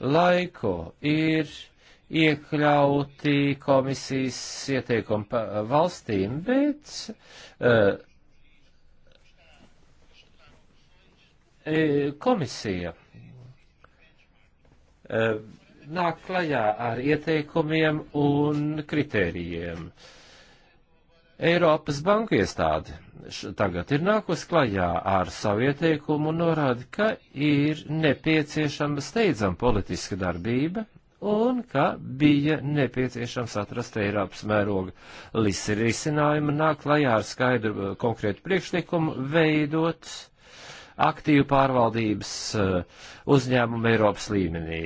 laiku, ir iekļauti komisijas ieteikumi valstīm, bet uh, E, komisija e, nāk klajā ar ieteikumiem un kritērijiem. Eiropas banka iestāde tagad ir nākus klajā ar savu ieteikumu un norāda, ka ir nepieciešama steidzama politiska darbība un ka bija nepieciešams atrast Eiropas mēroga risinājumu, nāk klajā ar skaidru konkrētu priekšlikumu veidot aktīvu pārvaldības eh, uzņēmumu Eiropas līmenī.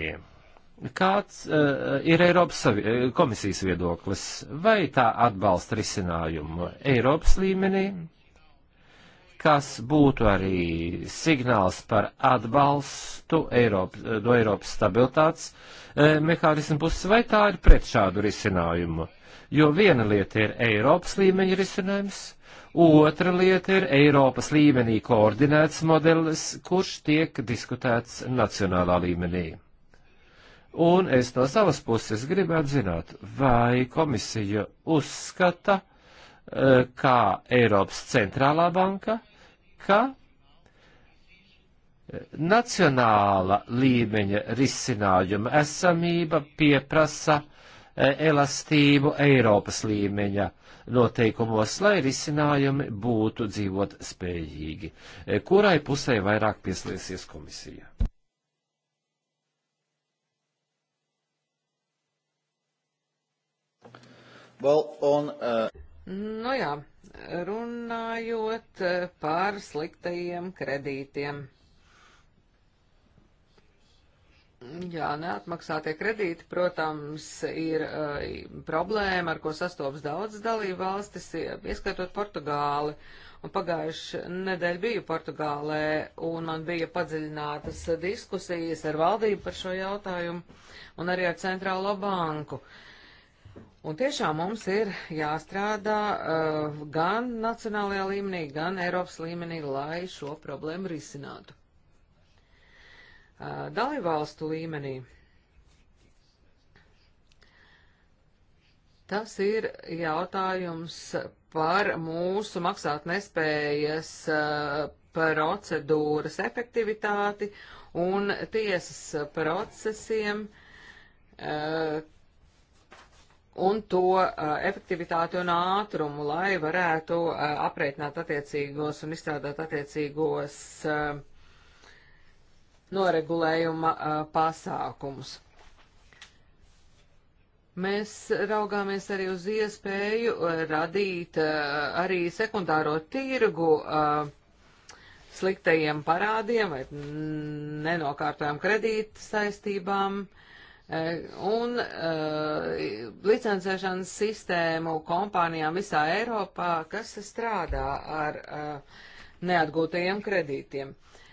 Kāds uh, ir Eiropas savi, eh, komisijas viedoklis? Vai tā atbalsta risinājumu Eiropas līmenī, kas būtu arī signāls par atbalstu Eiropas, no Eiropas stabilitātes uh, mehānismu puses, vai tā ir pret šādu risinājumu? Jo viena lieta ir Eiropas līmeņa risinājums, Otra lieta ir Eiropas līmenī koordinēts modelis, kurš tiek diskutēts nacionālā līmenī. Un es no savas puses gribētu zināt, vai komisija uzskata, eh, kā Eiropas centrālā banka, ka eh, nacionāla līmeņa risinājuma esamība pieprasa eh, elastību Eiropas līmeņa uh, noteikumos, lai risinājumi būtu dzīvot spējīgi. E, kurai pusē vairāk pieslēsies komisija? Well, on, uh... Nu jā, runājot eh, par sliktajiem kredītiem. Jā, neatmaksātie kredīti, protams, ir uh, problēma, ar ko sastopas daudzas dalību valstis, ieskaitot Portugāli. Un pagājuši nedēļ biju Portugālē, un man bija padziļinātas diskusijas ar valdību par šo jautājumu, un arī ar Centrālo banku. Un tiešām mums ir jāstrādā uh, gan nacionālajā līmenī, gan Eiropas līmenī, lai šo problēmu risinātu dalībvalstu līmenī. Tas ir jautājums par mūsu maksātnespējas procedūras efektivitāti un tiesas procesiem un to efektivitāti un ātrumu, lai varētu aprēķināt attiecīgos un izstrādāt attiecīgos uh, noregulējuma uh, pasākumus. Mēs raugāmies arī uz iespēju uh, radīt uh, arī sekundāro tirgu sliktajiem parādiem vai nenokārtojām kredīta saistībām un licencēšanas sistēmu kompānijām visā Eiropā, kas strādā ar neatgūtajiem kredītiem. Uh,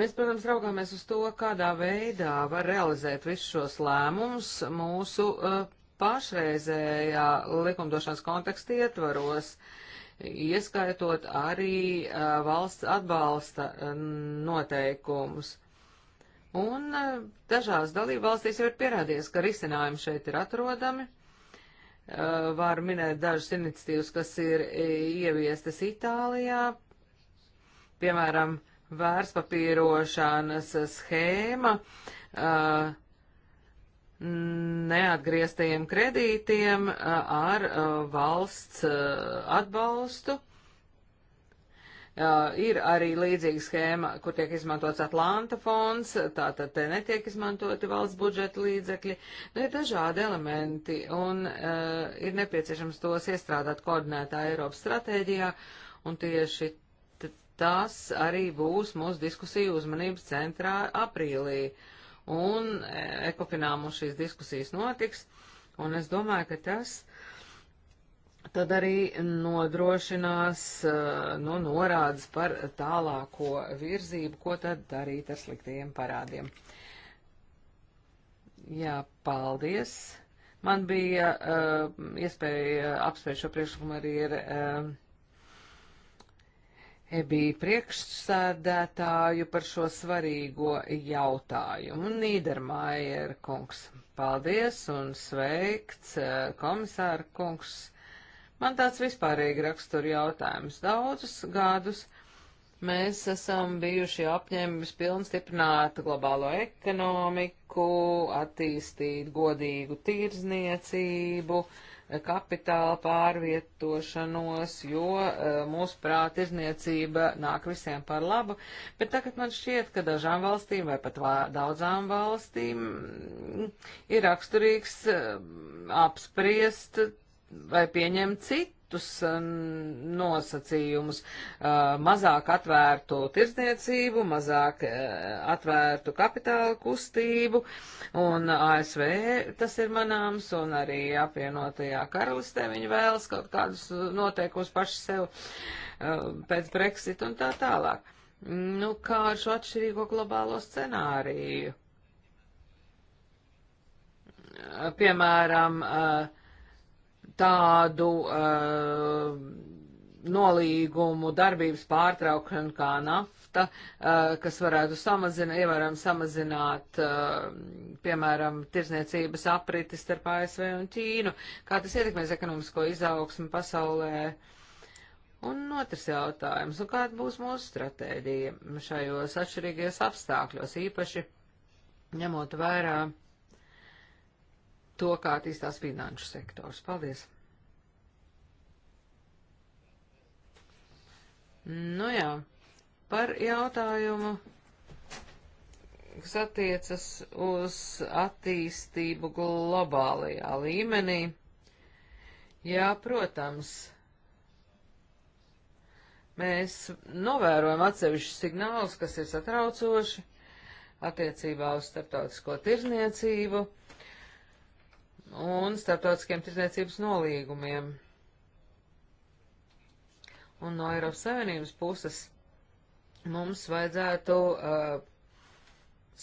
Mēs, protams, raugāmies uz to, kādā veidā var realizēt visus šos lēmumus mūsu uh, pašreizējā likumdošanas konteksta ietvaros, ieskaitot arī uh, valsts atbalsta uh, noteikumus. Un uh, dažās dalībvalstīs jau ir pierādījies, ka risinājumi šeit ir atrodami. Uh, var minēt dažas iniciatīvas, kas ir uh, ieviestas Itālijā, piemēram, uh, vērtspapīrošanas schēma uh, neatgrieztajiem kredītiem uh, ar uh, valsts uh, atbalstu. Uh, ir arī līdzīga schēma, kur tiek izmantots Atlanta fonds, tātad te netiek izmantoti valsts budžeta līdzekļi. Nu, ir dažādi elementi un uh, ir nepieciešams tos iestrādāt koordinētā Eiropas stratēģijā, un tieši tas arī būs mūsu diskusiju uzmanības centrā aprīlī. Un e, ekofinā mums šīs diskusijas notiks, un es domāju, ka tas tad arī nodrošinās e, no nu, norādes par tālāko virzību, ko tad darīt ar sliktajiem parādiem. Jā, paldies. Man bija uh, iespēja apsvērt šo priekšlikumu arī ar uh, E bija priekšsēdētāju par šo svarīgo jautājumu. Nīdermājer kungs, paldies un sveikts, e, komisāra kungs. Man tāds vispārīgi rakstur jautājums. Daudzus gadus mēs esam bijuši apņēmības pilni stiprināt globālo ekonomiku, attīstīt godīgu tirzniecību, uh, kapitāla pārvietošanos, jo e, mūsu prāt izniecība nāk visiem par labu, bet tagad man šķiet, ka dažām valstīm vai pat daudzām valstīm mm, ir raksturīgs e, apspriest vai pieņemt citu citus eh, nosacījumus eh, - mazāk atvērto tirdzniecību, mazāk eh, atvērtu kapitāla kustību, un ASV tas ir manāms, un arī apvienotajā karalistē viņi vēlas kaut kādus noteikumus paši sev pēc Brexit un tā tālāk. Nu, kā ar šo atšķirīgo globālo scenāriju? Piemēram, uh, tādu uh, nolīgumu darbības pārtraukšanu kā nafta, uh, kas varētu samazināt, ievaram samazināt, uh, piemēram, tirzniecības apritis starp ASV un Ķīnu, kā tas ietekmēs ekonomisko izaugsmu pasaulē. Un otrs jautājums, un kāda būs mūsu stratēģija šajos atšķirīgajos apstākļos, īpaši ņemot vairāk to, kā attīstās finanšu sektors. Paldies! Nu jā, par jautājumu, kas attiecas uz attīstību globālajā līmenī. Jā, protams, mēs novērojam atsevišķus signālus, kas ir satraucoši attiecībā uz starptautisko tirzniecību un starptautiskiem tirdzniecības nolīgumiem. Un no Eiropas Savienības puses mums vajadzētu uh,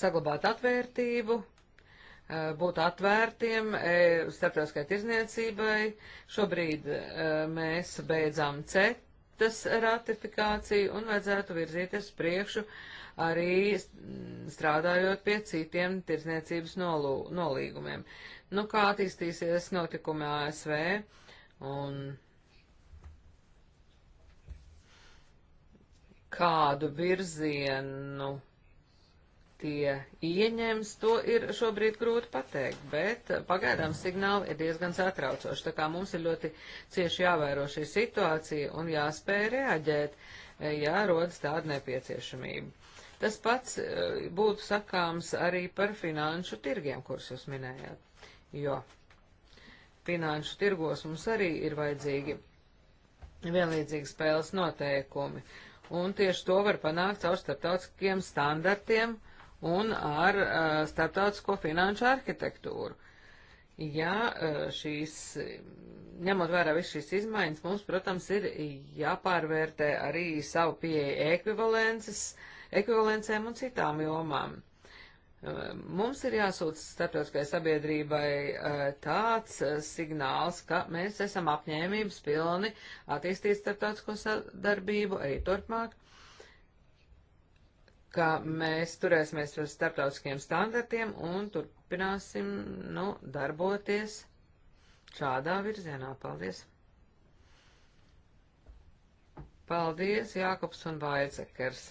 saglabāt atvērtību, uh, būt atvērtiem e, uh, starptautiskai tirzniecībai. Šobrīd uh, mēs beidzām CETAS ratifikāciju un vajadzētu virzīties priekšu uh, arī strādājot pie citiem tirzniecības nolīgumiem. Nu, kā attīstīsies notikumi ASV un kādu virzienu tie ieņems, to ir šobrīd grūti pateikt, bet pagaidām signāli ir diezgan satraucoši. Tā kā mums ir ļoti cieši jāvēro šī situācija un jāspēj reaģēt, ja rodas tāda nepieciešamība. Tas pats eh, būtu sakāms arī par finanšu tirgiem, kurus jūs minējāt, jo finanšu tirgos mums arī ir vajadzīgi vienlīdzīgi spēles noteikumi, un tieši to var panākt caur starptautiskiem standartiem un ar uh, starptautisko finanšu arhitektūru. Jā, eh, šīs, ņemot vērā visu šīs izmaiņas, mums, protams, ir jāpārvērtē arī savu pieeja ekvivalences uh, ekvivalencēm un citām jomām. Mums ir jāsūta starptautiskajai sabiedrībai eh, tāds eh, signāls, ka mēs esam apņēmības pilni attīstīt starptautisko sadarbību arī turpmāk, ka mēs turēsimies par starptautiskiem standartiem un turpināsim, nu, darboties šādā virzienā. Paldies! Paldies, Jākops un Vaicekers!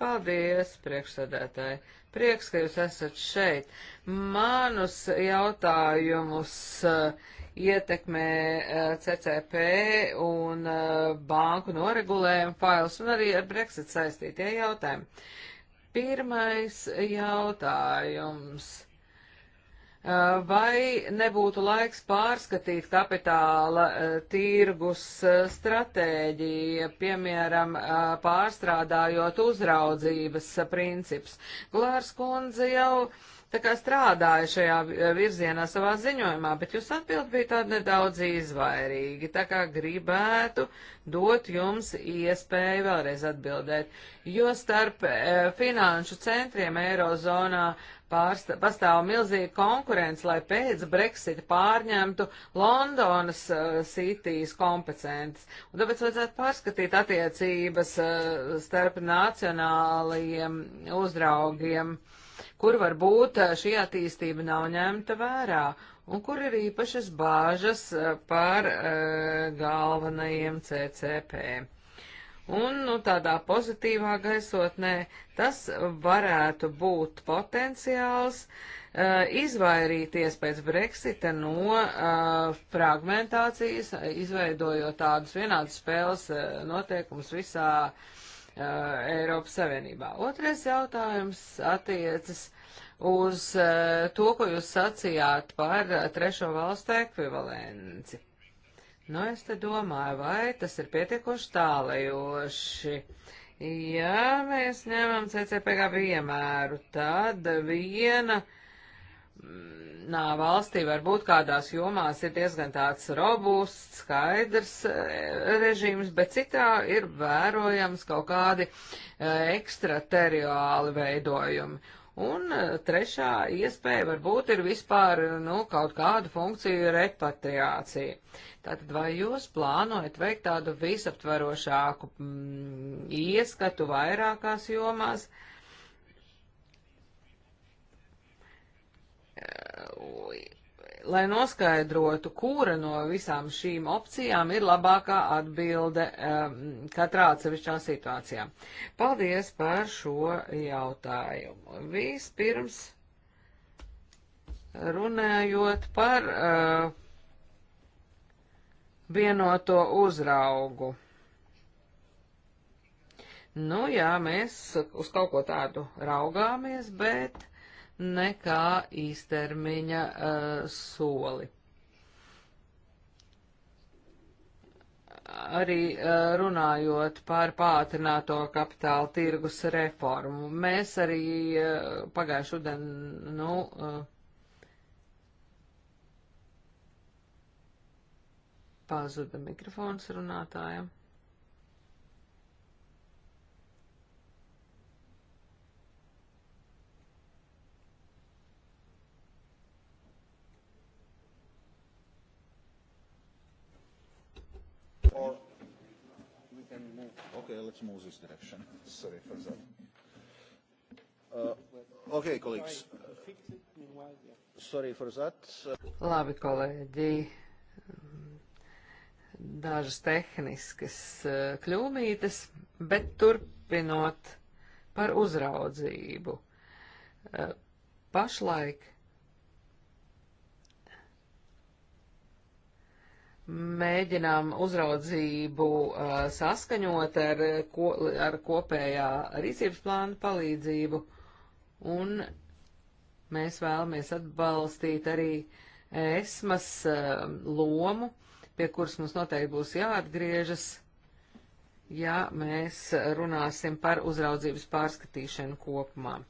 Paldies, priekšsēdētāji. Prieks, ka jūs esat šeit. Manus jautājumus uh, ietekmē uh, CCP un uh, banku noregulējuma fails un arī ar Brexit saistītie jautājumi. Pirmais jautājums Eh, vai nebūtu laiks pārskatīt kapitāla eh, tirgus eh, stratēģiju, piemēram, pārstrādājot uzraudzības principus? Glārs kundze jau tā kā strādāju šajā eh, virzienā savā ziņojumā, bet jūs atbild bija tāda nedaudz izvairīgi, tā kā gribētu dot jums iespēju vēlreiz atbildēt, jo starp e, finanšu centriem Eirozonā pārsta, pastāv milzīga konkurence, lai pēc Brexita pārņemtu Londonas uh, eh, sitīs kompetences. Un tāpēc vajadzētu pārskatīt attiecības uh, starp nacionālajiem uzraugiem. Uh, kur varbūt eh, šī attīstība nav ņemta vērā un kur ir īpašas bāžas eh, par e, galvenajiem CCP. Un nu, tādā pozitīvā gaisotnē tas varētu būt potenciāls e, izvairīties pēc Brexita no e, fragmentācijas, izveidojot tādus vienādus spēles noteikumus visā uh, Eiropas Savienībā. Otrais jautājums attiecas uz to, ko jūs sacījāt par trešo valstu ekvivalenci. Nu, es te domāju, vai tas ir pietiekoši tālajoši. Ja mēs ņemam CCPK piemēru, tad viena mm, vienā valstī varbūt kādās jomās ir diezgan tāds robusts, skaidrs e, režīms, bet citā ir vērojams kaut kādi e, ekstrateriāli veidojumi. Un e, trešā iespēja varbūt ir vispār nu, kaut kādu funkciju repatriācija. Tātad vai jūs plānojat veikt tādu visaptverošāku mm, ieskatu vairākās jomās? Uh, lai noskaidrotu, kura no visām šīm opcijām ir labākā atbilde um, katrā atsevišķā situācijā. Paldies par šo jautājumu. Vispirms runājot par uh, vienoto uzraugu. Nu jā, mēs uz kaut ko tādu raugāmies, bet nekā īstermiņa uh, soli. arī eh, runājot par pātrināto kapitāla tirgus reformu. Mēs arī eh, pagājušu den, nu, pazuda mikrofons runātājiem. Or we can move. Okay, let's move this direction. Sorry for that. Uh, okay, colleagues. Sorry uh, for that. Labi, kolēģi. Dažas tehniskas uh, kļūmītes, bet turpinot par uzraudzību. Uh, pašlaik mēģinām uzraudzību uh, saskaņot ar, ko, ar kopējā rīcības plānu palīdzību, un mēs vēlamies atbalstīt arī esmas uh, lomu, pie kuras mums noteikti būs jāatgriežas, ja mēs runāsim par uzraudzības pārskatīšanu kopumā.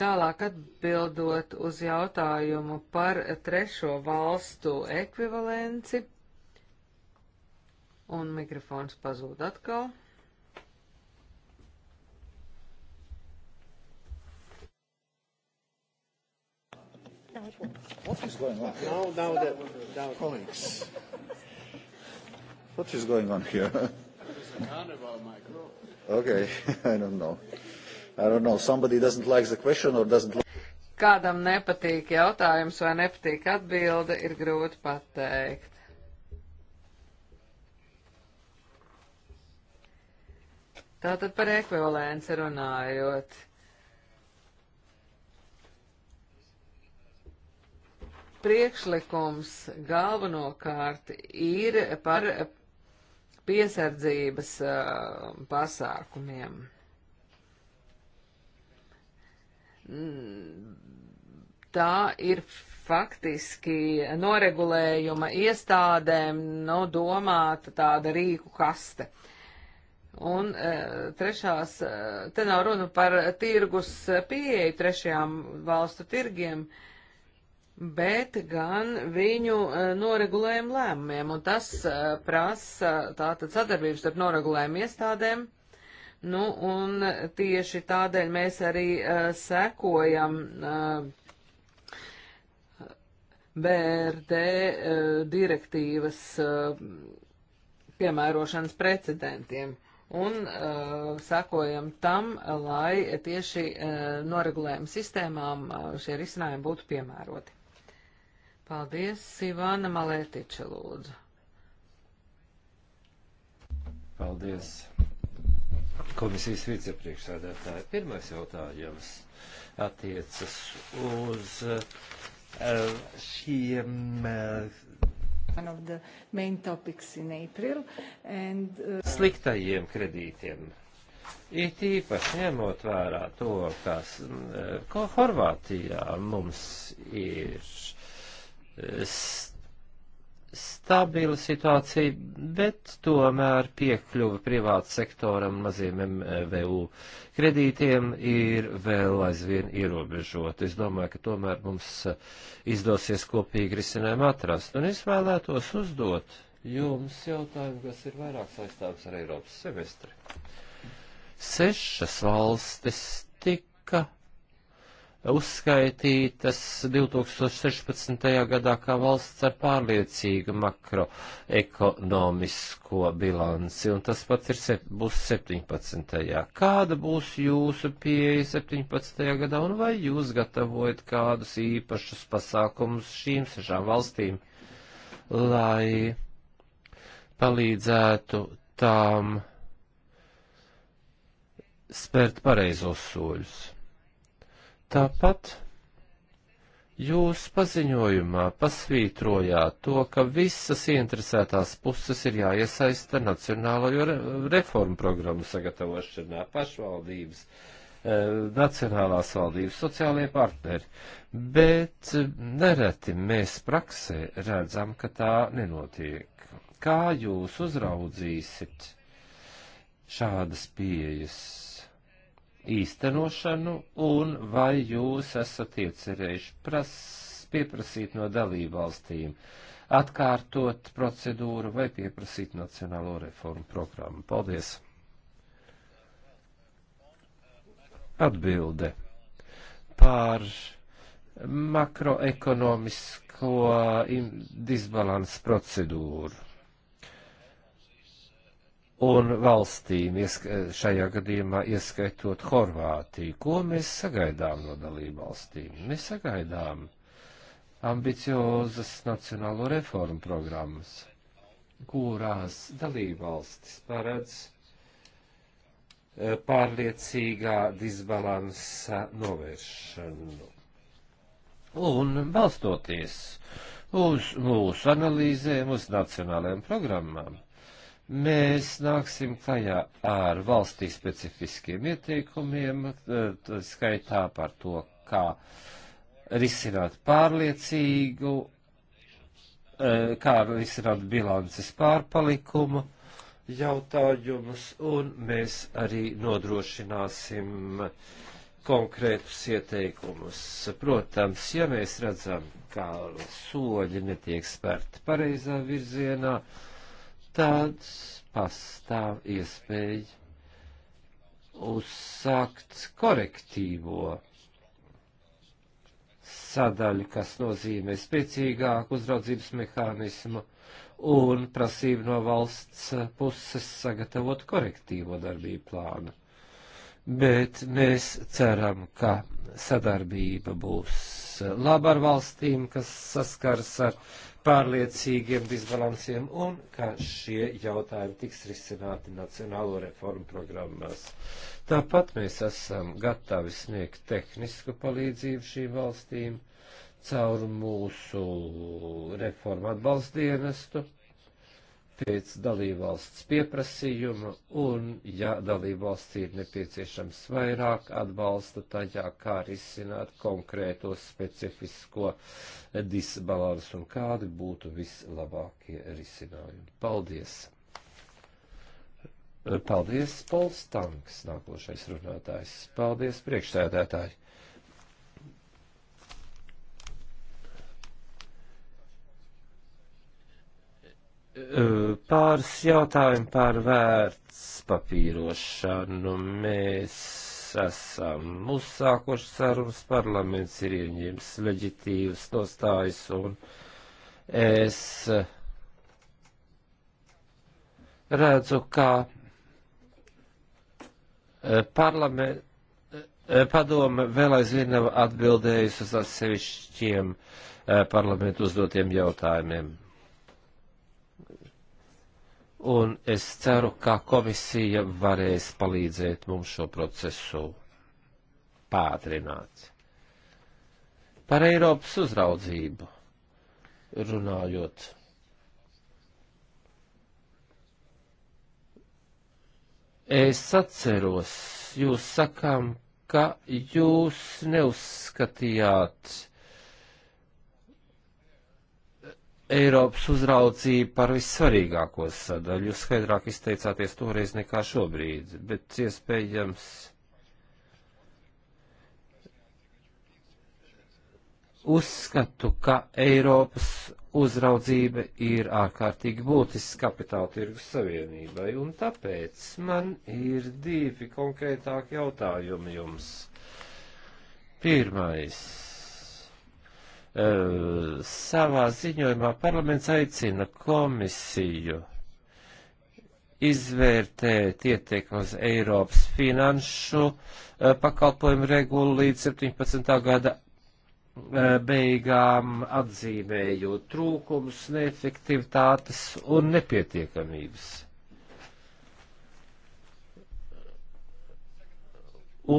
Tālāk atbildot uz jautājumu par trešo valstu ekvivalenci, un mikrofons pazūd atkal. What is going on here? Now, now the, now colleagues. What is going on here? There's a carnival, Michael. Okay, I don't know. I don't know, somebody doesn't like the question or doesn't like... Kādam nepatīk jautājums vai nepatīk atbilde, ir grūti pateikt. Tātad par ekvivalenci runājot. Priekšlikums galvenokārt ir par piesardzības uh, pasākumiem. tā ir faktiski noregulējuma iestādēm nu, domāta tāda rīku kaste. Un e, trešās, e, te nav runa par tirgus pieeju trešajām valstu tirgiem, bet gan viņu e, noregulējumu lēmumiem, un tas e, prasa tātad sadarbības starp noregulējumu iestādēm Nu, un tieši tādēļ mēs arī uh, sekojam uh, eh, BRD uh, eh, direktīvas uh, piemērošanas precedentiem un uh, sakojam tam, lai tieši uh, noregulējuma sistēmām uh, šie risinājumi būtu piemēroti. Paldies, Ivana Malētiča lūdzu. Paldies, komisijas vicepriekšsēdētāja. Pirmais jautājums attiecas uz eh, šiem. Eh, One of the main topics in April and, uh... Sliktajiem kredītiem. It īpaši ņemot vērā to, kas, ko Horvātijā mums ir stabila situācija, bet tomēr piekļuva privāta sektoram maziem MVU kredītiem ir vēl aizvien ierobežota. Es domāju, ka tomēr mums izdosies kopīgi risinājumu atrast. Un es vēlētos uzdot jums jautājumu, kas ir vairāk saistāms ar Eiropas semestri. Sešas valstis tika uzskaitītas 2016. gadā kā valsts ar pārliecīgu makroekonomisko bilanci, un tas pats ir, se, būs 17. Kāda būs jūsu pieeja 17. gadā, un vai jūs gatavojat kādus īpašus pasākumus šīm sešām valstīm, lai palīdzētu tām spērt pareizos soļus? Tāpat jūs paziņojumā pasvītrojāt to, ka visas interesētās puses ir jāiesaista nacionālajo re reformu programmu sagatavošanā, pašvaldības, e, nacionālās valdības, sociālajie partneri, bet nereti mēs praksē redzam, ka tā nenotiek. Kā jūs uzraudzīsit šādas pieejas? īstenošanu un vai jūs esat iecerējuši pras, pieprasīt no dalībvalstīm atkārtot procedūru vai pieprasīt nacionālo reformu programmu. Paldies! Atbilde par makroekonomisko disbalansu procedūru un valstīm, šajā gadījumā ieskaitot Horvātiju. Ko mēs sagaidām no dalību valstīm? Mēs sagaidām ambiciozas nacionālo reformu programmas, kurās dalību valstis paredz eh, pārliecīgā disbalansa novēršanu. Un balstoties uz mūsu analīzēm, uz nacionālajām programmām, Mēs nāksim klajā ar valstī specifiskiem ieteikumiem, skaitā par to, kā risināt pārliecīgu, e, kā risināt bilances pārpalikumu jautājumus, un mēs arī nodrošināsim konkrētus ieteikumus. Protams, ja mēs redzam, ka soļi netiek spērti pareizā virzienā, tad pastāv iespēja uzsākt korektīvo sadaļu, kas nozīmē spēcīgāku uzraudzības mehānismu un prasību no valsts puses sagatavot korektīvo darbību plānu. Bet mēs ceram, ka sadarbība būs laba ar valstīm, kas saskars ar pārliecīgiem disbalansiem un ka šie jautājumi tiks risināti Nacionālo reformu programmās. Tāpat mēs esam gatavi sniegt tehnisku palīdzību šīm valstīm caur mūsu reformu atbalstdienestu pēc dalībvalsts pieprasījuma, un, ja dalībvalstī ir nepieciešams vairāk atbalsta tajā, kā risināt konkrēto specifisko disbalansu un kādi būtu vislabākie risinājumi. Paldies! Paldies, Pols Tanks, nākošais runātājs. Paldies, priekšsēdētāji! pāris jautājumi par vērts papīrošanu. Mēs esam uzsākuši sarunas, parlaments ir ieņēmis leģitīvas nostājas un es redzu, ka parlament, padoma vēl aizvien nav atbildējusi uz atsevišķiem eh, parlamentu uzdotiem jautājumiem un es ceru, ka komisija varēs palīdzēt mums šo procesu pātrināt. Par Eiropas uzraudzību runājot. Es atceros, jūs sakām, ka jūs neuzskatījāt, Eiropas uzraudzība par vissvarīgāko sadaļu. Jūs skaidrāk izteicāties toreiz nekā šobrīd, bet iespējams. Uzskatu, ka Eiropas uzraudzība ir ārkārtīgi būtiska kapitāla tirgus savienībai, un tāpēc man ir divi konkrētāki jautājumi jums. Pirmais Eh, savā ziņojumā parlaments aicina komisiju izvērtēt ietekmi uz Eiropas finanšu eh, pakalpojumu regulu līdz 17. gada eh, beigām atzīmējot trūkumus, neefektivitātes un nepietiekamības.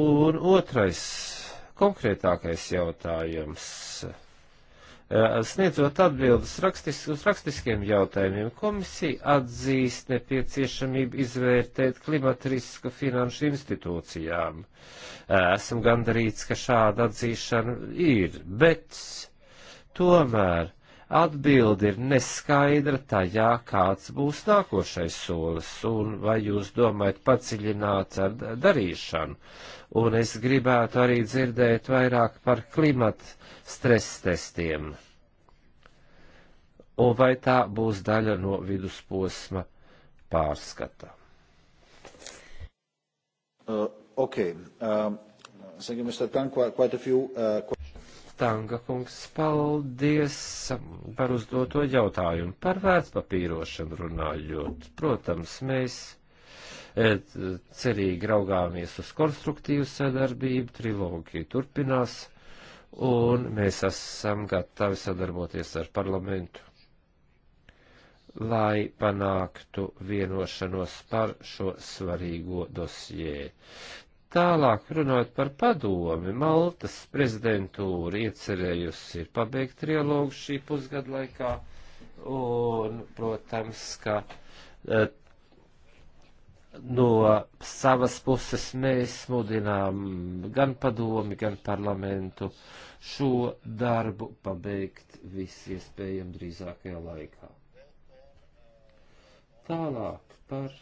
Un otrais konkrētākais jautājums Eh, sniedzot atbildes rakstis, uz rakstiskiem jautājumiem, komisija atzīst nepieciešamību izvērtēt klimata risku finanšu institūcijām. Eh, esam gandarīts, ka šāda atzīšana ir, bet tomēr atbildi ir neskaidra tajā, kāds būs nākošais solis, un vai jūs domājat padziļināt ar darīšanu. Un es gribētu arī dzirdēt vairāk par klimatu stress testiem. Un vai tā būs daļa no vidusposma pārskata? Uh, okay. Um, thank you, Mr. Tan. Quite, quite a few uh, questions. Tanga kungs, paldies par uzdoto jautājumu. Par vērtspapīrošanu runājot, protams, mēs e, cerīgi raugāmies uz konstruktīvu sadarbību, trilogija turpinās, un mēs esam gatavi sadarboties ar parlamentu, lai panāktu vienošanos par šo svarīgo dosjē. Tālāk runājot par padomi, Maltas prezidentūra iecerējusi ir pabeigt trialogu šī pusgada laikā, un, protams, ka eh, no savas puses mēs mudinām gan padomi, gan parlamentu šo darbu pabeigt visiespējami drīzākajā laikā. Tālāk par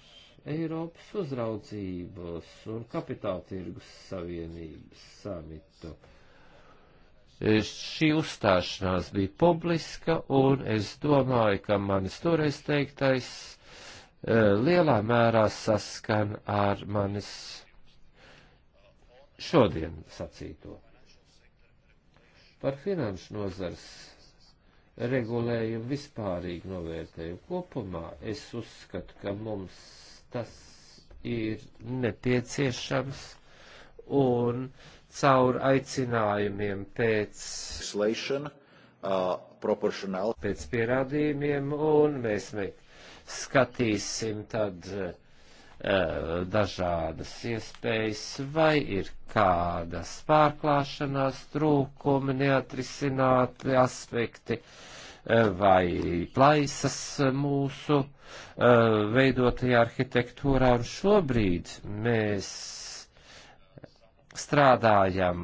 Eiropas uzraudzības un kapitāla tirgus savienības samitu. Šī uzstāšanās bija publiska, un es domāju, ka manis toreiz teiktais eh, lielā mērā saskan ar manis šodien sacīto. Par finanšu nozars regulējumu vispārīgi novērtēju kopumā, es uzskatu, ka mums tas ir nepieciešams un caur aicinājumiem pēc, uh, pēc pierādījumiem, un mēs skatīsim tad uh, dažādas iespējas, vai ir kādas pārklāšanās, trūkumi, neatrisināti aspekti. Uh, vai plaisas mūsu veidotajā arhitektūrā, un šobrīd mēs strādājam,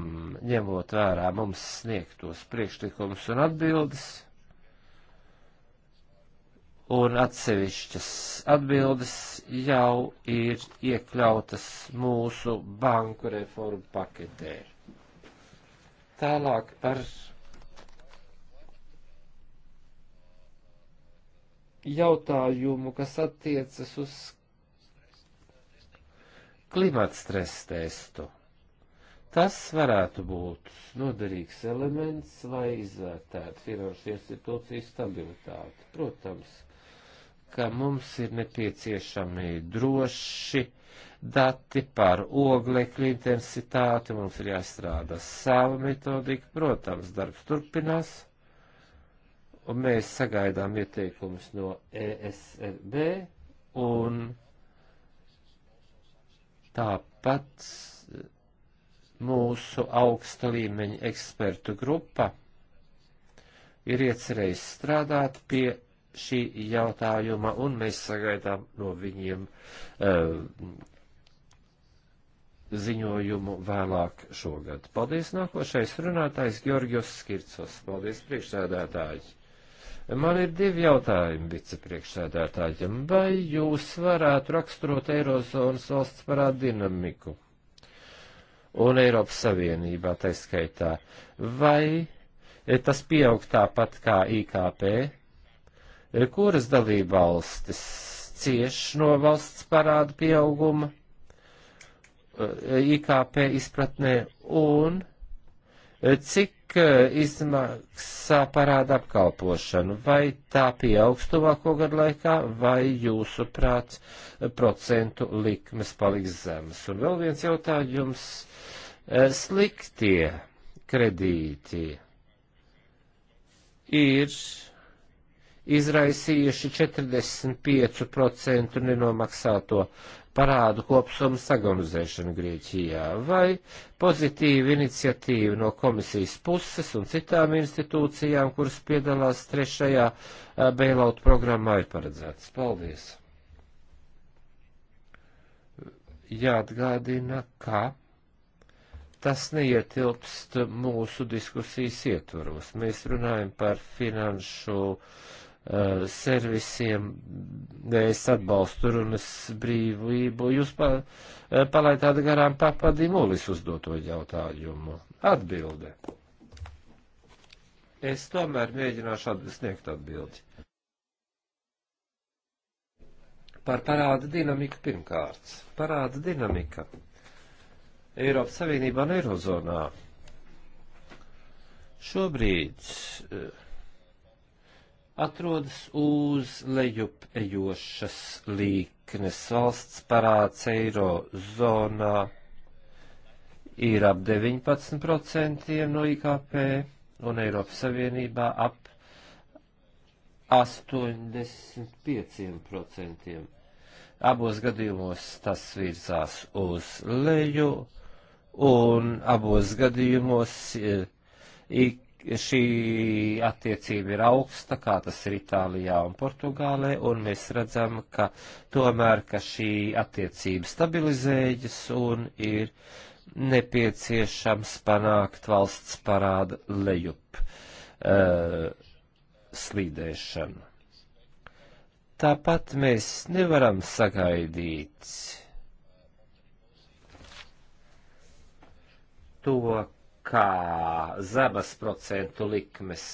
ņemot vērā mums sniegtos priekšlikumus un atbildes, un atsevišķas atbildes jau ir iekļautas mūsu banku reformu paketē. Tālāk par jautājumu, kas attiecas uz klimata stresa testu. Tas varētu būt noderīgs elements, lai izvērtētu finanšu institūciju stabilitāti. Protams, ka mums ir nepieciešami droši dati par oglekļa intensitāti, mums ir jāstrādā sava metodika, protams, darbs turpinās un mēs sagaidām ieteikumus no ESRB, un tāpat mūsu augsta līmeņa ekspertu grupa ir iecerējusi strādāt pie šī jautājuma, un mēs sagaidām no viņiem uh, ziņojumu vēlāk šogad. Paldies nākošais runātājs Georgios Skircos. Paldies priekšsēdētāji. Man ir divi jautājumi vicepriekšsēdētājiem. Vai jūs varētu raksturot Eirozonas valsts parādu dinamiku un Eiropas Savienībā taiskaitā? Vai tas pieaug tāpat kā IKP? Kuras dalībvalstis cieš no valsts parādu pieauguma IKP izpratnē un Cik eh, izmaksā parāda apkalpošanu? Vai tā pieaugs tuvāko gadu laikā, vai jūsuprāt eh, procentu likmes paliks zemes? Un vēl viens jautājums. Eh, sliktie kredīti ir izraisījuši 45% nenomaksāto uh, parādu kopsumu sagonizēšanu Grieķijā, vai pozitīva iniciatīva no komisijas puses un citām institūcijām, kuras piedalās trešajā eh, bailout programmā, ir paredzētas. Paldies! Jāatgādina, ka tas neietilpst mūsu diskusijas ietvaros. Mēs runājam par finanšu uh, uh, servisiem, es atbalstu runas brīvību. Jūs pa, uh, palaidāt garām papadimulis uzdoto jautājumu. Atbilde. Es tomēr mēģināšu sniegt atbildi. Par parāda dinamiku pirmkārt. Parāda dinamika Eiropas Savienībā un Eirozonā šobrīd uh, atrodas uz lejup ejošas līknes. Valsts parāds eiro zonā ir ap 19% no IKP un Eiropas Savienībā ap 85%. Abos gadījumos tas virzās uz leju, un abos gadījumos eh, ik šī attiecība ir augsta, kā tas ir Itālijā un Portugālē, un mēs redzam, ka tomēr, ka šī attiecība stabilizējas un ir nepieciešams panākt valsts parāda lejup uh, slīdēšanu. Tāpat mēs nevaram sagaidīt to, kā zemes procentu likmes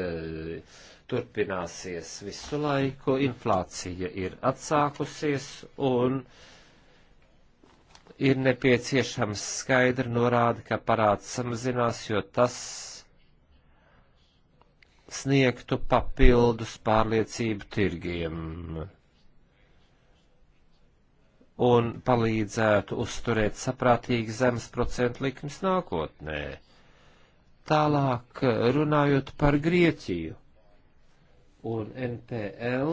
eh, turpināsies visu laiku, inflācija ir atsākusies un ir nepieciešams skaidri norāda, ka parāds samazinās, jo tas sniegtu papildus pārliecību tirgiem un palīdzētu uzturēt saprātīgi zemes procentu likmes nākotnē. Tālāk runājot par Grieķiju un NPL,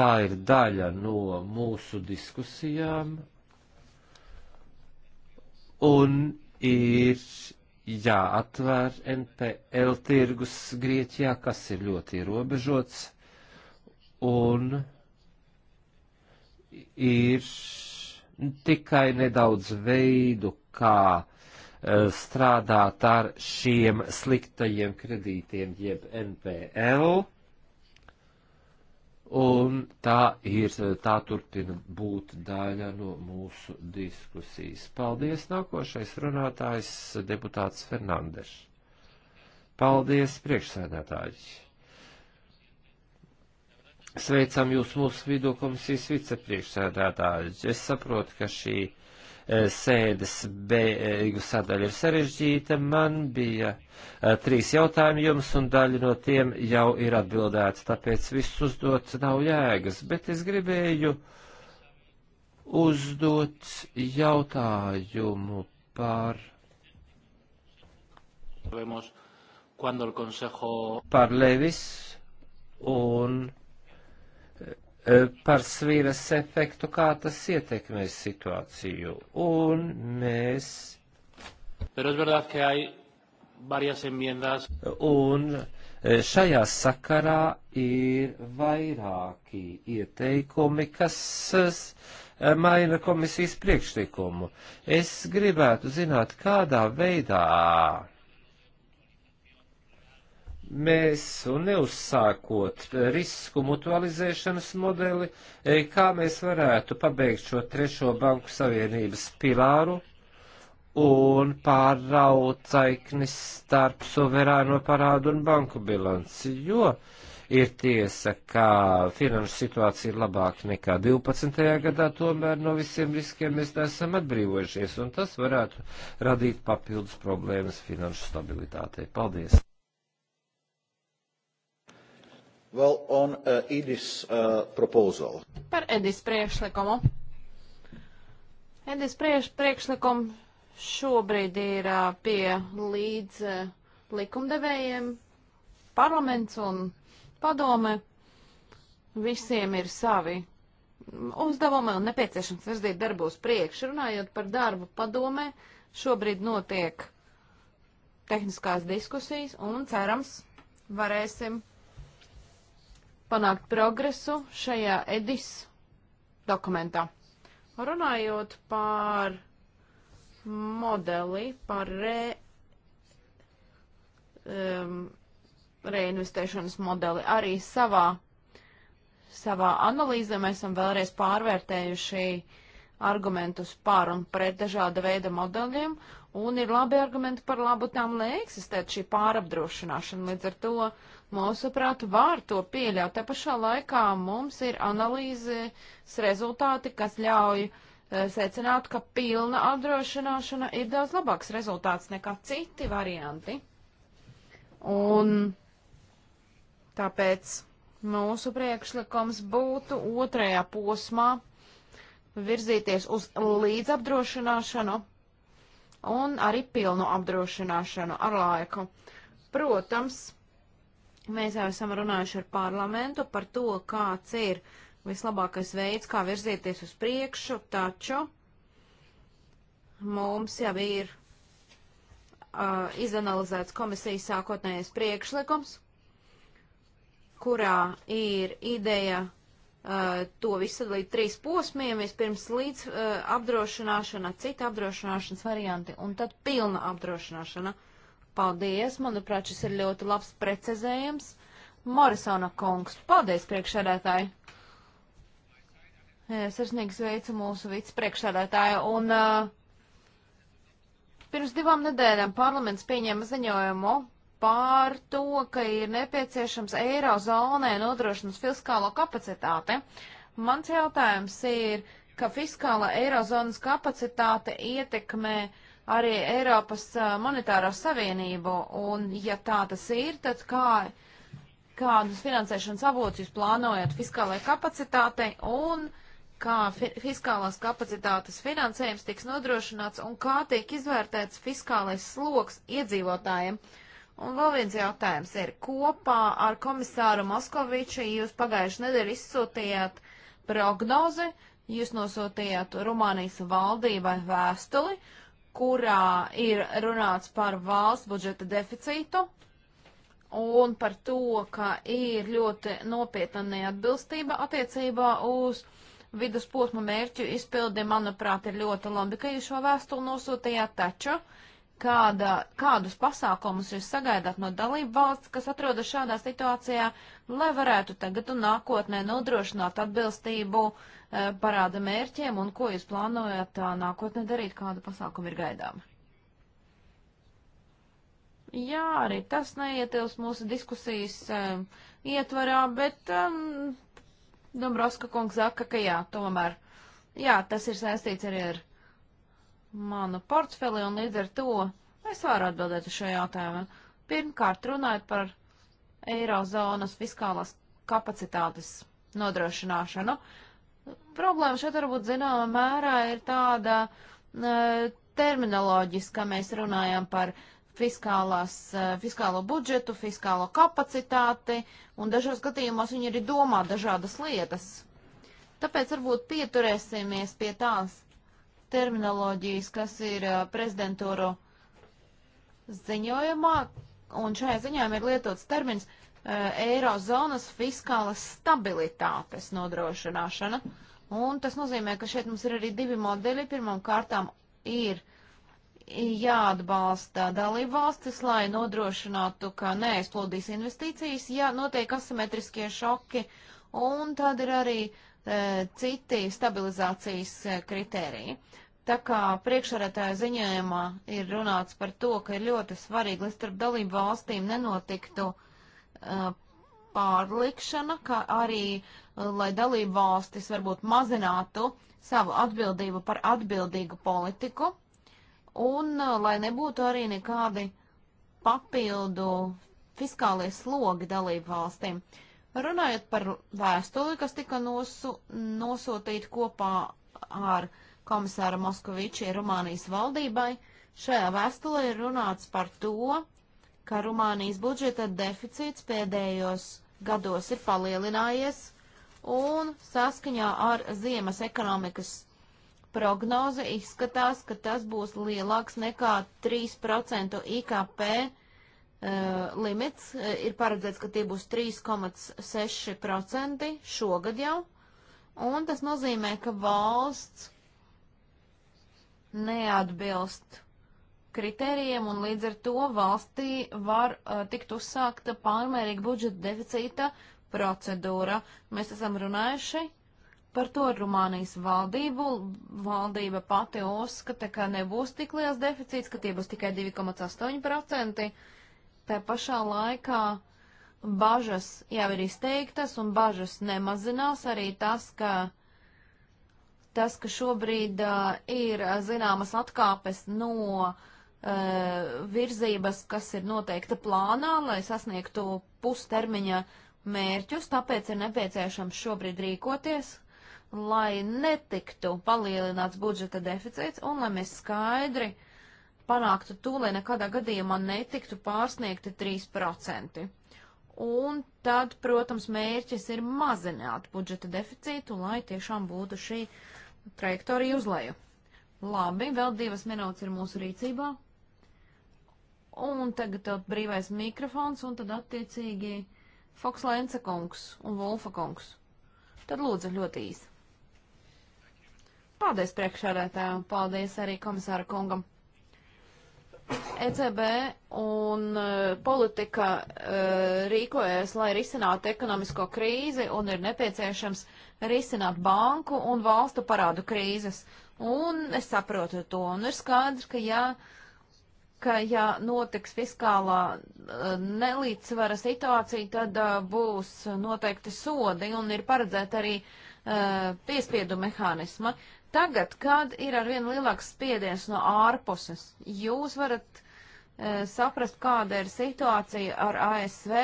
tā ir daļa no mūsu diskusijām un ir jāatvēr NPL tirgus Grieķijā, kas ir ļoti ierobežots un ir tikai nedaudz veidu, kā e, strādāt ar šiem sliktajiem kredītiem, jeb NPL, un tā ir, tā turpina būt daļa no mūsu diskusijas. Paldies, nākošais runātājs, deputāts Fernandeš. Paldies, priekšsēdētāji! Sveicam jūs mūsu vidū komisijas vicepriekšsēdētāju. Es saprotu, ka šī e, sēdes beigu sadaļa ir sarežģīta. Man bija e, trīs jautājumi jums, un daļa no tiem jau ir atbildēta, tāpēc viss uzdots nav jēgas. Bet es gribēju uzdot jautājumu par. Par Levis un par svīras efektu, kā tas ietekmēs situāciju. Un mēs. Verdad, un e, šajā sakarā ir vairāki ieteikumi, kas e, e, maina komisijas priekšlikumu. Es gribētu zināt, kādā veidā mēs un neuzsākot risku mutualizēšanas modeli, e, kā mēs varētu pabeigt šo trešo banku savienības pilāru un pārraut saiknis starp suverēno parādu un banku bilanci, jo ir tiesa, ka finanšu situācija ir labāka nekā 12. gadā, tomēr no visiem riskiem mēs neesam atbrīvojušies, un tas varētu radīt papildus problēmas finanšu stabilitātei. Paldies! Well, on uh, EDIS uh, proposal. Par EDIS priekšlikumu. EDIS priekš, priekšlikumu šobrīd ir uh, pie līdz uh, likumdevējiem parlaments un padome. Visiem ir savi uzdevumi un nepieciešams virzīt darbos priekš. Runājot par darbu padomē, šobrīd notiek tehniskās diskusijas un cerams varēsim panākt progresu šajā EDIS dokumentā. Runājot par modeli, par re, um, reinvestēšanas modeli, arī savā, savā analīzē mēs esam vēlreiz pārvērtējuši argumentus par un pret dažāda veida modeļiem, un ir labi argumenti par labu tām, lai eksistētu šī pārapdrošināšana. Līdz ar to uh, mūsuprāt, var to pieļaut. Te pašā laikā mums ir analīzes rezultāti, kas ļauj eh, secināt, ka pilna apdrošināšana ir daudz labāks rezultāts nekā citi varianti. Un tāpēc mūsu priekšlikums būtu otrajā posmā virzīties uz līdzapdrošināšanu un arī pilnu apdrošināšanu ar laiku. Protams, Mēs jau esam runājuši ar parlamentu par to, kāds ir vislabākais veids, kā virzieties uz priekšu, taču mums jau ir uh, izanalizēts komisijas sākotnējais priekšlikums, kurā ir ideja uh, to visu sadalīt trīs posmiem, vispirms līdz uh, apdrošināšana, cita apdrošināšanas varianti un tad pilna apdrošināšana. Uh, Paldies, manuprāt, šis ir ļoti labs precizējums. Morisona kungs, paldies priekšsēdētāji. Sirsnīgi sveicu mūsu vicepriekšsēdētāju un uh, Pirms divām nedēļām parlaments pieņēma ziņojumu pār to, ka ir nepieciešams eirozonē nodrošināt fiskālo kapacitāti. Mans jautājums ir, ka fiskāla eirozonas kapacitāte ietekmē uh, arī Eiropas monetāro savienību, un ja tā tas ir, tad kā, kādus finansēšanas avotus jūs plānojat fiskālajai kapacitātei un kā fi fiskālās kapacitātes finansējums tiks nodrošināts un kā tiek izvērtēts fiskālais sloks iedzīvotājiem. Un vēl viens jautājums ir, kopā ar komisāru Moskoviču jūs pagājuši nedēļu izsūtījāt prognozi, jūs nosūtījāt Rumānijas valdībai vēstuli, kurā ir runāts par valsts budžeta deficītu un par to, ka ir ļoti nopietna neatbilstība attiecībā uz vidusposma mērķu izpildi, manuprāt, ir ļoti labi, ka jūs šo vēstuli nosūtījāt, taču kāda, kādus pasākumus jūs sagaidāt no dalību valsts, kas atrodas šādā situācijā, lai varētu tagad un nākotnē nodrošināt atbilstību uh, Eh, parāda mērķiem un ko jūs plānojat eh, nākotnē darīt, kādu pasākumu ir gaidām? Jā, arī tas neietilps mūsu diskusijas eh, ietvarā, bet um, Dombrovska kungs saka, ka jā, tomēr, jā, tas ir saistīts arī ar manu portfeli, un līdz ar to es varu atbildēt uz šo jautājumu. Pirmkārt, runājot par eirozonas fiskālās kapacitātes nodrošināšanu, Problēma šeit varbūt zināmā mērā ir tāda uh, terminoloģiska, mēs runājam par fiskālās, uh, fiskālo budžetu, fiskālo kapacitāti, un dažos gadījumos viņi arī domā dažādas lietas. Tāpēc varbūt pieturēsimies pie tās terminoloģijas, kas ir uh, prezidentūru ziņojumā, un šajā ziņojumā ir lietots termins uh, Eh, eirozonas fiskālas stabilitātes nodrošināšana. Un tas nozīmē, ka šeit mums ir arī divi modeļi. Pirmām kārtām ir jāatbalsta dalību valstis, lai nodrošinātu, ka neaizplūdīs investīcijas, ja notiek asimetriskie šoki, un tad ir arī e, citi stabilizācijas e, kritēriji. Tā kā priekšsarētāja ziņojumā ir runāts par to, ka ir ļoti svarīgi, lai starp dalību valstīm nenotiktu uh, Uh, pārlikšana, kā arī, uh, lai dalību valstis varbūt mazinātu savu atbildību par atbildīgu politiku un uh, lai nebūtu arī nekādi papildu fiskālie slogi dalību valstīm. Runājot par vēstuli, kas tika nosu, nosūtīta kopā ar komisāru Moskoviči Rumānijas valdībai, šajā vēstulē ir runāts par to, ka Rumānijas budžeta deficīts pēdējos gados ir palielinājies un saskaņā ar ziemas ekonomikas prognoze izskatās, ka tas būs lielāks nekā 3% IKP uh, limits. Eh, ir paredzēts, ka tie būs 3,6% šogad jau. Un tas nozīmē, ka valsts neatbilst kritērijiem, un līdz ar to valstī var uh, tikt uzsākta pārmērīga budžeta deficīta procedūra. Mēs esam runājuši par to Rumānijas valdību. Valdība pati uzskata, ka nebūs tik liels deficīts, ka tie būs tikai 2,8%. Tā pašā laikā bažas jau ir izteiktas un bažas nemazinās arī tas, ka tas, ka šobrīd uh, ir eh, zināmas atkāpes no uh, Uh, virzības, kas ir noteikta plānā, lai sasniegtu pustermiņa mērķus, tāpēc ir nepieciešams šobrīd rīkoties, lai netiktu palielināts budžeta deficīts un lai mēs skaidri panāktu to, lai nekādā gadījumā netiktu pārsniegti 3%. Un tad, protams, mērķis ir mazināt budžeta deficītu, lai tiešām būtu šī trajektorija uz leju. Labi, vēl divas minūtes ir mūsu rīcībā. Un tagad uh, brīvais mikrofons, un tad attiecīgi Foks Lenca kungs un Volfa kungs. Tad lūdzu ļoti īsi. Paldies priekšsēdētājiem, paldies arī komisāra kungam. ECB un uh, politika uh, rīkojas, lai risinātu ekonomisko krīzi un ir nepieciešams risināt banku un valstu parādu krīzes. Un es saprotu to, un ir skaidrs, ka jā. Ja ka ja notiks fiskālā eh, nelīdzsvara situācija, tad eh, būs noteikti sodi un ir paredzēta arī eh, piespiedu mehānisma. Tagad, kad ir arvien lielāks spiediens no ārpuses, jūs varat saprast, kāda ir situācija ar ASV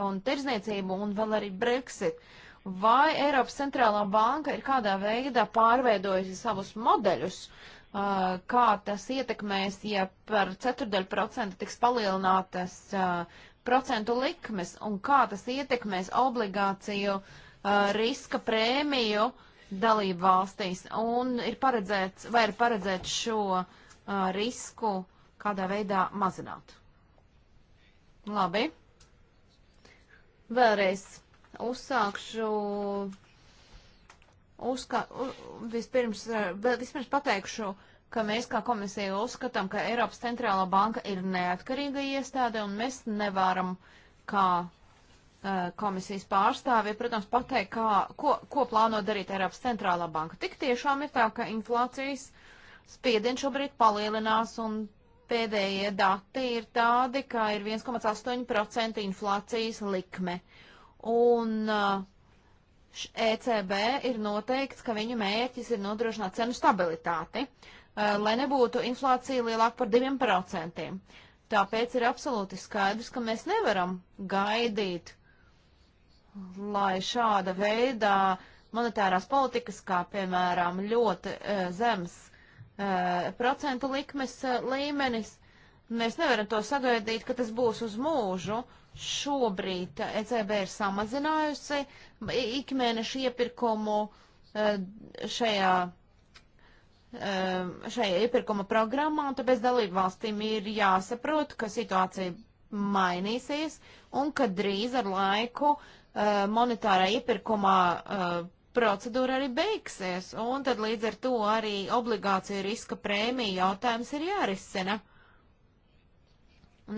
un tirzniecību un vēl arī Brexit. Vai Eiropas centrālā banka ir kādā veidā pārveidojusi savus modeļus, uh, Ah, kā tas ietekmēs, ja par ceturdaļu procentu tiks palielinātas ah, procentu likmes un kā tas ietekmēs obligāciju ah, riska prēmiju dalību valstīs. Un ir paredzēts, vai ir paredzēts šo risku kādā veidā mazināt. Labi. Vēlreiz uzsākšu uzka, vispirms, eh, vispirms pateikšu, ka mēs kā komisija uzskatām, ka Eiropas centrālā banka ir neatkarīga iestāde un mēs nevaram kā eh, komisijas pārstāvja, protams, pateikt, kā, ko, ko plāno darīt Eiropas centrālā banka. Tik tiešām ir tā, ka inflācijas spiediens šobrīd palielinās un pēdējie dati ir tādi, ka ir 1,8% inflācijas likme. Un uh, ECB ir noteikts, ka viņu mērķis ir nodrošināt cenu stabilitāti, eh, lai nebūtu inflācija lielāka par 2%. Tāpēc ir absolūti skaidrs, ka mēs nevaram gaidīt, lai šāda veidā monetārās politikas, kā piemēram ļoti eh, zems eh, procentu likmes līmenis, mēs nevaram to sagaidīt, ka tas būs uz mūžu, uh, Šobrīd ECB ir samazinājusi ikmēneša iepirkumu e, šajā, e, šajā iepirkuma programmā, un tāpēc dalību valstīm ir jāsaprot, ka situācija mainīsies un ka drīz ar laiku e, monetārā iepirkumā procedūra arī beigsies, un tad līdz ar to arī obligācija riska prēmija jautājums ir jārisina.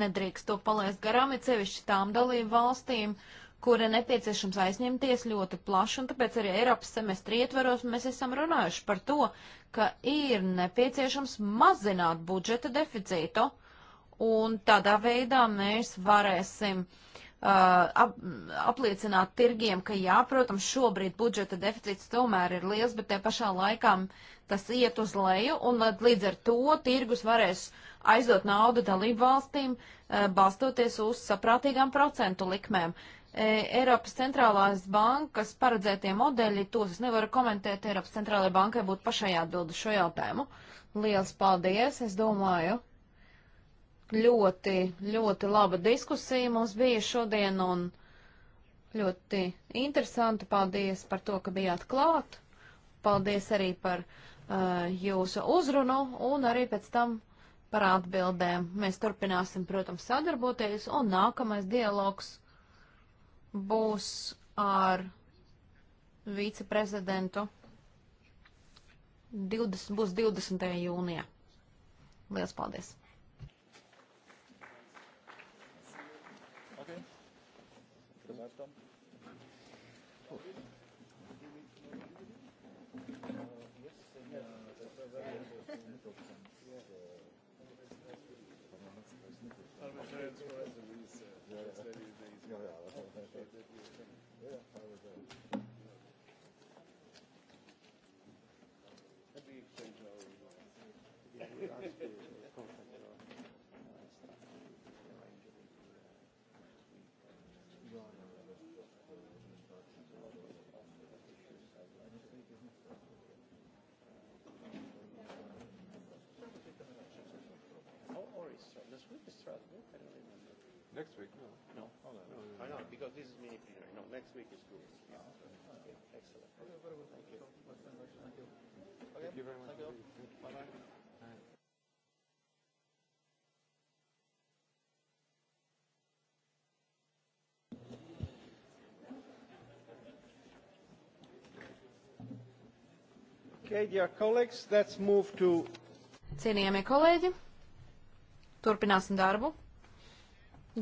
Nedrīkst to palaist garām, it sevišķi tām dalību valstīm, kura nepieciešams aizņemties ļoti plaši, un tāpēc arī Eiropas semestri ietveros mēs esam runājuši par to, ka ir nepieciešams mazināt budžeta deficītu, un tādā veidā mēs varēsim uh, ap, apliecināt tirgiem, ka jā, protams, šobrīd budžeta deficīts tomēr ir liels, bet te pašā laikā tas iet uz leju, un līdz ar to tirgus varēs aizdot naudu dalību valstīm, eh, balstoties uz saprātīgām procentu likmēm. E, Eiropas centrālās bankas paredzētie modeļi, tos es nevaru komentēt, Eiropas centrālajai bankai būtu pašai atbildu šo jautājumu. Liels paldies, es domāju. Ļoti, ļoti laba diskusija mums bija šodien un ļoti interesanti. Paldies par to, ka bijāt klāt. Paldies arī par uh, jūsu uzrunu un arī pēc tam par atbildēm. Mēs turpināsim, protams, sadarboties, un nākamais dialogs būs ar viceprezidentu 20, būs 20. jūnijā. Lielas paldies! Strasbourg? I don't remember. Next week? No. No. Oh, no. no, no, no. I know, because this is mini plenary. No, next week is good. Yeah. Okay. Excellent. Okay, very well. Thank you. Thank you. Okay. Thank you very much. Thank you. Bye-bye. Bye. Cienījamie kolēģi, Turpināsim darbu.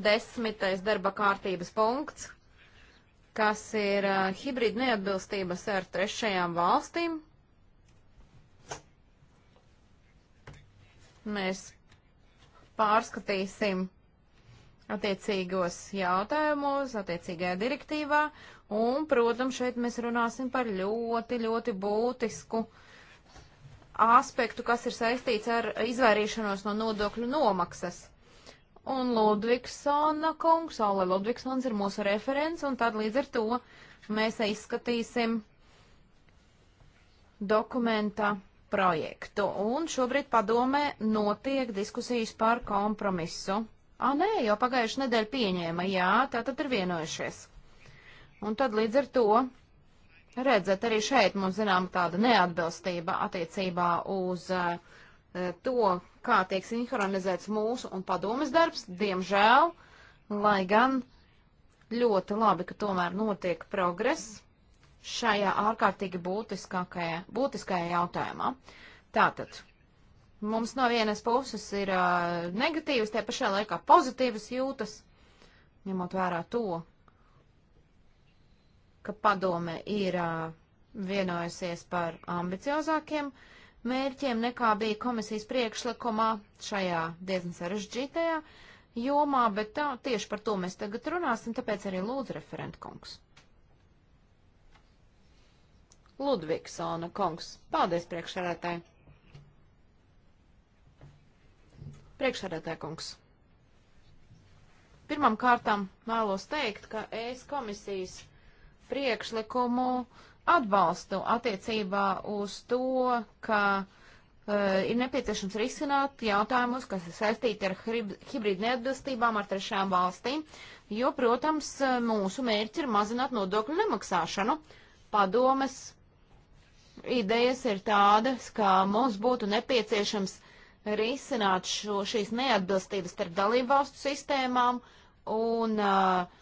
Desmitais darba kārtības punkts, kas ir uh, hibrīda neatbilstības ar trešajām valstīm. Mēs pārskatīsim attiecīgos jautājumos, attiecīgajā direktīvā, un, protams, šeit mēs runāsim par ļoti, ļoti būtisku uh, aspektu, kas ir saistīts ar izvairīšanos no nodokļu nomaksas. Un Ludvigsona kungs, Ole Ludvigsons ir mūsu referents, un tad līdz ar to mēs izskatīsim dokumenta projektu. Un šobrīd padomē notiek diskusijas par kompromisu. Ā, nē, jau pagājuši nedēļ pieņēma, jā, tā tad ir vienojušies. Un tad līdz ar to Redzat, arī šeit mums zinām tāda neatbilstība attiecībā uz uh, to, kā tiek sinhronizēts mūsu un padomas darbs, diemžēl, lai gan ļoti labi, ka tomēr notiek progress šajā ārkārtīgi būtiskākajā, būtiskajā jautājumā. Tātad, mums no vienas puses ir uh, negatīvas, tie pašā laikā pozitīvas jūtas, ņemot vērā to, ka padome ir vienojusies par ambiciozākiem mērķiem nekā bija komisijas priekšlikumā šajā diezgan sarežģītajā jomā, bet tā, tieši par to mēs tagad runāsim, tāpēc arī lūdzu referentkungs. Ludvigsona kungs. Paldies, priekšsarētāji. Priekšsarētāji kungs. Pirmam kārtām vēlos teikt, ka es komisijas priekšlikumu atbalstu attiecībā uz to, ka uh, ir nepieciešams risināt jautājumus, kas ir saistīti ar hibrīd neatbilstībām ar trešām valstīm, jo, protams, e, mūsu mērķi ir mazināt nodokļu nemaksāšanu. Padomes idejas ir tādas, ka mums būtu nepieciešams risināt šo, šīs neatbilstības starp dalībvalstu sistēmām un uh,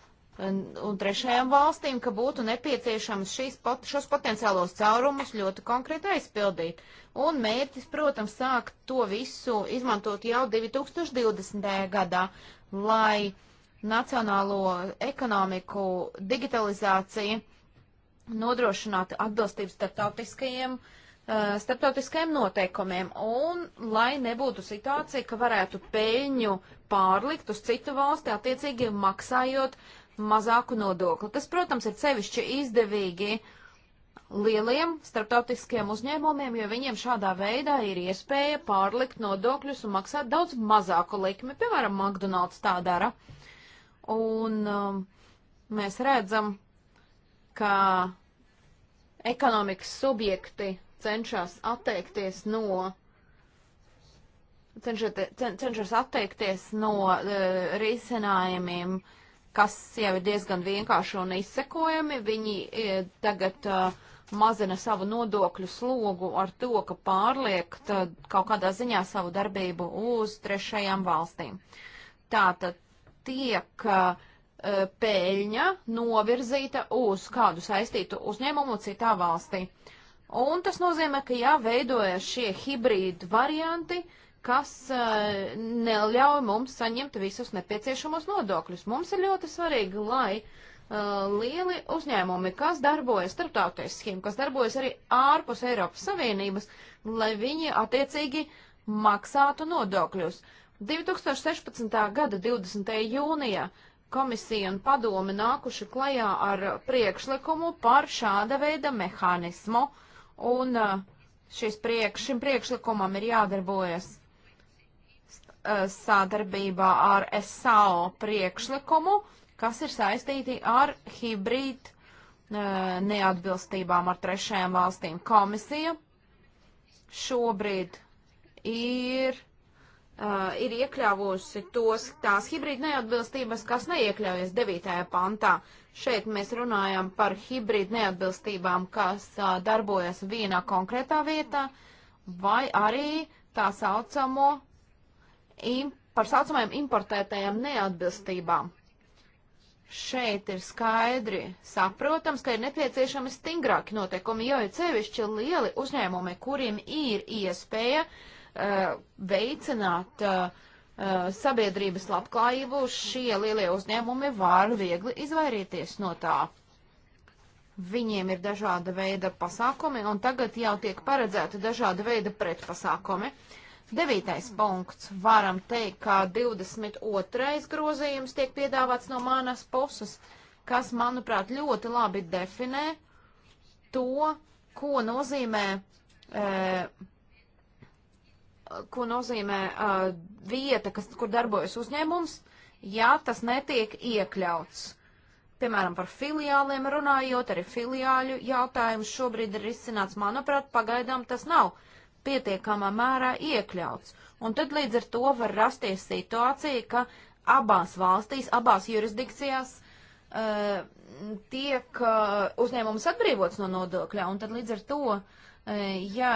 un trešajām valstīm, ka būtu nepieciešams šīs, pot, šos potenciālos caurumus ļoti konkrēti aizpildīt. Un mērķis, protams, sākt to visu izmantot jau 2020. gadā, lai nacionālo ekonomiku digitalizācija nodrošinātu atbilstību starptautiskajiem uh, starptautiskajiem noteikumiem un lai nebūtu situācija, ka varētu peļņu pārlikt uz citu valsti, attiecīgi maksājot uh, mazāku nodokli. Tas, protams, ir sevišķi izdevīgi lieliem starptautiskiem uzņēmumiem, jo viņiem šādā veidā ir iespēja pārlikt nodokļus un maksāt daudz mazāku likmi. Piemēram, McDonald's tā dara. Un um, mēs redzam, ka ekonomikas subjekti cenšas atteikties no cenšas atteikties no uh, risinājumiem uh, kas jau ir diezgan vienkārši un izsekojami. Viņi e, tagad uh, mazina savu nodokļu slogu ar to, ka pārliekt uh, kaut kādā ziņā savu darbību uz trešajām valstīm. Tātad tiek uh, e, pēļņa novirzīta uz kādu saistītu uzņēmumu citā valstī. Un tas nozīmē, ka jāveidojas šie hibrīdu varianti, uh, kas uh, neļauj mums saņemt visus nepieciešamos nodokļus. Mums ir ļoti svarīgi, lai uh, lieli uzņēmumi, kas darbojas starptautiskās schēmas, kas darbojas arī ārpus Eiropas Savienības, lai viņi attiecīgi maksātu nodokļus. 2016. gada 20. jūnijā komisija un padome nākuši klajā ar priekšlikumu par šāda veida mehānismu, un uh, šis priekš, šim priekšlikumam ir jādarbojas Uh, sadarbībā ar SAO priekšlikumu, kas ir saistīti ar hibrīd uh, neatbilstībām ar trešajām valstīm. Komisija šobrīd ir, uh, ir iekļāvusi tos, tās hibrīd neatbilstības, kas neiekļaujas 9. pantā. Šeit mēs runājam par hibrīd neatbilstībām, kas uh, darbojas vienā konkrētā vietā vai arī tā saucamo par saucamajām importētajām neatbilstībām. Šeit ir skaidri saprotams, ka ir nepieciešami stingrāki noteikumi, jo ir sevišķi lieli uzņēmumi, kuriem ir iespēja uh, veicināt uh, uh, sabiedrības labklājību. Šie lielie uzņēmumi var viegli izvairīties no tā. Viņiem ir dažāda veida pasākumi, un tagad jau tiek paredzēti dažāda veida pretpasākumi. Uh, Devītais punkts. Varam teikt, ka 22. grozījums tiek piedāvāts no manas puses, kas, manuprāt, ļoti labi definē to, ko nozīmē, eh, ko nozīmē eh, vieta, kas, kur darbojas uzņēmums, ja tas netiek iekļauts. Piemēram, par filiāliem runājot, arī filiāļu jautājums šobrīd ir izcināts, manuprāt, pagaidām tas nav. Uh, pietiekamā mērā iekļauts. Un tad līdz ar to var rasties situācija, ka abās valstīs, abās jurisdikcijās uh, tiek uh, uzņēmums atbrīvots no nodokļa, un tad līdz ar to, uh, ja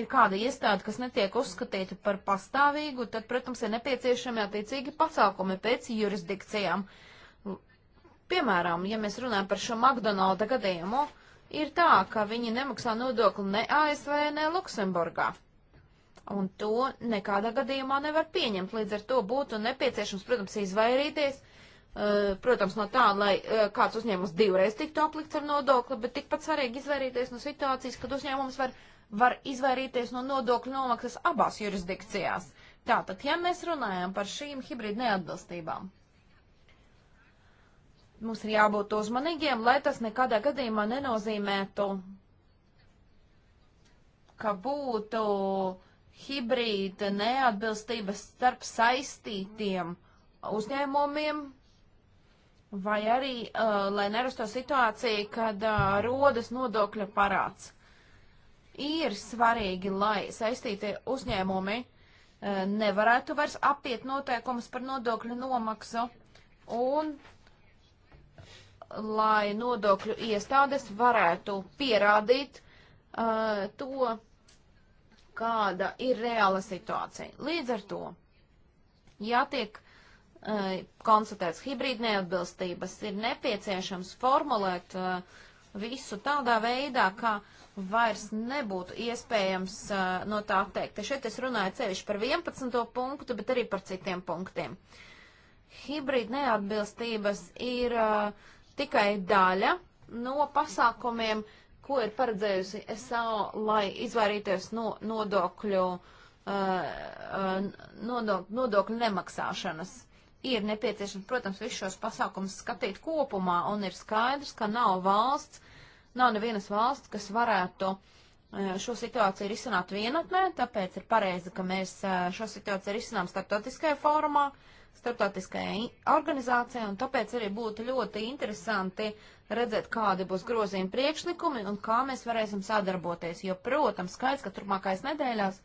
ir kāda iestāde, kas netiek uzskatīta par pastāvīgu, tad, protams, ir nepieciešami attiecīgi pasākumi pēc jurisdikcijām. Piemēram, ja mēs runājam par šo McDonalda gadījumu, ir tā, ka viņi nemaksā nodokli ne ASV, ne Luksemburgā. Un to nekādā gadījumā nevar pieņemt. Līdz ar to būtu nepieciešams, protams, izvairīties, uh, protams, no tā, lai uh, kāds uzņēmums divreiz tiktu aplikts ar nodokli, bet tikpat svarīgi izvairīties no situācijas, kad uzņēmums var, var izvairīties no nodokļu nomaksas abās jurisdikcijās. Tātad, ja mēs runājam par šīm hibrīd neatbilstībām, Mums ir jābūt uzmanīgiem, lai tas nekādā gadījumā nenozīmētu, ka būtu hibrīda neatbilstības starp saistītiem uzņēmumiem, vai arī, uh, lai nerasto situāciju, kad uh, rodas nodokļa parāds. Ir svarīgi, lai saistītie uzņēmumi uh, nevarētu vairs apiet noteikumus par nodokļu nomaksu, un lai nodokļu iestādes varētu pierādīt uh, to, kāda ir reāla situācija. Līdz ar to, ja tiek uh, konstatēts hibrīd neatbilstības, ir nepieciešams formulēt uh, visu tādā veidā, ka vairs nebūtu iespējams uh, no tā teikt. Šeit es runāju cevišķi par 11. punktu, bet arī par citiem punktiem. Hibrīd neatbilstības ir uh, tikai daļa no pasākumiem, ko ir paredzējusi SAO, lai izvairīties no nodokļu, uh, uh, nodok, nodokļu nemaksāšanas. Ir nepieciešams, protams, visus šos pasākumus skatīt kopumā, un ir skaidrs, ka nav valsts, nav nevienas valsts, kas varētu uh, šo situāciju risināt vienatnē, tāpēc ir pareizi, ka mēs uh, šo situāciju risinām starptautiskajā fórumā. Uh, starptautiskajai organizācijai, un tāpēc arī būtu ļoti interesanti redzēt, kādi būs grozījumi priekšlikumi un kā mēs varēsim sadarboties, jo, protams, skaidrs, ka turpmākais nedēļās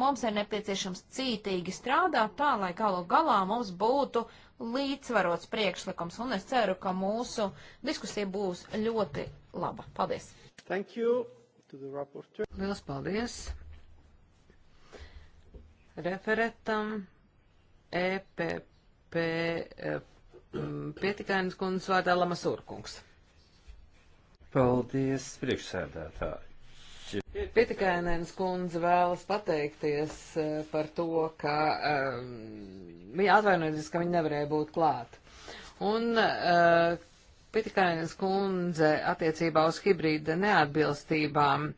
mums ir nepieciešams cītīgi strādāt tā, lai galu galā mums būtu līdzsvarots priekšlikums, un es ceru, ka mūsu diskusija būs ļoti laba. Paldies! Thank you to the rapporteur. Liels paldies! Referentam EPP e, mm, pietikainas kundas vārdā Lama Surkungs. Paldies, priekšsēdētāji. Pietikainēns kundze vēlas pateikties e, par to, ka um, viņa atvainojas, ka viņa nevarēja būt klāt. Un uh, Pietikainēns kundze attiecībā uz hibrīda neatbilstībām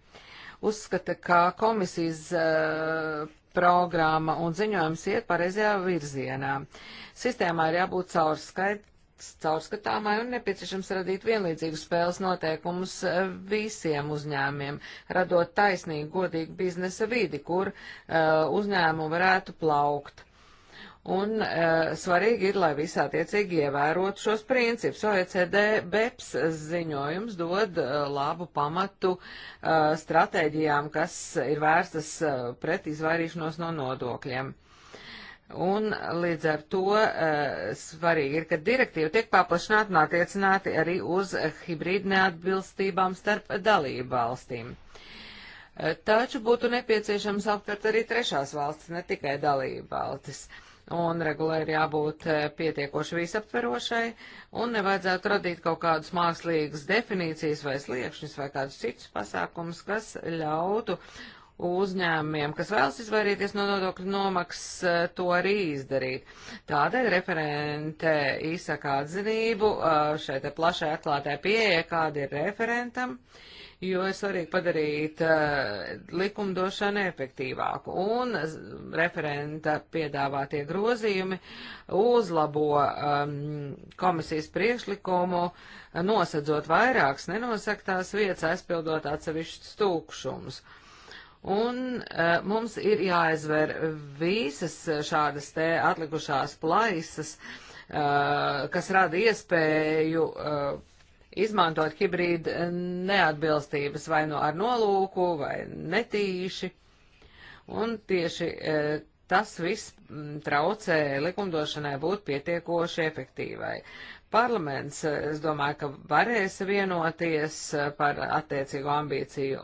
uzskata, ka komisijas uh, programma un ziņojums iet pareizajā virzienā. Sistēmā ir jābūt caurskait, caurskatāmai un nepieciešams radīt vienlīdzīgu spēles noteikumus eh, visiem uzņēmiem, radot taisnīgu, godīgu biznesa vidi, kur uh, uzņēmumu varētu plaukt. Un e, svarīgi ir, lai visi attiecīgi ievērotu šos principus. OECD BEPS ziņojums dod e, labu pamatu e, stratēģijām, kas ir vērstas e, pret izvairīšanos no nodokļiem. Un līdz ar to e, svarīgi ir, ka direktīva tiek paplašināta un attiecināti arī uz hibrīd neatbilstībām starp dalību valstīm. E, taču būtu nepieciešams aptvert arī trešās valstis, ne tikai dalību valstis. E, un regulai ir jābūt eh, pietiekoši visaptverošai, un nevajadzētu radīt kaut kādus mākslīgus definīcijas vai sliekšņus vai kādus citus pasākumus, kas ļautu uzņēmumiem, kas vēlas izvairīties no nodokļu nomaksas, eh, to arī izdarīt. Tādēļ referente izsaka atzinību eh, šai te plašai atklātai pieeja, kāda ir referentam. Uh, jo ir svarīgi padarīt uh, likumdošanu efektīvāku. Un referenta piedāvātie grozījumi uzlabo um, komisijas priekšlikumu, nosedzot vairākas nenosaktās vietas, aizpildot atsevišķus tūkšumus. Un uh, mums ir jāizver visas šādas te atlikušās plaisas, uh, kas rada iespēju uh, izmantot hibrīd neatbilstības vai no nu ar nolūku vai netīši. Un tieši e, tas viss traucē likumdošanai būt pietiekoši efektīvai. Parlaments, e, es domāju, ka varēs vienoties e, par attiecīgo ambīciju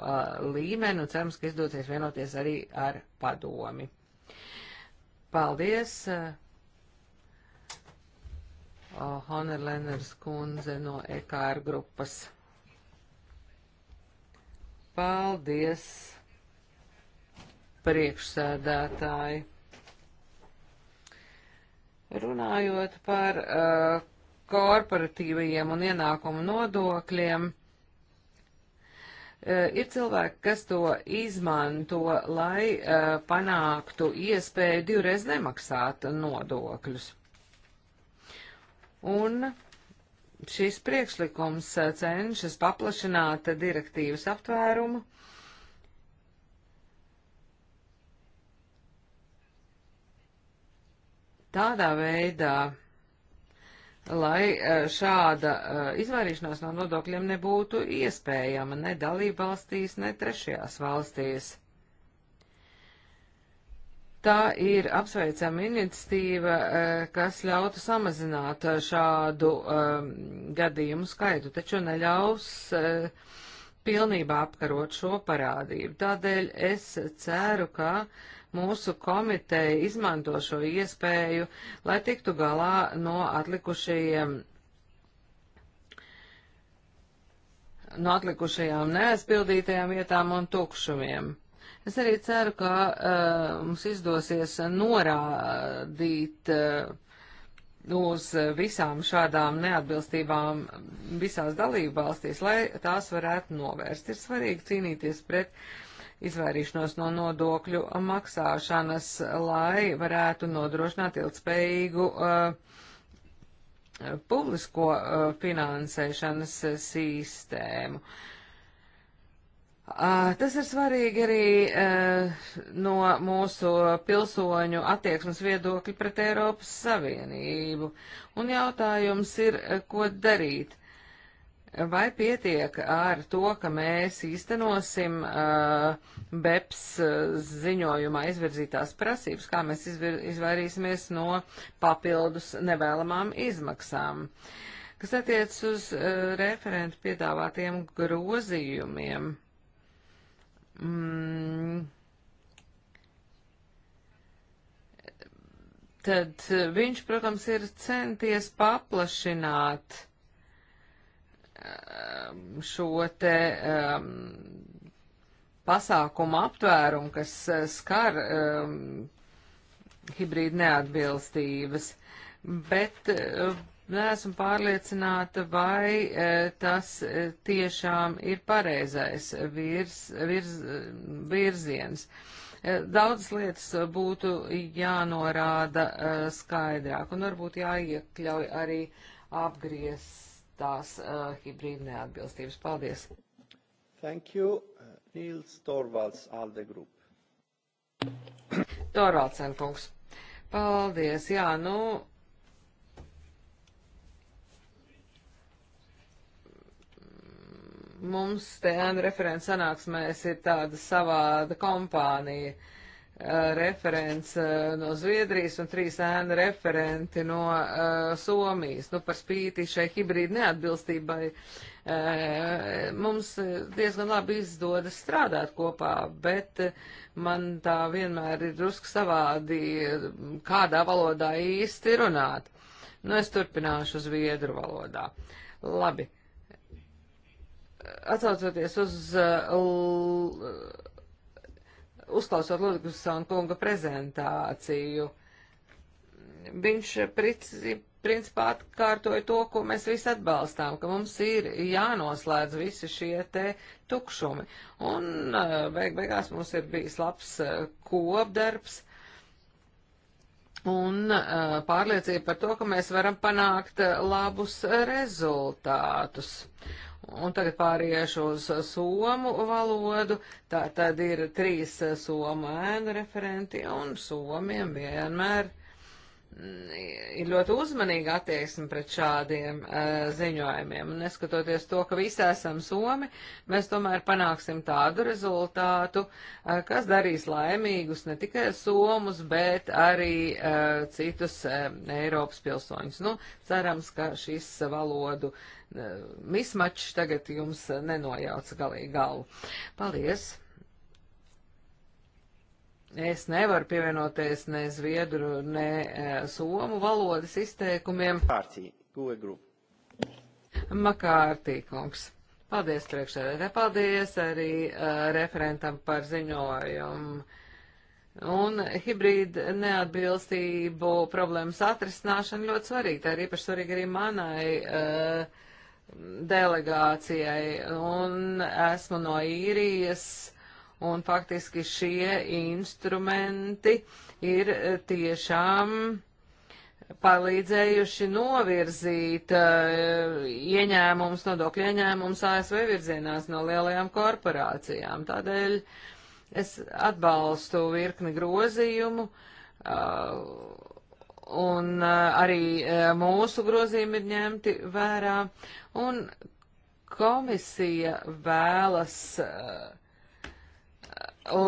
līmeni un cerams, ka izdosies vienoties arī ar padomi. Paldies! Honer Leners kundze no EKR grupas. Paldies, priekšsēdētāji. Runājot par uh, korporatīvajiem un ienākumu nodokļiem, uh, ir cilvēki, kas to izmanto, lai uh, panāktu iespēju divreiz nemaksāt nodokļus. Un šis priekšlikums eh, cenšas paplašināt direktīvas aptvērumu. Tādā veidā, lai eh, šāda eh, izvairīšanās no nodokļiem nebūtu iespējama ne dalībvalstīs, ne trešajās valstīs. Tā ir apsveicama iniciatīva, eh, kas ļautu samazināt eh, šādu um, gadījumu skaitu, taču neļaus uh, pilnībā apkarot šo parādību. Tādēļ es ceru, ka mūsu komiteja izmanto šo iespēju, lai tiktu galā no atlikušajiem no atlikušajām neaizpildītajām vietām un tukšumiem. Es arī ceru, ka uh, mums izdosies norādīt uh, uz visām šādām neatbilstībām visās dalību valstīs, lai tās varētu novērst. Ir svarīgi cīnīties pret izvairīšanos no nodokļu maksāšanas, lai varētu nodrošināt ilgspējīgu uh, publisko uh, finansēšanas sistēmu. Uh, Tas ir svarīgi arī no mūsu pilsoņu attieksmes viedokļa pret Eiropas Savienību. Un jautājums ir, ko darīt? Vai pietiek ar to, ka mēs īstenosim BEPS ziņojumā izvirzītās prasības, kā mēs izvairīsimies no papildus nevēlamām izmaksām? Kas attiec uz referentu piedāvātiem grozījumiem? mm, tad viņš, protams, ir centies paplašināt um, šo te um, pasākumu aptvērumu, kas uh, skar um, hibrīd neatbilstības, bet uh, Neesmu pārliecināta, vai e, tas e, tiešām ir pareizais virs, virz, virziens. E, Daudzas lietas būtu jānorāda e, skaidrāk un varbūt jāiekļauj arī apgrieztās e, hibrīda neatbilstības. Paldies! Thank you, Nils Torvalds, Alde Group. Torvaldsen kungs. Paldies, jā, nu mums te referents sanāksmēs ir tāda savāda kompānija. Uh, referents uh, no Zviedrijas un trīs ēna referenti no uh, Somijas. Nu, par spīti šai hibrīda neatbilstībai mums diezgan labi izdodas strādāt kopā, bet man tā vienmēr ir drusku savādi, kādā valodā īsti runāt. Nu, es turpināšu Zviedru valodā. Labi. Uh, Atcaucoties uz uh, uzklausot Ludvigsona kunga prezentāciju, viņš principā principā atkārtoja to, ko mēs visi atbalstām, ka mums ir jānoslēdz visi šie te tukšumi. Un uh, beig beigās mums ir bijis labs uh, kopdarbs un uh, pārliecība par to, ka mēs varam panākt labus rezultātus. Un tagad pāriešu uz somu valodu. Tā tad ir trīs somu ēnu referenti, un somiem vienmēr mm, ir ļoti uzmanīga attieksme pret šādiem uh, ziņojumiem. Un neskatoties to, ka visi esam somi, mēs tomēr panāksim tādu rezultātu, uh, kas darīs laimīgus ne tikai somus, bet arī uh, citus uh, Eiropas pilsoņus. Nu, cerams, ka šis valodu uh, Eh, mismačs tagad jums eh, nenojauca galīgi galvu. Paldies! Es nevaru pievienoties ne zviedru, ne eh, somu valodas izteikumiem. Pārtī, Google Group. Makārtī, kungs. Paldies priekšsēdētē, paldies arī uh, referentam par ziņojumu. Un hibrīda neatbilstību problēmas atrisināšana ļoti svarīga, tā ir īpaši svarīga arī manai. Uh, delegācijai, un esmu no īrijas, un faktiski šie instrumenti ir tiešām palīdzējuši novirzīt uh, ieņēmums, nodokļu ieņēmums ASV virzienās no lielajām korporācijām. Tādēļ es atbalstu virkni grozījumu, uh, un uh, arī mūsu grozījumi ir ņemti vērā, un komisija vēlas, eh,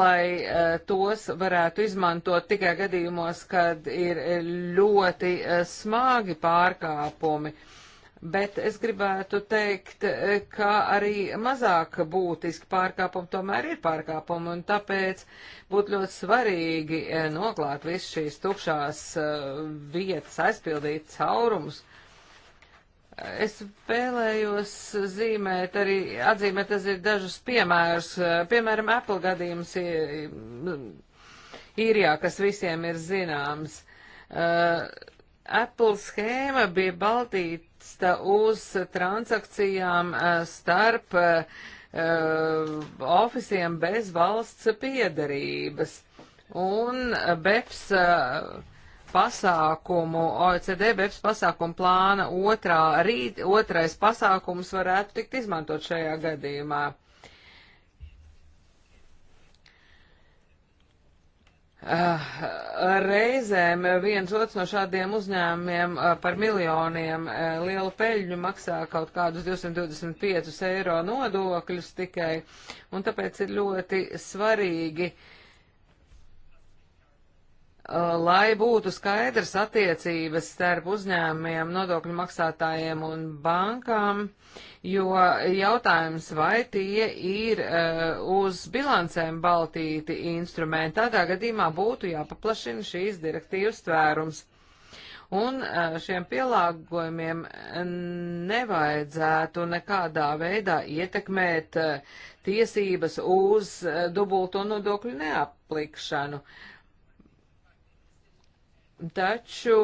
lai eh, tos varētu izmantot tikai gadījumos, kad ir ļoti eh, smagi pārkāpumi. Bet es gribētu teikt, ka arī mazāk būtiski pārkāpumi tomēr ir pārkāpumi, un tāpēc būtu ļoti svarīgi noklāt visu šīs tukšās vietas, aizpildīt caurumus, uh, Es vēlējos zīmēt arī, atzīmēt arī dažus piemērus. Piemēram, Apple gadījums īrijā, kas visiem ir zināms. Uh, Apple schēma bija baltīta uz transakcijām uh, starp uh, uh, ofisiem bez valsts piedarības. Un uh, BEPS uh, pasākumu, OECD BEPS pasākumu plāna otrā rīt, otrais pasākums varētu tikt izmantot šajā gadījumā. Uh, reizēm viens otrs no šādiem uzņēmumiem uh, par miljoniem uh, lielu peļņu maksā kaut kādus 225 eiro nodokļus tikai, un tāpēc ir ļoti svarīgi uh, lai būtu skaidrs attiecības starp uzņēmumiem, nodokļu maksātājiem un bankām, jo jautājums, vai tie ir uh, uz bilancēm baltīti instrumenti, tādā gadījumā būtu jāpaplašina šīs direktīvas tvērums. Un uh, šiem pielāgojumiem eh, nevajadzētu nekādā veidā ietekmēt uh, tiesības uz dubulto nodokļu neaplikšanu. Uh, Taču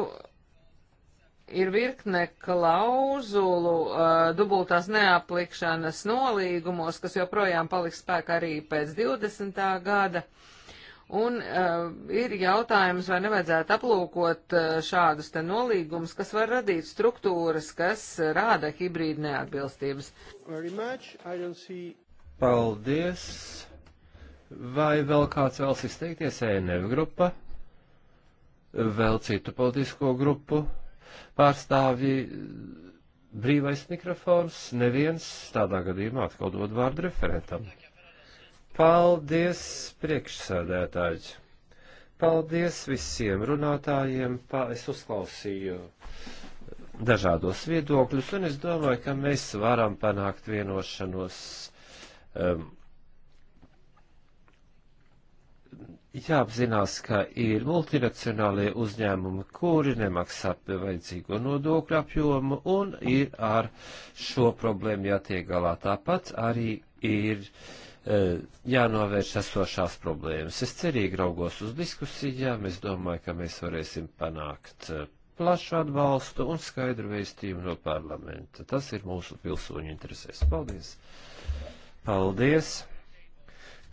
ir virkne klauzulu uh, dubultās neaplikšanas nolīgumos, kas joprojām paliks spēkā arī pēc 20. gada. Un uh, ir jautājums, vai nevajadzētu aplūkot uh, šādus te nolīgumus, kas var radīt struktūras, kas rāda hibrīdu neatbilstības. See... Paldies! Vai vēl kāds vēlas izteikties? Ēnev e grupa vēl citu politisko grupu pārstāvji. Brīvais mikrofons, neviens tādā gadījumā atkal dod vārdu referentam. Paldies, priekšsēdētājs! Paldies visiem runātājiem, pa, es uzklausīju dažādos viedokļus, un es domāju, ka mēs varam panākt vienošanos um, jāapzinās, ka ir multinacionālie uzņēmumi, kuri nemaksā vajadzīgo nodokļu apjomu un ir ar šo problēmu jātiek galā. Tāpat arī ir e, jānovērš esošās problēmas. Es cerīgi raugos uz diskusijām, es domāju, ka mēs varēsim panākt e, plašu atbalstu un skaidru vēstījumu no parlamenta. Tas ir mūsu pilsoņu interesēs. Paldies! Paldies!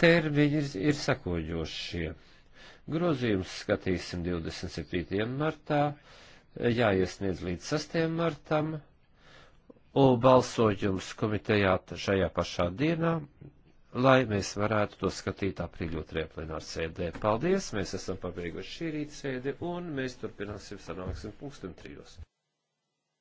termiņi ir, ir sakojošie. Grozījums skatīsim 27. martā, jāiesniedz līdz 6. martam, un balsojums komitejā šajā pašā dienā, lai mēs varētu to skatīt aprīļu otrajā plenāru sēdē. Paldies, mēs esam pabeiguši šī rīta sēdi, un mēs turpināsim sanāksim punktum trijos.